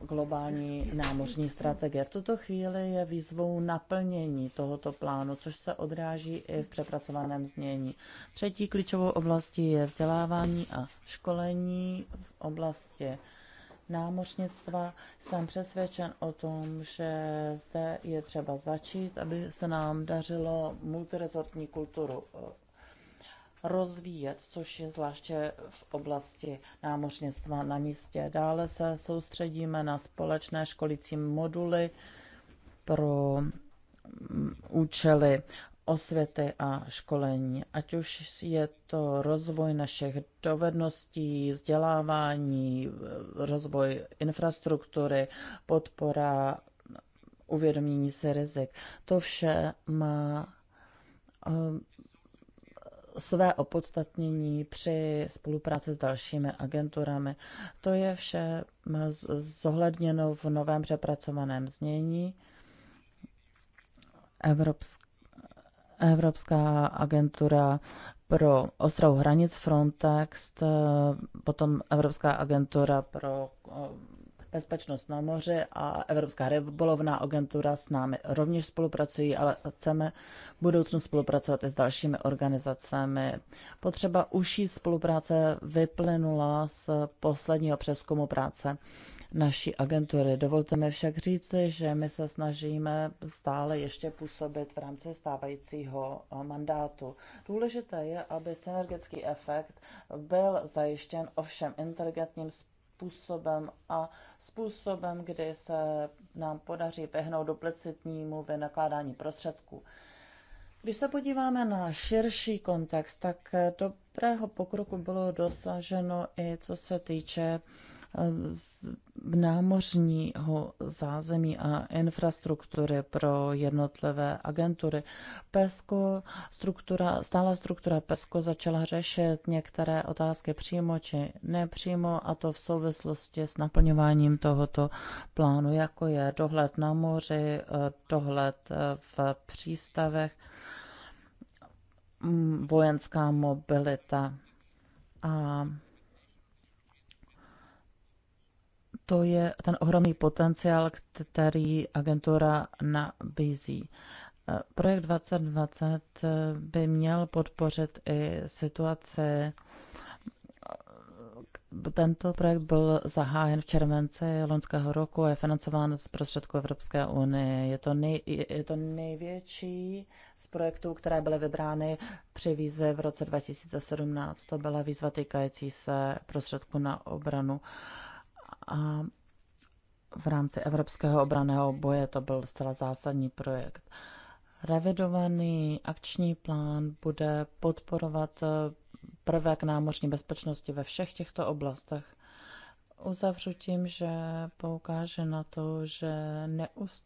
globální námořní strategie. V tuto chvíli je výzvou naplnění tohoto plánu, což se odráží i v přepracovaném znění. Třetí klíčovou oblastí je vzdělávání a školení v oblasti námořnictva. Jsem přesvědčen o tom, že zde je třeba začít, aby se nám dařilo multiresortní kulturu eh, rozvíjet, což je zvláště v oblasti námořnictva na místě. Dále se soustředíme na společné školící moduly pro mm, účely osvěty a školení, ať už je to rozvoj našich dovedností, vzdělávání, rozvoj infrastruktury, podpora uvědomění se rizik. To vše má eh, své opodstatnění při spolupráci s dalšími agenturami. To je vše zohledněno v novém přepracovaném znění. Evropská, Evropská agentura pro ostrou hranic Frontex, potom Evropská agentura pro bezpečnost na moře a Evropská rybolovná agentura s námi rovněž spolupracují, ale chceme v budoucnu spolupracovat i s dalšími organizacemi. Potřeba užší spolupráce vyplynula z posledního přeskumu práce naší agentury. Dovolte mi však říci, že my se snažíme stále ještě působit v rámci stávajícího mandátu. Důležité je, aby synergický efekt byl zajištěn ovšem inteligentním způsobem způsobem a způsobem, kdy se nám podaří vyhnout duplicitnímu vynakládání prostředků. Když se podíváme na širší kontext, tak dobrého pokroku bylo dosaženo i co se týče námořního zázemí a infrastruktury pro jednotlivé agentury. PESCO, struktura, stála struktura PESCO začala řešit některé otázky přímo či nepřímo a to v souvislosti s naplňováním tohoto plánu, jako je dohled na moři, dohled eh, v přístavech, mm, vojenská mobilita a to je ten ohromný potenciál, který agentura nabízí. Projekt 2020 by měl podpořit i situaci. Tento projekt byl zahájen v červenci loňského roku a je financován z prostředků Evropské unie. Je to, nej, je to největší z projektů, které byly vybrány při výzvě v roce 2017. To byla výzva týkající se prostředků na obranu. Uh, a v rámci Evropského obraného boje to byl zcela zásadní projekt. Revidovaný akční plán bude podporovat eh, prvek námořní bezpečnosti ve všech těchto oblastech. Uzavřu tím, že poukáže na to, že neust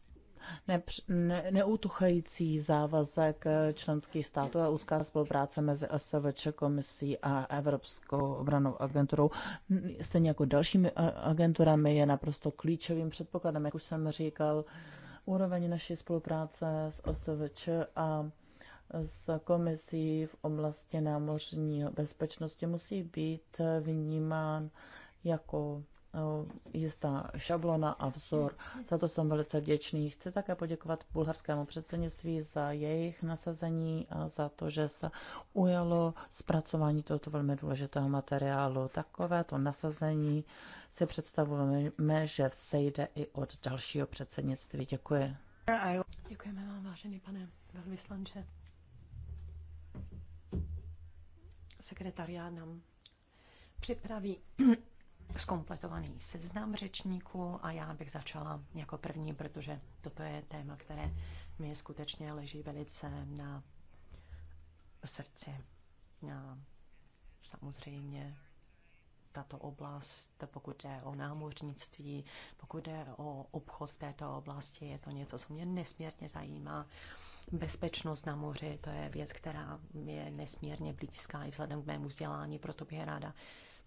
nepř- ne- neutuchající závazek eh, členských států a úzká spolupráce mezi SVČ komisí a Evropskou obranou agenturou, stejně jako dalšími eh, agenturami, je naprosto klíčovým předpokladem, jak už jsem říkal, úroveň naší spolupráce s OSVČ a s komisí v oblasti námořní bezpečnosti musí být eh, vnímán jako Eh, jistá šablona a vzor. Za to jsem velice vděčný. Chci také poděkovat bulharskému předsednictví za jejich nasazení a za to, že se ujalo zpracování tohoto velmi důležitého materiálu. Takové to nasazení si představujeme, že sejde i od dalšího předsednictví. Děkuji. Děkujeme vám, vážený pane velvyslanče. Sekretariát nám připraví zkompletovaný seznam řečníků a já bych začala jako první, protože toto je téma, které mi skutečně leží velice na srdci. A samozřejmě tato oblast, pokud jde o námořnictví, pokud jde o obchod v této oblasti, je to něco, co mě nesmírně zajímá. Bezpečnost na moři, to je věc, která je nesmírně blízká i vzhledem k mému vzdělání, proto bych ráda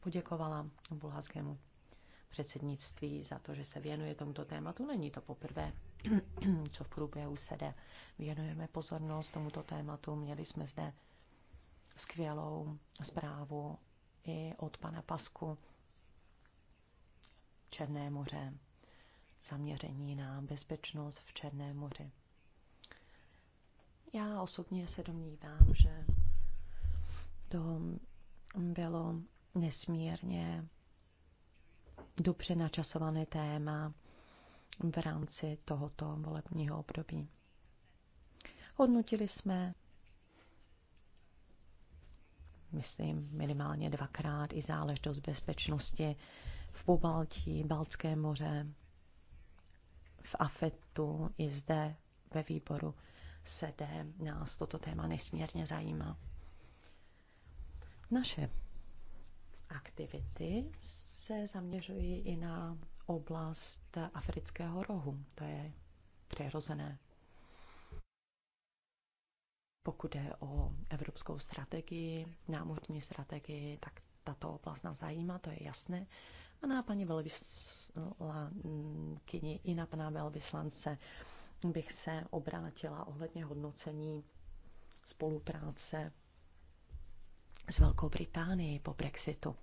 poděkovala bulharskému předsednictví za to, že se věnuje tomuto tématu. Není to poprvé, <clears throat> co v průběhu sede věnujeme pozornost tomuto tématu. Měli jsme zde skvělou zprávu i od pana Pasku Černé moře, zaměření na bezpečnost v Černém moři. Já osobně se domnívám, že to bylo nesmírně dobře načasované téma v rámci tohoto volebního období. Hodnotili jsme, myslím, minimálně dvakrát i záležitost bezpečnosti v Pobaltí, Baltské moře, v AFETu i zde ve výboru sedem. nás toto téma nesmírně zajímá. Naše aktivity se zaměřují i na oblast afrického rohu. To je přirozené. Pokud je o evropskou strategii, námořní strategii, tak tato oblast nás zajímá, to je jasné. A na paní velvyslankyni i na pana velvyslance bych se obrátila ohledně hodnocení spolupráce s Velkou Británií po Brexitu,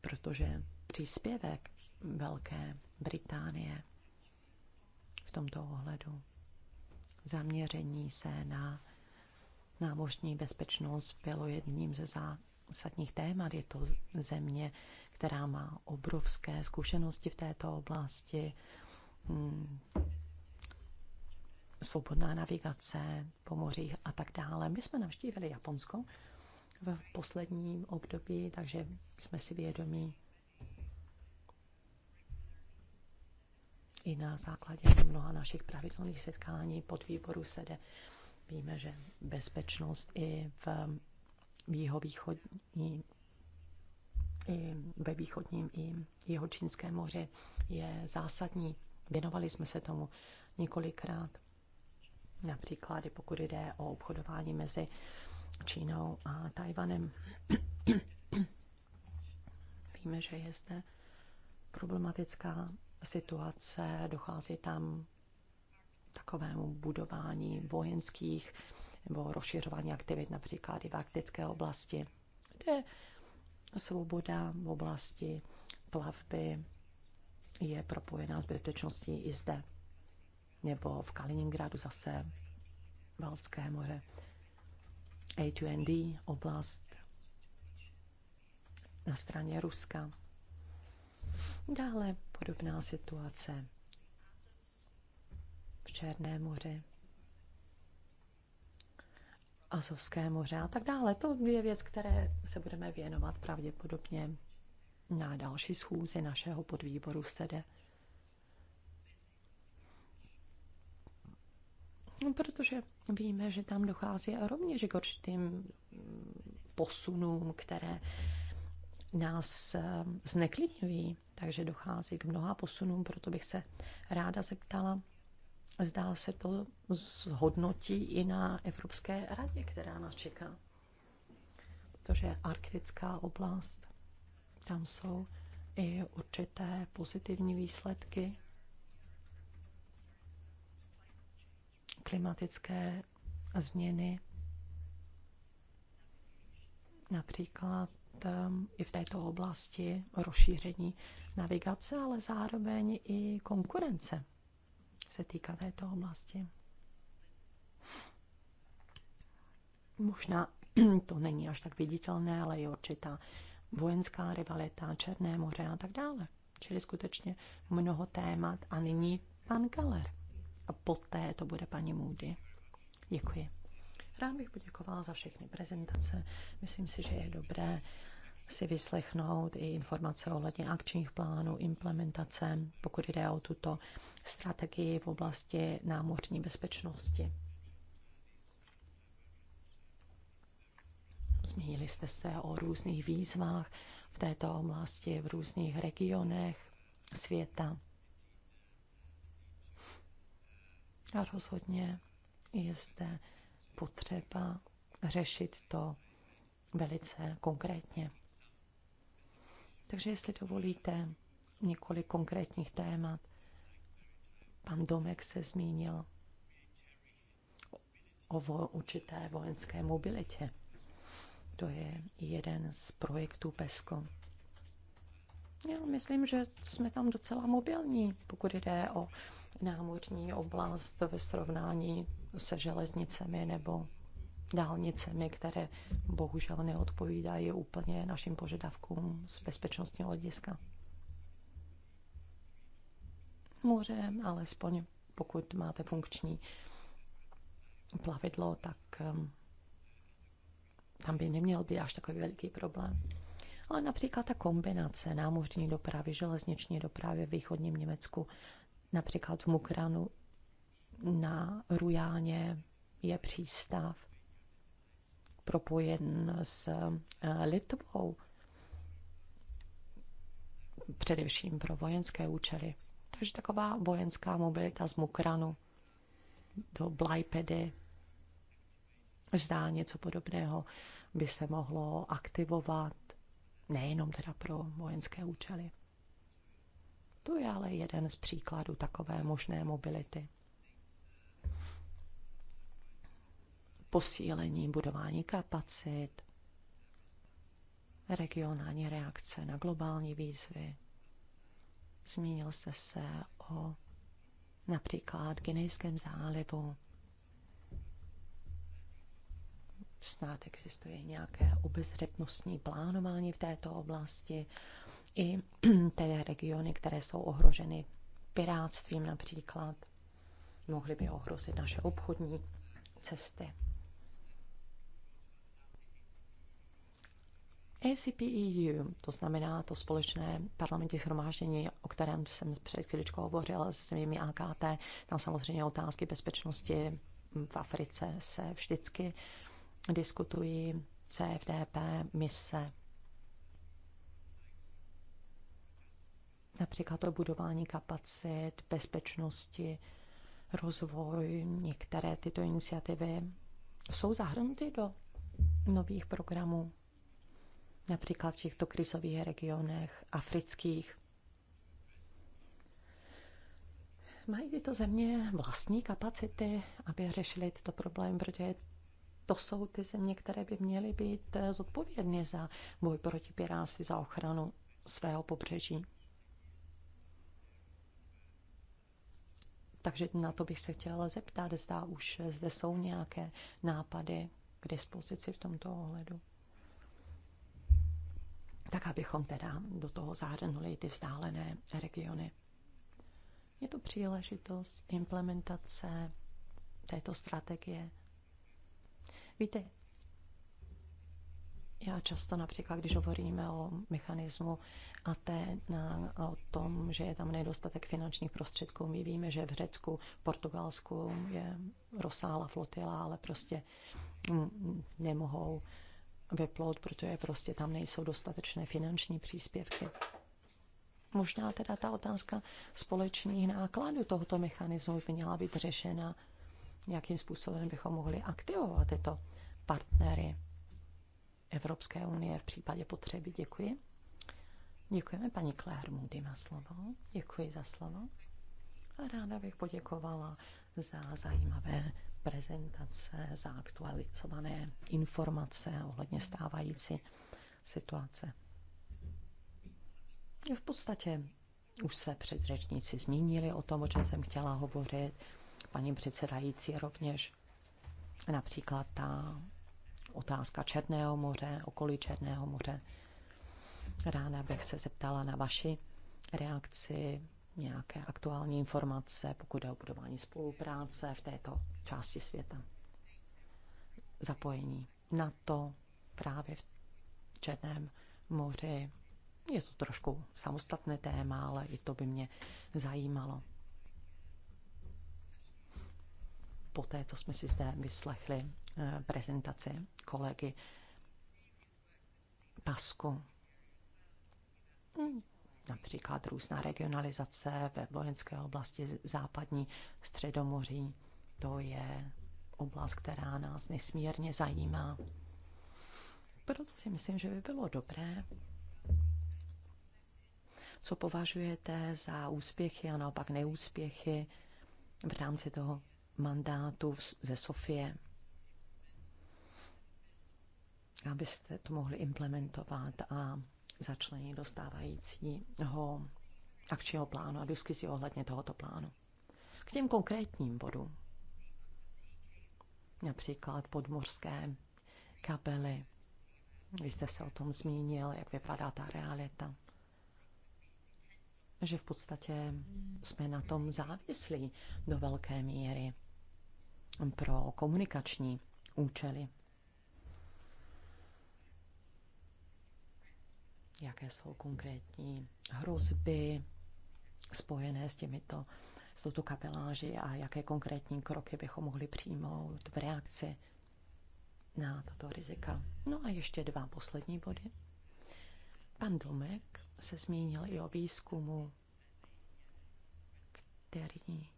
protože příspěvek Velké Británie v tomto ohledu zaměření se na námořní bezpečnost bylo jedním ze zásadních témat. Je to země, která má obrovské zkušenosti v této oblasti. Hmm. Svobodná navigace po mořích a tak dále. My jsme navštívili Japonsko v posledním období, takže jsme si vědomí i na základě mnoha našich pravidelných setkání pod výboru SEDE. Víme, že bezpečnost i v, v jihovýchodní i ve východním i jeho čínské moře je zásadní. Věnovali jsme se tomu několikrát. Například, pokud jde o obchodování mezi Čínou a Tajvanem. Víme, že je zde problematická situace, dochází tam takovému budování vojenských nebo rozšiřování aktivit například i v arktické oblasti, kde svoboda v oblasti plavby je propojená s bezpečností i zde. Nebo v Kaliningradu zase Baltské moře. A2ND oblast na straně Ruska. Dále podobná situace v Černé moři, Azovské moře a tak dále. To je věc, které se budeme věnovat pravděpodobně na další schůzi našeho podvýboru SEDE. No, protože víme, že tam dochází a rovněž k určitým posunům, které nás eh, zneklidňují, takže dochází k mnoha posunům, proto bych se ráda zeptala, zdá se to zhodnotí i na Evropské radě, která nás čeká. Protože arktická oblast, tam jsou i určité pozitivní výsledky klimatické změny. Například ehm, i v této oblasti rozšíření navigace, ale zároveň i konkurence se týká této oblasti. Možná <clears throat> to není až tak viditelné, ale je určitá vojenská rivalita, Černé moře a tak dále. Čili skutečně mnoho témat a nyní pan Galer a poté to bude paní Moody. Děkuji. Rád bych poděkovala za všechny prezentace. Myslím si, že je dobré si vyslechnout i informace ohledně akčních plánů, implementace, pokud jde o tuto strategii v oblasti námořní bezpečnosti. Zmínili jste se o různých výzvách v této oblasti v různých regionech světa. A rozhodně je zde potřeba řešit to velice konkrétně. Takže jestli dovolíte několik konkrétních témat. Pan Domek se zmínil o vo, určité vojenské mobilitě. To je jeden z projektů PESCO. Já myslím, že jsme tam docela mobilní, pokud jde o námořní oblast ve srovnání se železnicemi nebo dálnicemi, které bohužel neodpovídají úplně našim požadavkům z bezpečnostního hlediska. Moře, alespoň pokud máte funkční plavidlo, tak um, tam by neměl být až takový veliký problém. Ale například ta kombinace námořní dopravy, železniční dopravy v východním Německu Například v Mukranu na Rujáně je přístav propojen s eh, Litvou, především pro vojenské účely. Takže taková vojenská mobilita z Mukranu do Blajpedy zdá něco podobného by se mohlo aktivovat nejenom teda pro vojenské účely. To je ale jeden z příkladů takové možné mobility. Posílení budování kapacit, regionální reakce na globální výzvy. Zmínil jste se o například Ginejském zálivu. Snad existuje nějaké obezřetnostní plánování v této oblasti i <clears throat> té regiony, které jsou ohroženy piráctvím například. Mohly by ohrozit naše obchodní cesty. ACPEU, to znamená to společné parlamentní shromáždění, o kterém jsem před chvíličkou hovořila se svými AKT, tam samozřejmě otázky bezpečnosti v Africe se vždycky diskutují, CFDP, mise například to budování kapacit, bezpečnosti, rozvoj, některé tyto iniciativy jsou zahrnuty do nových programů, například v těchto krizových regionech afrických. Mají tyto země vlastní kapacity, aby řešili tyto problémy, protože to jsou ty země, které by měly být zodpovědné za boj proti piráci, za ochranu svého pobřeží. Takže na to bych se chtěla zeptat, zda už zde jsou nějaké nápady k dispozici v tomto ohledu. Tak abychom teda do toho zahrnuli ty vzdálené regiony. Je to příležitost implementace této strategie. Víte, já často například, když hovoříme o mechanismu a na, o tom, že je tam nedostatek finančních prostředků, my víme, že v Řecku, Portugalsku je rozsáhla flotila, ale prostě mm, nemohou vyplout, protože prostě tam nejsou dostatečné finanční příspěvky. Možná teda ta otázka společných nákladů tohoto mechanismu by měla být řešena, jakým způsobem bychom mohli aktivovat tyto partnery Evropské unie v případě potřeby. Děkuji. Děkujeme paní Claire Moody na slovo. Děkuji za slovo. A ráda bych poděkovala za zajímavé prezentace, za aktualizované informace ohledně stávající situace. V podstatě už se předřečníci zmínili o tom, o čem jsem chtěla hovořit. Paní předsedající rovněž například ta otázka Černého moře, okolí Černého moře. Ráda bych se zeptala na vaši reakci, nějaké aktuální informace, pokud je o budování spolupráce v této části světa. Zapojení to právě v Černém moři. Je to trošku samostatné téma, ale i to by mě zajímalo. Poté, co jsme si zde vyslechli eh, prezentaci kolegy Pasku. Hmm například různá regionalizace ve vojenské oblasti západní středomoří. To je oblast, která nás nesmírně zajímá. Proto si myslím, že by bylo dobré, co považujete za úspěchy a naopak neúspěchy v rámci toho mandátu ze Sofie abyste to mohli implementovat a začlenit do stávajícího akčního plánu a diskusi ohledně tohoto plánu. K těm konkrétním bodům, například podmorské kabely, vy jste se o tom zmínil, jak vypadá ta realita. Že v podstatě jsme na tom závislí do velké míry pro komunikační účely. jaké jsou konkrétní hrozby spojené s těmito s touto kapeláží a jaké konkrétní kroky bychom mohli přijmout v reakci na tato rizika. No a ještě dva poslední body. Pan Domek se zmínil i o výzkumu, který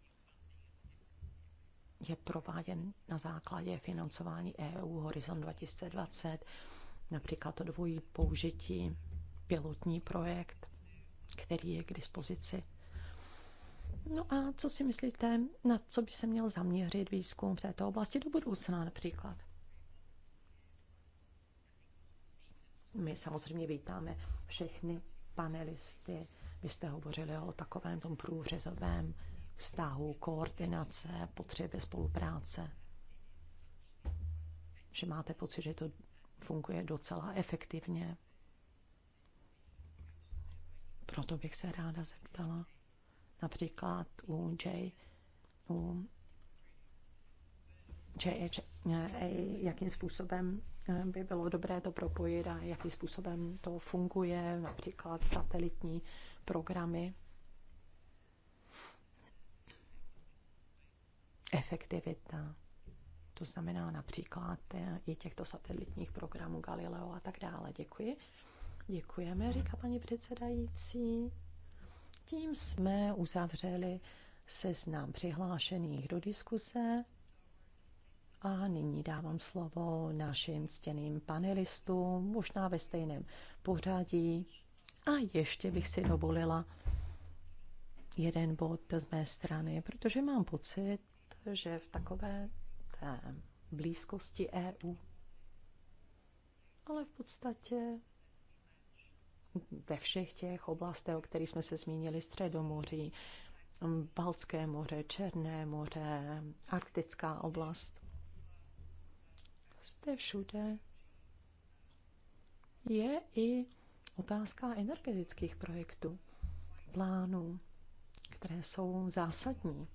je prováděn na základě financování EU Horizon 2020, například to dvojí použití pilotní projekt, který je k dispozici. No a co si myslíte, na co by se měl zaměřit výzkum v této oblasti do budoucna například? My samozřejmě vítáme všechny panelisty. Vy jste hovořili o takovém tom průřezovém vztahu, koordinace, potřebě spolupráce. Že máte pocit, že to funguje docela efektivně. Proto bych se ráda zeptala například u J, u JHA, jakým způsobem eh, by bylo dobré to propojit a jakým způsobem to funguje, například satelitní programy, efektivita, to znamená například eh, i těchto satelitních programů Galileo a tak dále. Děkuji. Děkujeme, říká paní předsedající. Tím jsme uzavřeli seznam přihlášených do diskuse. A nyní dávám slovo našim ctěným panelistům, možná ve stejném pořadí. A ještě bych si dovolila jeden bod z mé strany, protože mám pocit, že v takové té blízkosti EU, ale v podstatě ve všech těch oblastech, o kterých jsme se zmínili, Středomoří, Baltské moře, Černé moře, arktická oblast. Zde všude je i otázka energetických projektů, plánů, které jsou zásadní.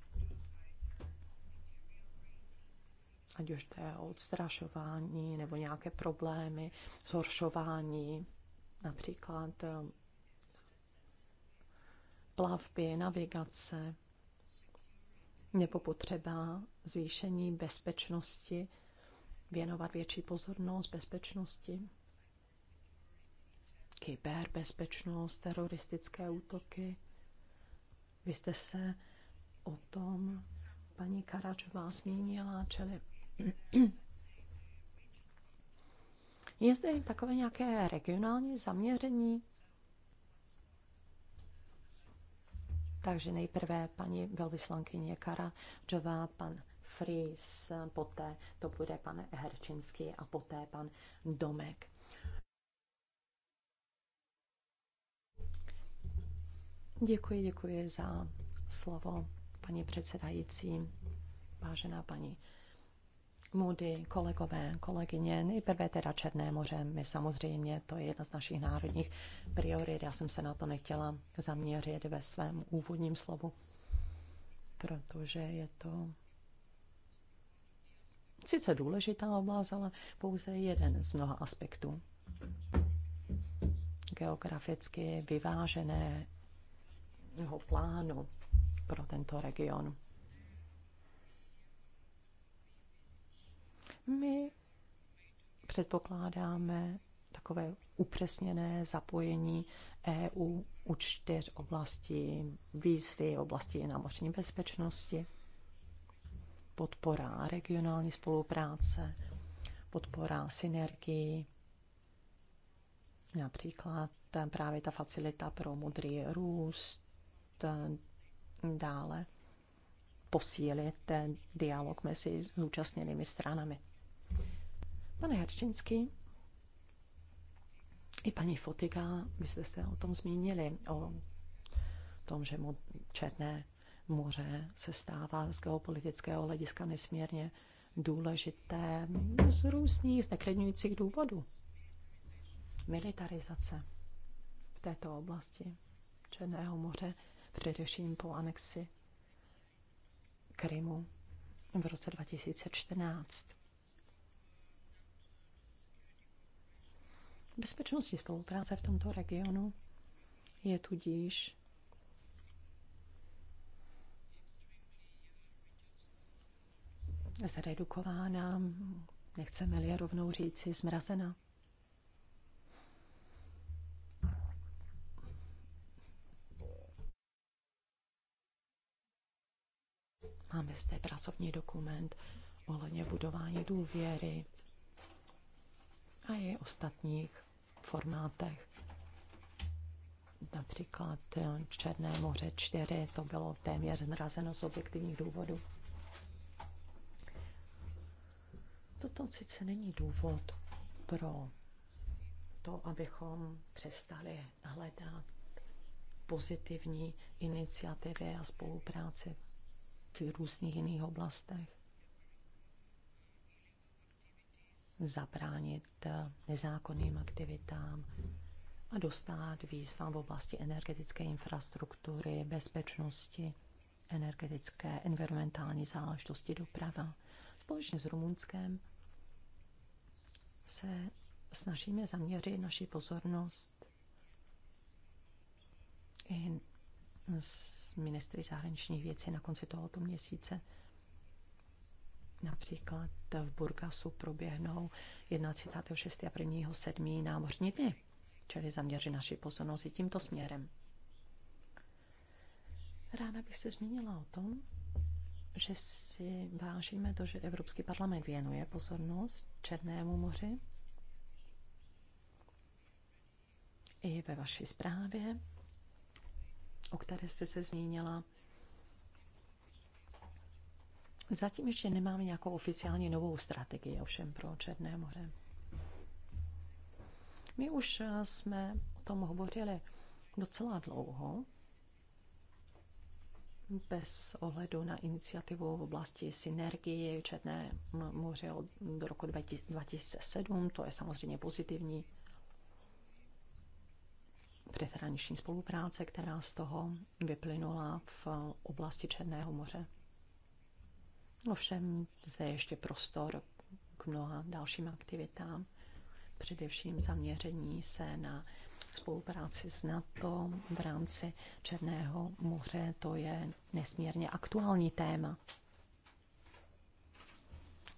Ať už to je odstrašování nebo nějaké problémy, zhoršování například eh, plavby, navigace, nebo potřeba zvýšení bezpečnosti, věnovat větší pozornost bezpečnosti, kyberbezpečnost, teroristické útoky. Vy jste se o tom paní Karačová zmínila, čili je zde takové nějaké regionální zaměření? Takže nejprve paní velvyslankyně Kara Džová, pan Fries, poté to bude pan Herčinský a poté pan Domek. Děkuji, děkuji za slovo, paní předsedající, vážená paní Moody, kolegové, kolegyně, nejprve teda Černé moře, my samozřejmě, to je jedna z našich národních priorit, já jsem se na to nechtěla zaměřit ve svém úvodním slovu, protože je to sice důležitá oblast, ale pouze jeden z mnoha aspektů. Geograficky vyváženého plánu pro tento region. My předpokládáme takové upřesněné zapojení EU u čtyř oblastí výzvy, oblasti námořní bezpečnosti, podpora regionální spolupráce, podpora synergii, například právě ta facilita pro modrý růst, dále posílit ten dialog mezi zúčastněnými stranami. Pane Herčinský i paní Fotika, vy jste se o tom zmínili, o tom, že mu Černé moře se stává z geopolitického hlediska nesmírně důležité z různých zneklidňujících důvodů. Militarizace v této oblasti Černého moře, především po anexi Krymu v roce 2014. Bezpečnostní spolupráce v tomto regionu je tudíž zredukována, nechceme-li rovnou říci, zmrazena. Máme zde pracovní dokument ohledně budování důvěry a i ostatních formátech. Například eh, Černé moře 4, to bylo téměř zmrazeno z objektivních důvodů. Toto sice není důvod pro to, abychom přestali hledat pozitivní iniciativy a spolupráci v různých jiných oblastech. zabránit eh, nezákonným aktivitám a dostat výzvám v oblasti energetické infrastruktury, bezpečnosti, energetické, environmentální záležitosti, doprava. Společně s Rumunskem se snažíme zaměřit naši pozornost i s ministry zahraničních věcí na konci tohoto měsíce Například v Burgasu proběhnou 36. a 1. 7. námořní dny, čili zaměřit naši pozornost i tímto směrem. Ráda bych se zmínila o tom, že si vážíme to, že Evropský parlament věnuje pozornost Černému moři i ve vaší zprávě, o které jste se zmínila, Zatím ještě nemáme nějakou oficiální novou strategii ovšem pro Černé moře. My už eh, jsme o tom hovořili docela dlouho, bez ohledu na iniciativu v oblasti synergie Černé moře od, do roku 2007. To je samozřejmě pozitivní přeshraniční spolupráce, která z toho vyplynula v oblasti Černého moře. Ovšem zde je ještě prostor k mnoha dalším aktivitám, především zaměření se na spolupráci s NATO v rámci Černého moře. To je nesmírně aktuální téma.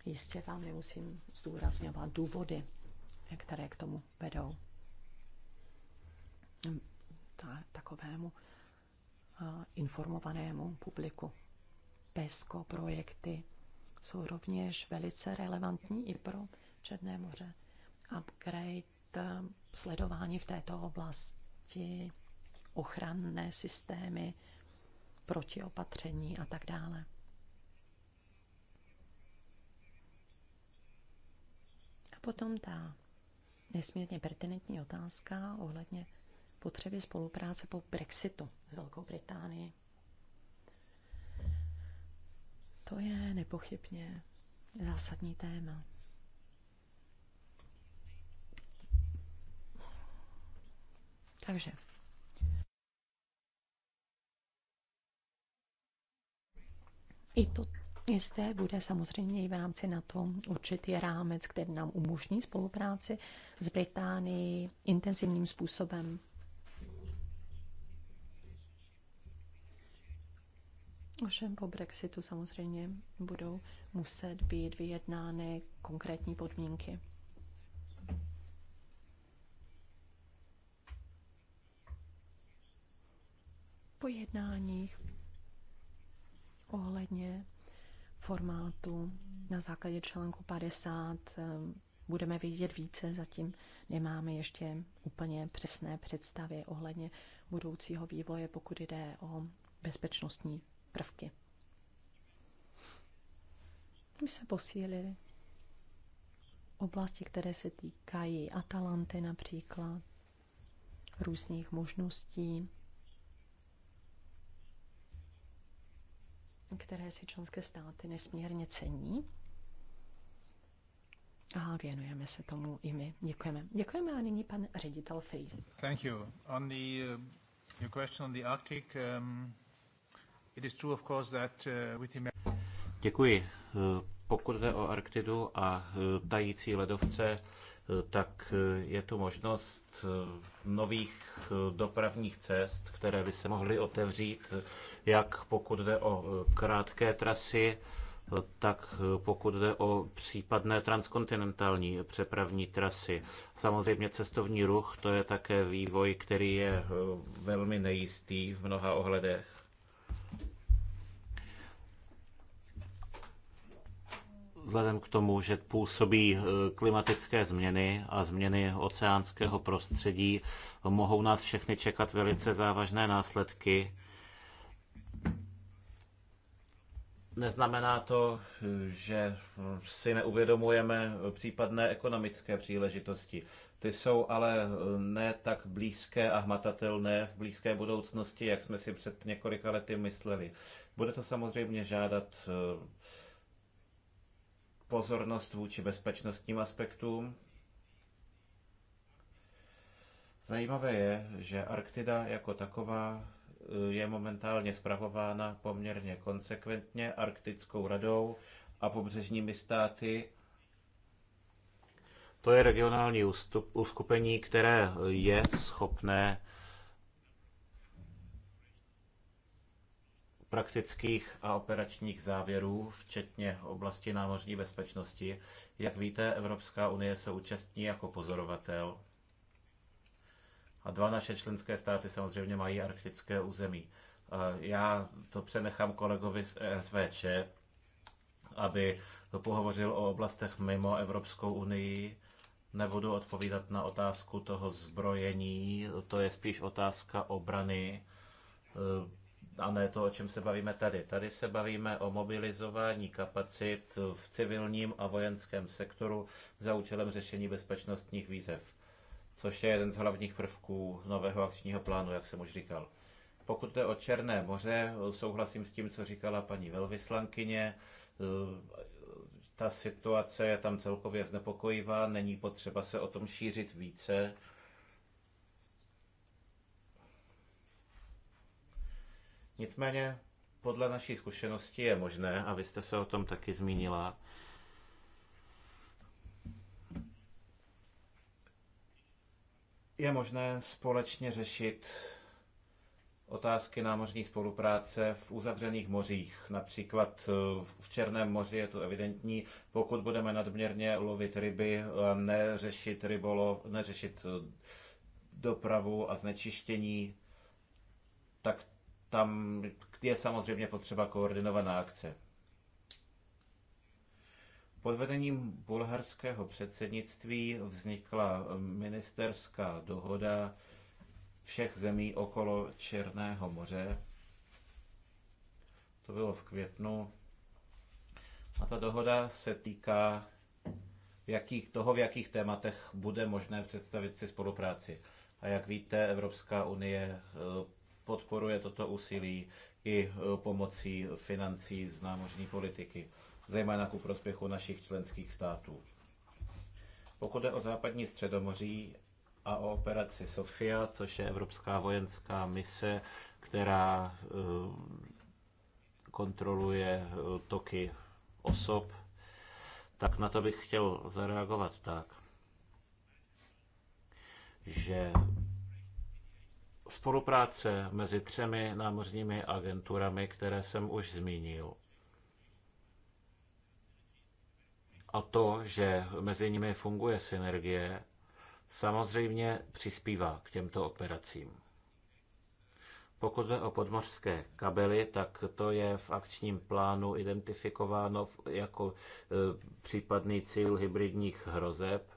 Jistě vám nemusím zdůrazňovat důvody, které k tomu vedou. Ta, takovému informovanému publiku. PESCO projekty jsou rovněž velice relevantní i pro Černé moře. Upgrade eh, sledování v této oblasti, ochranné systémy, protiopatření a tak dále. A potom ta nesmírně pertinentní otázka ohledně potřeby spolupráce po Brexitu s Velkou Británií. To je nepochybně zásadní téma. Takže i to jisté bude samozřejmě i v rámci to určitý rámec, který nám umožní spolupráci s Británií intenzivním způsobem. Ovšem po Brexitu samozřejmě budou muset být vyjednány konkrétní podmínky. Po jednáních ohledně formátu na základě článku 50 ehm, budeme vědět více, zatím nemáme ještě úplně přesné představy ohledně budoucího vývoje, pokud jde o bezpečnostní prvky. My se posílili. Oblasti, které se týkají Atalanty například, různých možností, které si členské státy nesmírně cení. A věnujeme se tomu i my. Děkujeme. Děkujeme a nyní pan ředitel Fries. Thank you. On the, uh, your question on the Arctic, um... Uh, Děkuji. Uh, pokud jde o Arktidu a uh, tající ledovce, tak je tu možnost nových dopravních cest, které by se mohly otevřít, jak pokud jde o krátké trasy, tak pokud jde o případné transkontinentální přepravní trasy. Samozřejmě cestovní ruch, to je také vývoj, který je velmi nejistý v mnoha ohledech vzhledem k tomu, že působí eh, klimatické změny a změny oceánského prostředí, mohou nás všechny čekat velice závažné následky. Neznamená to, že si neuvědomujeme případné ekonomické příležitosti. Ty jsou ale eh, ne tak blízké a hmatatelné v blízké budoucnosti, jak jsme si před několika lety mysleli. Bude to samozřejmě žádat eh, pozornost vůči bezpečnostním aspektům. Zajímavé je, že Arktida jako taková eh, je momentálně zpravována poměrně konsekventně Arktickou radou a pobřežními státy. To je regionální uskupení, které je schopné praktických a operačních závěrů, včetně oblasti námořní bezpečnosti. Jak víte, Evropská unie se účastní jako pozorovatel. A dva naše členské státy samozřejmě mají arktické území. Já to přenechám kolegovi z ESVČ, aby pohovořil o oblastech mimo Evropskou unii. Nebudu odpovídat na otázku toho zbrojení, to je spíš otázka obrany a ne to, o čem se bavíme tady. Tady se bavíme o mobilizování kapacit v civilním a vojenském sektoru za účelem řešení bezpečnostních výzev, což je jeden z hlavních prvků nového akčního plánu, jak jsem už říkal. Pokud jde o Černé moře, souhlasím s tím, co říkala paní velvyslankyně. Ta situace je tam celkově znepokojivá, není potřeba se o tom šířit více. Nicméně podle naší zkušenosti je možné, a vy jste se o tom taky zmínila, je možné společně řešit otázky námořní spolupráce v uzavřených mořích. Například eh, v Černém moři je to evidentní. Pokud budeme nadměrně lovit ryby, neřešit rybolo, neřešit eh, dopravu a znečištění, tak tam je samozřejmě potřeba koordinovaná akce. Pod vedením bulharského předsednictví vznikla ministerská dohoda všech zemí okolo Černého moře. To bylo v květnu. A ta dohoda se týká jakých, toho, v jakých tématech bude možné představit si spolupráci. A jak víte, Evropská unie eh, podporuje toto úsilí i e, pomocí financí z námořní politiky, zejména ku prospěchu našich členských států. Pokud je o západní středomoří a o operaci Sofia, což je evropská vojenská mise, která e, kontroluje e, toky osob, tak na to bych chtěl zareagovat tak, že Spolupráce mezi třemi námořními agenturami, které jsem už zmínil, a to, že mezi nimi funguje synergie, samozřejmě přispívá k těmto operacím. Pokud jde o podmořské kabely, tak to je v akčním plánu identifikováno jako e, případný cíl hybridních hrozeb.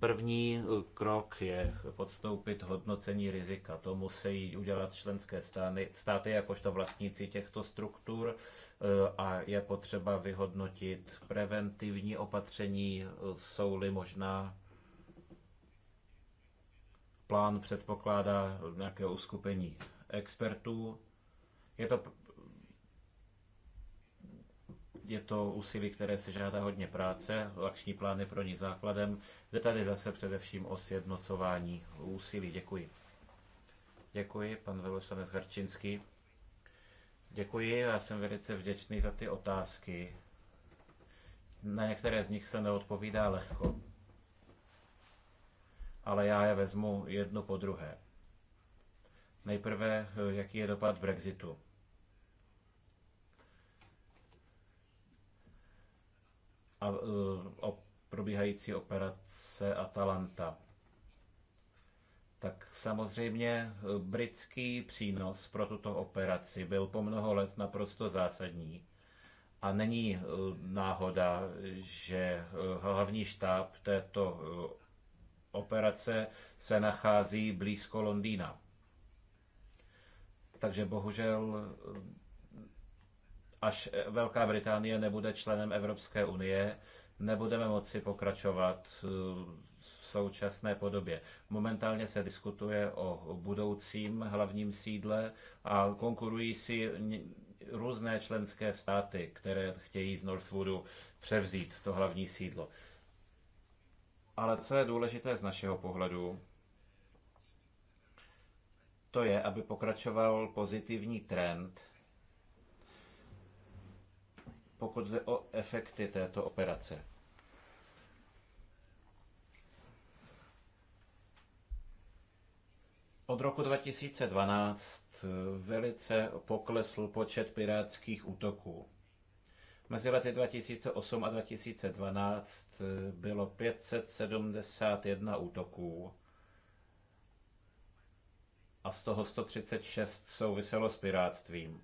První eh, krok je podstoupit hodnocení rizika. To musí udělat členské státy, státy jakožto vlastníci těchto struktur eh, a je potřeba vyhodnotit preventivní opatření, eh, jsou-li možná plán předpokládá nějaké uskupení expertů. Je to je to úsilí, které si žádá hodně práce, akční plán je pro ní základem. Jde tady zase především o sjednocování úsilí. Děkuji. Děkuji, pan veloslanec Harčinský. Děkuji, já jsem velice vděčný za ty otázky. Na některé z nich se neodpovídá lehko, ale já je vezmu jednu po druhé. Nejprve, jaký je dopad Brexitu. a e, o probíhající operace Atalanta. Tak samozřejmě e, britský přínos pro tuto operaci byl po mnoho let naprosto zásadní. A není e, náhoda, že hlavní štáb této operace se nachází blízko Londýna. Takže bohužel až Velká Británie nebude členem Evropské unie, nebudeme moci pokračovat eh, v současné podobě. Momentálně se diskutuje o budoucím hlavním sídle a konkurují si různé členské státy, které chtějí z Northwoodu převzít to hlavní sídlo. Ale co je důležité z našeho pohledu, to je, aby pokračoval pozitivní trend, pokud jde o efekty této operace. Od roku 2012 eh, velice poklesl počet pirátských útoků. Mezi lety 2008 a 2012 eh, bylo 571 útoků a z toho 136 souviselo s pirátstvím.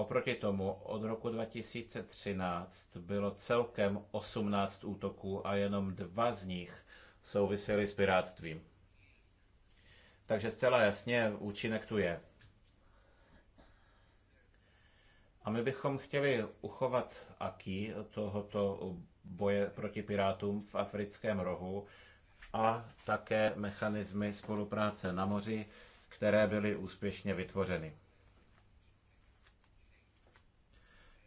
Oproti tomu od roku 2013 bylo celkem 18 útoků a jenom dva z nich souvisely s piráctvím. Takže zcela jasně účinek tu je. A my bychom chtěli uchovat aký tohoto boje proti pirátům v africkém rohu a také mechanismy spolupráce na moři, které byly úspěšně vytvořeny.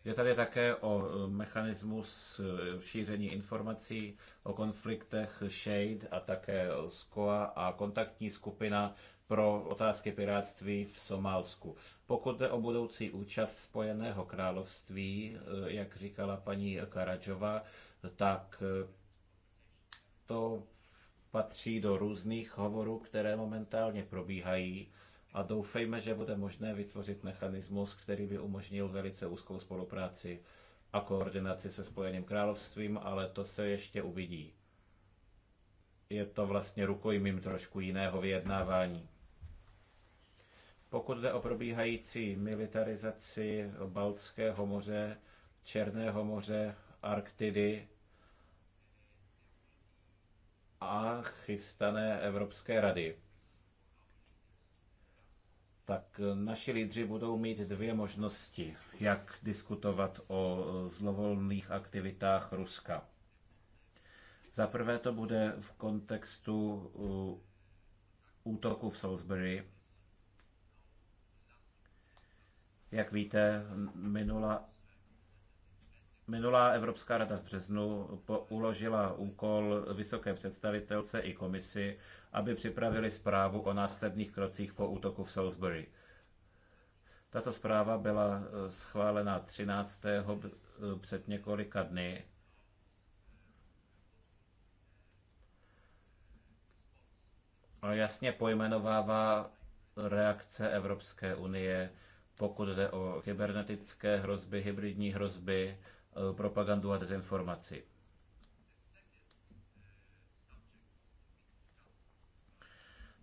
Jde tady také o e, mechanismus e, šíření informací o konfliktech SHADE a také SCOA a kontaktní skupina pro otázky piráctví v Somálsku. Pokud jde o budoucí účast Spojeného království, e, jak říkala paní Karadžova, tak to patří do různých hovorů, které momentálně probíhají a doufejme, že bude možné vytvořit mechanismus, který by umožnil velice úzkou spolupráci a koordinaci se Spojeným královstvím, ale to se ještě uvidí. Je to vlastně rukojmím trošku jiného vyjednávání. Pokud jde o probíhající militarizaci Baltského moře, Černého moře, Arktidy a chystané Evropské rady, tak eh, naši lídři budou mít dvě možnosti, jak diskutovat o eh, zlovolných aktivitách Ruska. Za prvé to bude v kontextu eh, útoku v Salisbury. Jak víte, minula Minulá Evropská rada v březnu uložila úkol vysoké představitelce i komisi, aby připravili zprávu o následných krocích po útoku v Salisbury. Tato zpráva byla eh, schválena 13. Eh, před několika dny a jasně pojmenovává reakce Evropské unie, pokud jde o kybernetické hrozby, hybridní hrozby Eh, propagandu a dezinformaci.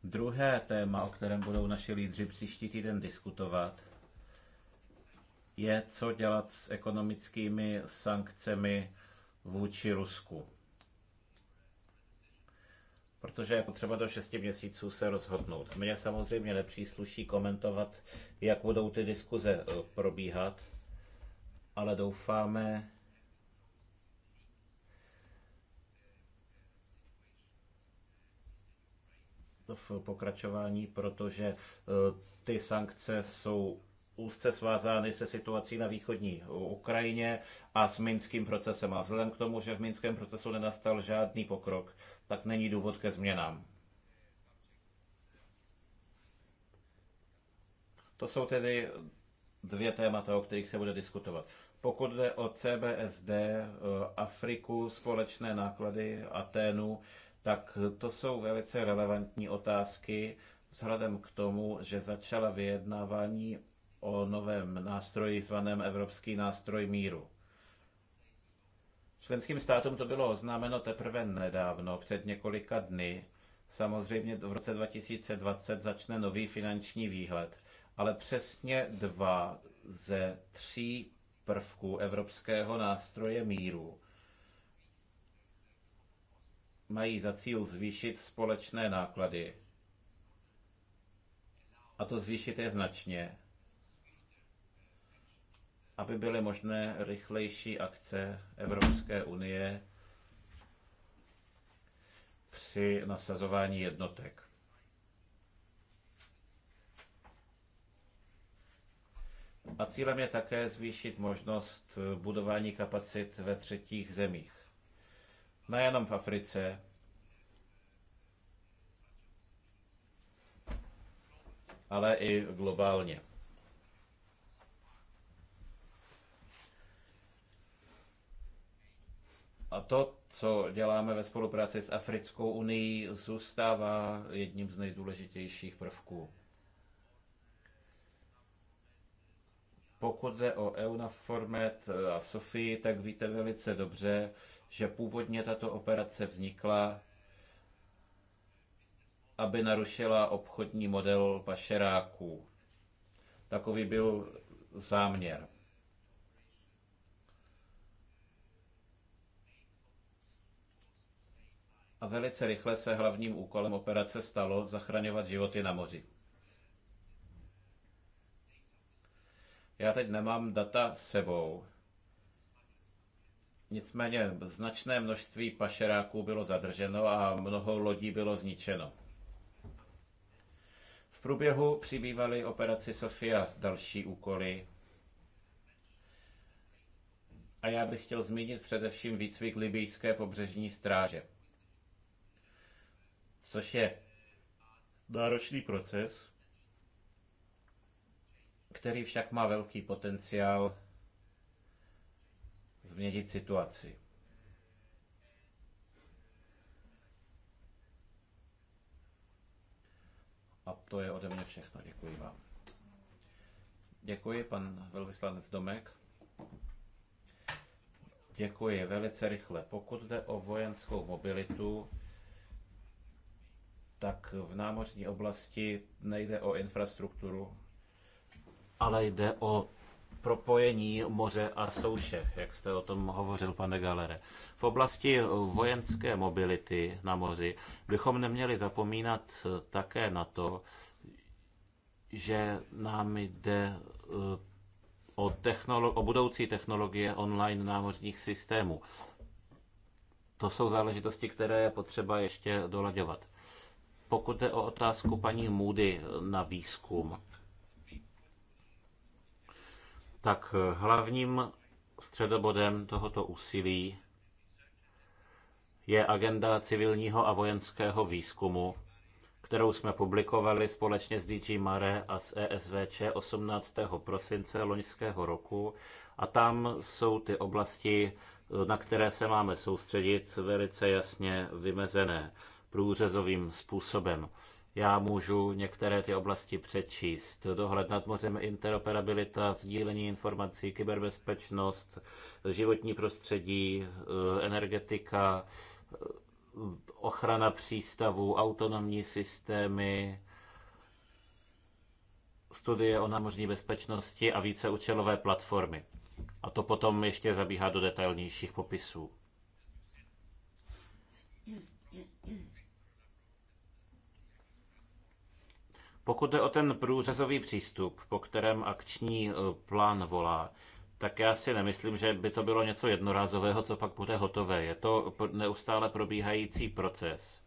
Druhé téma, o kterém budou naši lídři příští týden diskutovat, je, co dělat s ekonomickými sankcemi vůči Rusku. Protože je potřeba do 6 měsíců se rozhodnout. Mně samozřejmě nepřísluší komentovat, jak budou ty diskuze eh, probíhat ale doufáme, v pokračování, protože eh, ty sankce jsou úzce svázány se situací na východní Ukrajině a s minským procesem. A vzhledem k tomu, že v minském procesu nenastal žádný pokrok, tak není důvod ke změnám. To jsou tedy dvě témata, o kterých se bude diskutovat. Pokud jde o CBSD, eh, Afriku, společné náklady, Aténu, tak to jsou velice relevantní otázky vzhledem k tomu, že začala vyjednávání o novém nástroji zvaném Evropský nástroj míru. Členským státům to bylo oznámeno teprve nedávno, před několika dny. Samozřejmě v roce 2020 začne nový finanční výhled, ale přesně dva ze tří prvků Evropského nástroje míru mají za cíl zvýšit společné náklady. A to zvýšit je značně, aby byly možné rychlejší akce Evropské unie při nasazování jednotek. A cílem je také zvýšit možnost eh, budování kapacit ve třetích zemích. Nejenom v Africe, ale i globálně. A to, co děláme ve spolupráci s Africkou unii, zůstává jedním z nejdůležitějších prvků. Pokud jde o EUNAFORMET a SOFII, tak víte velice dobře, že původně tato operace vznikla, aby narušila obchodní model pašeráků. Takový byl záměr. A velice rychle se hlavním úkolem operace stalo zachraňovat životy na moři. Já teď nemám data sebou. Nicméně značné množství pašeráků bylo zadrženo a mnoho lodí bylo zničeno. V průběhu přibývaly operaci Sofia další úkoly. A já bych chtěl zmínit především výcvik libijské pobřežní stráže, což je náročný proces, který však má velký potenciál změnit situaci. A to je ode mě všechno. Děkuji vám. Děkuji, pan velvyslanec Domek. Děkuji, velice rychle. Pokud jde o vojenskou mobilitu, tak v námořní oblasti nejde o infrastrukturu, ale jde o propojení moře a souše, jak jste o tom hovořil, pane Galere. V oblasti vojenské mobility na moři bychom neměli zapomínat také na to, že nám jde eh, o, technolo- o budoucí technologie online námořních systémů. To jsou záležitosti, které je potřeba ještě dolaďovat. Pokud jde o otázku paní Moody na výzkum, tak hlavním středobodem tohoto úsilí je agenda civilního a vojenského výzkumu, kterou jsme publikovali společně s DG Mare a s ESVČ 18. prosince loňského roku. A tam jsou ty oblasti, na které se máme soustředit, velice jasně vymezené průřezovým způsobem já můžu některé ty oblasti přečíst. Dohled nad mořem, interoperabilita, sdílení informací, kyberbezpečnost, životní prostředí, eh, energetika, eh, ochrana přístavů, autonomní systémy, studie o námořní bezpečnosti a víceúčelové platformy. A to potom ještě zabíhá do detailnějších popisů. Pokud jde o ten průřezový přístup, po kterém akční e, plán volá, tak já si nemyslím, že by to bylo něco jednorázového, co pak bude hotové. Je to neustále probíhající proces.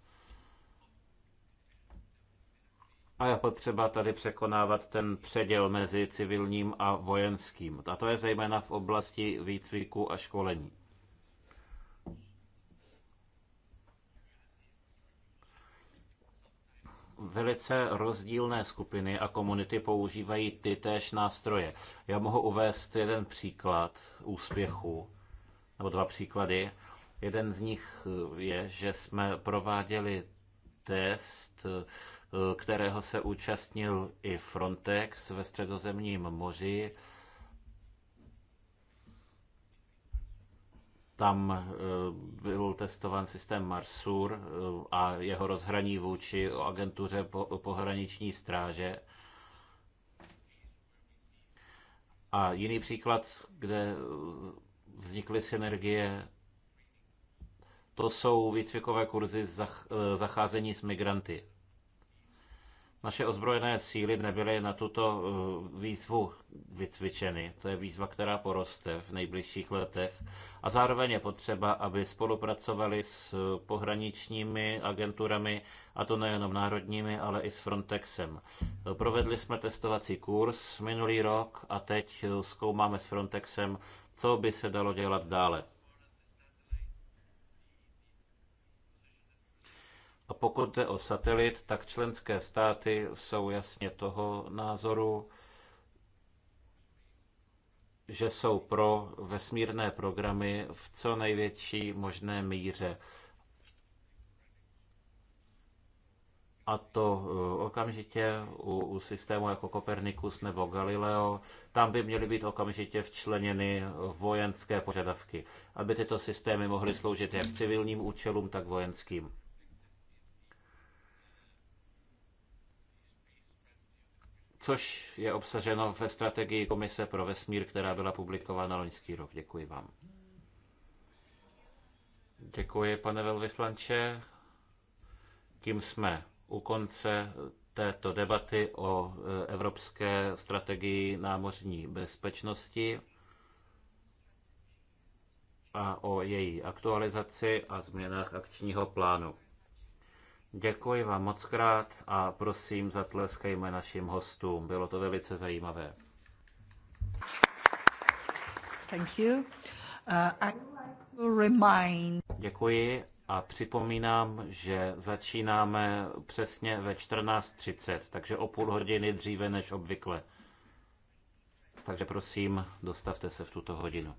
A je potřeba tady překonávat ten předěl mezi civilním a vojenským. A to je zejména v oblasti výcviku a školení. velice rozdílné skupiny a komunity používají ty též nástroje. Já mohu uvést jeden příklad úspěchu, nebo dva příklady. Jeden z nich je, že jsme prováděli test, kterého se účastnil i Frontex ve středozemním moři Tam eh, byl testován systém Marsur eh, a jeho rozhraní vůči agentuře pohraniční stráže. A jiný příklad, kde vznikly synergie, to jsou výcvikové kurzy eh, zacházení s migranty. Naše ozbrojené síly nebyly na tuto eh, výzvu vycvičeny. To je výzva, která poroste v nejbližších letech. A zároveň je potřeba, aby spolupracovali s eh, pohraničními agenturami, a to nejenom národními, ale i s Frontexem. Provedli jsme testovací kurz minulý rok a teď eh, zkoumáme s Frontexem, co by se dalo dělat dále. Pokud jde o satelit, tak členské státy jsou jasně toho názoru, že jsou pro vesmírné programy v co největší možné míře. A to eh, okamžitě u, u systému jako Kopernikus nebo Galileo, tam by měly být okamžitě včleněny vojenské požadavky, aby tyto systémy mohly sloužit jak civilním účelům, tak vojenským. což je obsaženo ve strategii Komise pro vesmír, která byla publikována loňský rok. Děkuji vám. Děkuji, pane velvyslanče. Tím jsme u konce této debaty o eh, evropské strategii námořní bezpečnosti a o její aktualizaci a změnách akčního plánu. Děkuji vám moc krát a prosím zatleskejme našim hostům. Bylo to velice zajímavé. Thank you. Uh, I remind... Děkuji a připomínám, že začínáme přesně ve 14.30, takže o půl hodiny dříve než obvykle. Takže prosím, dostavte se v tuto hodinu.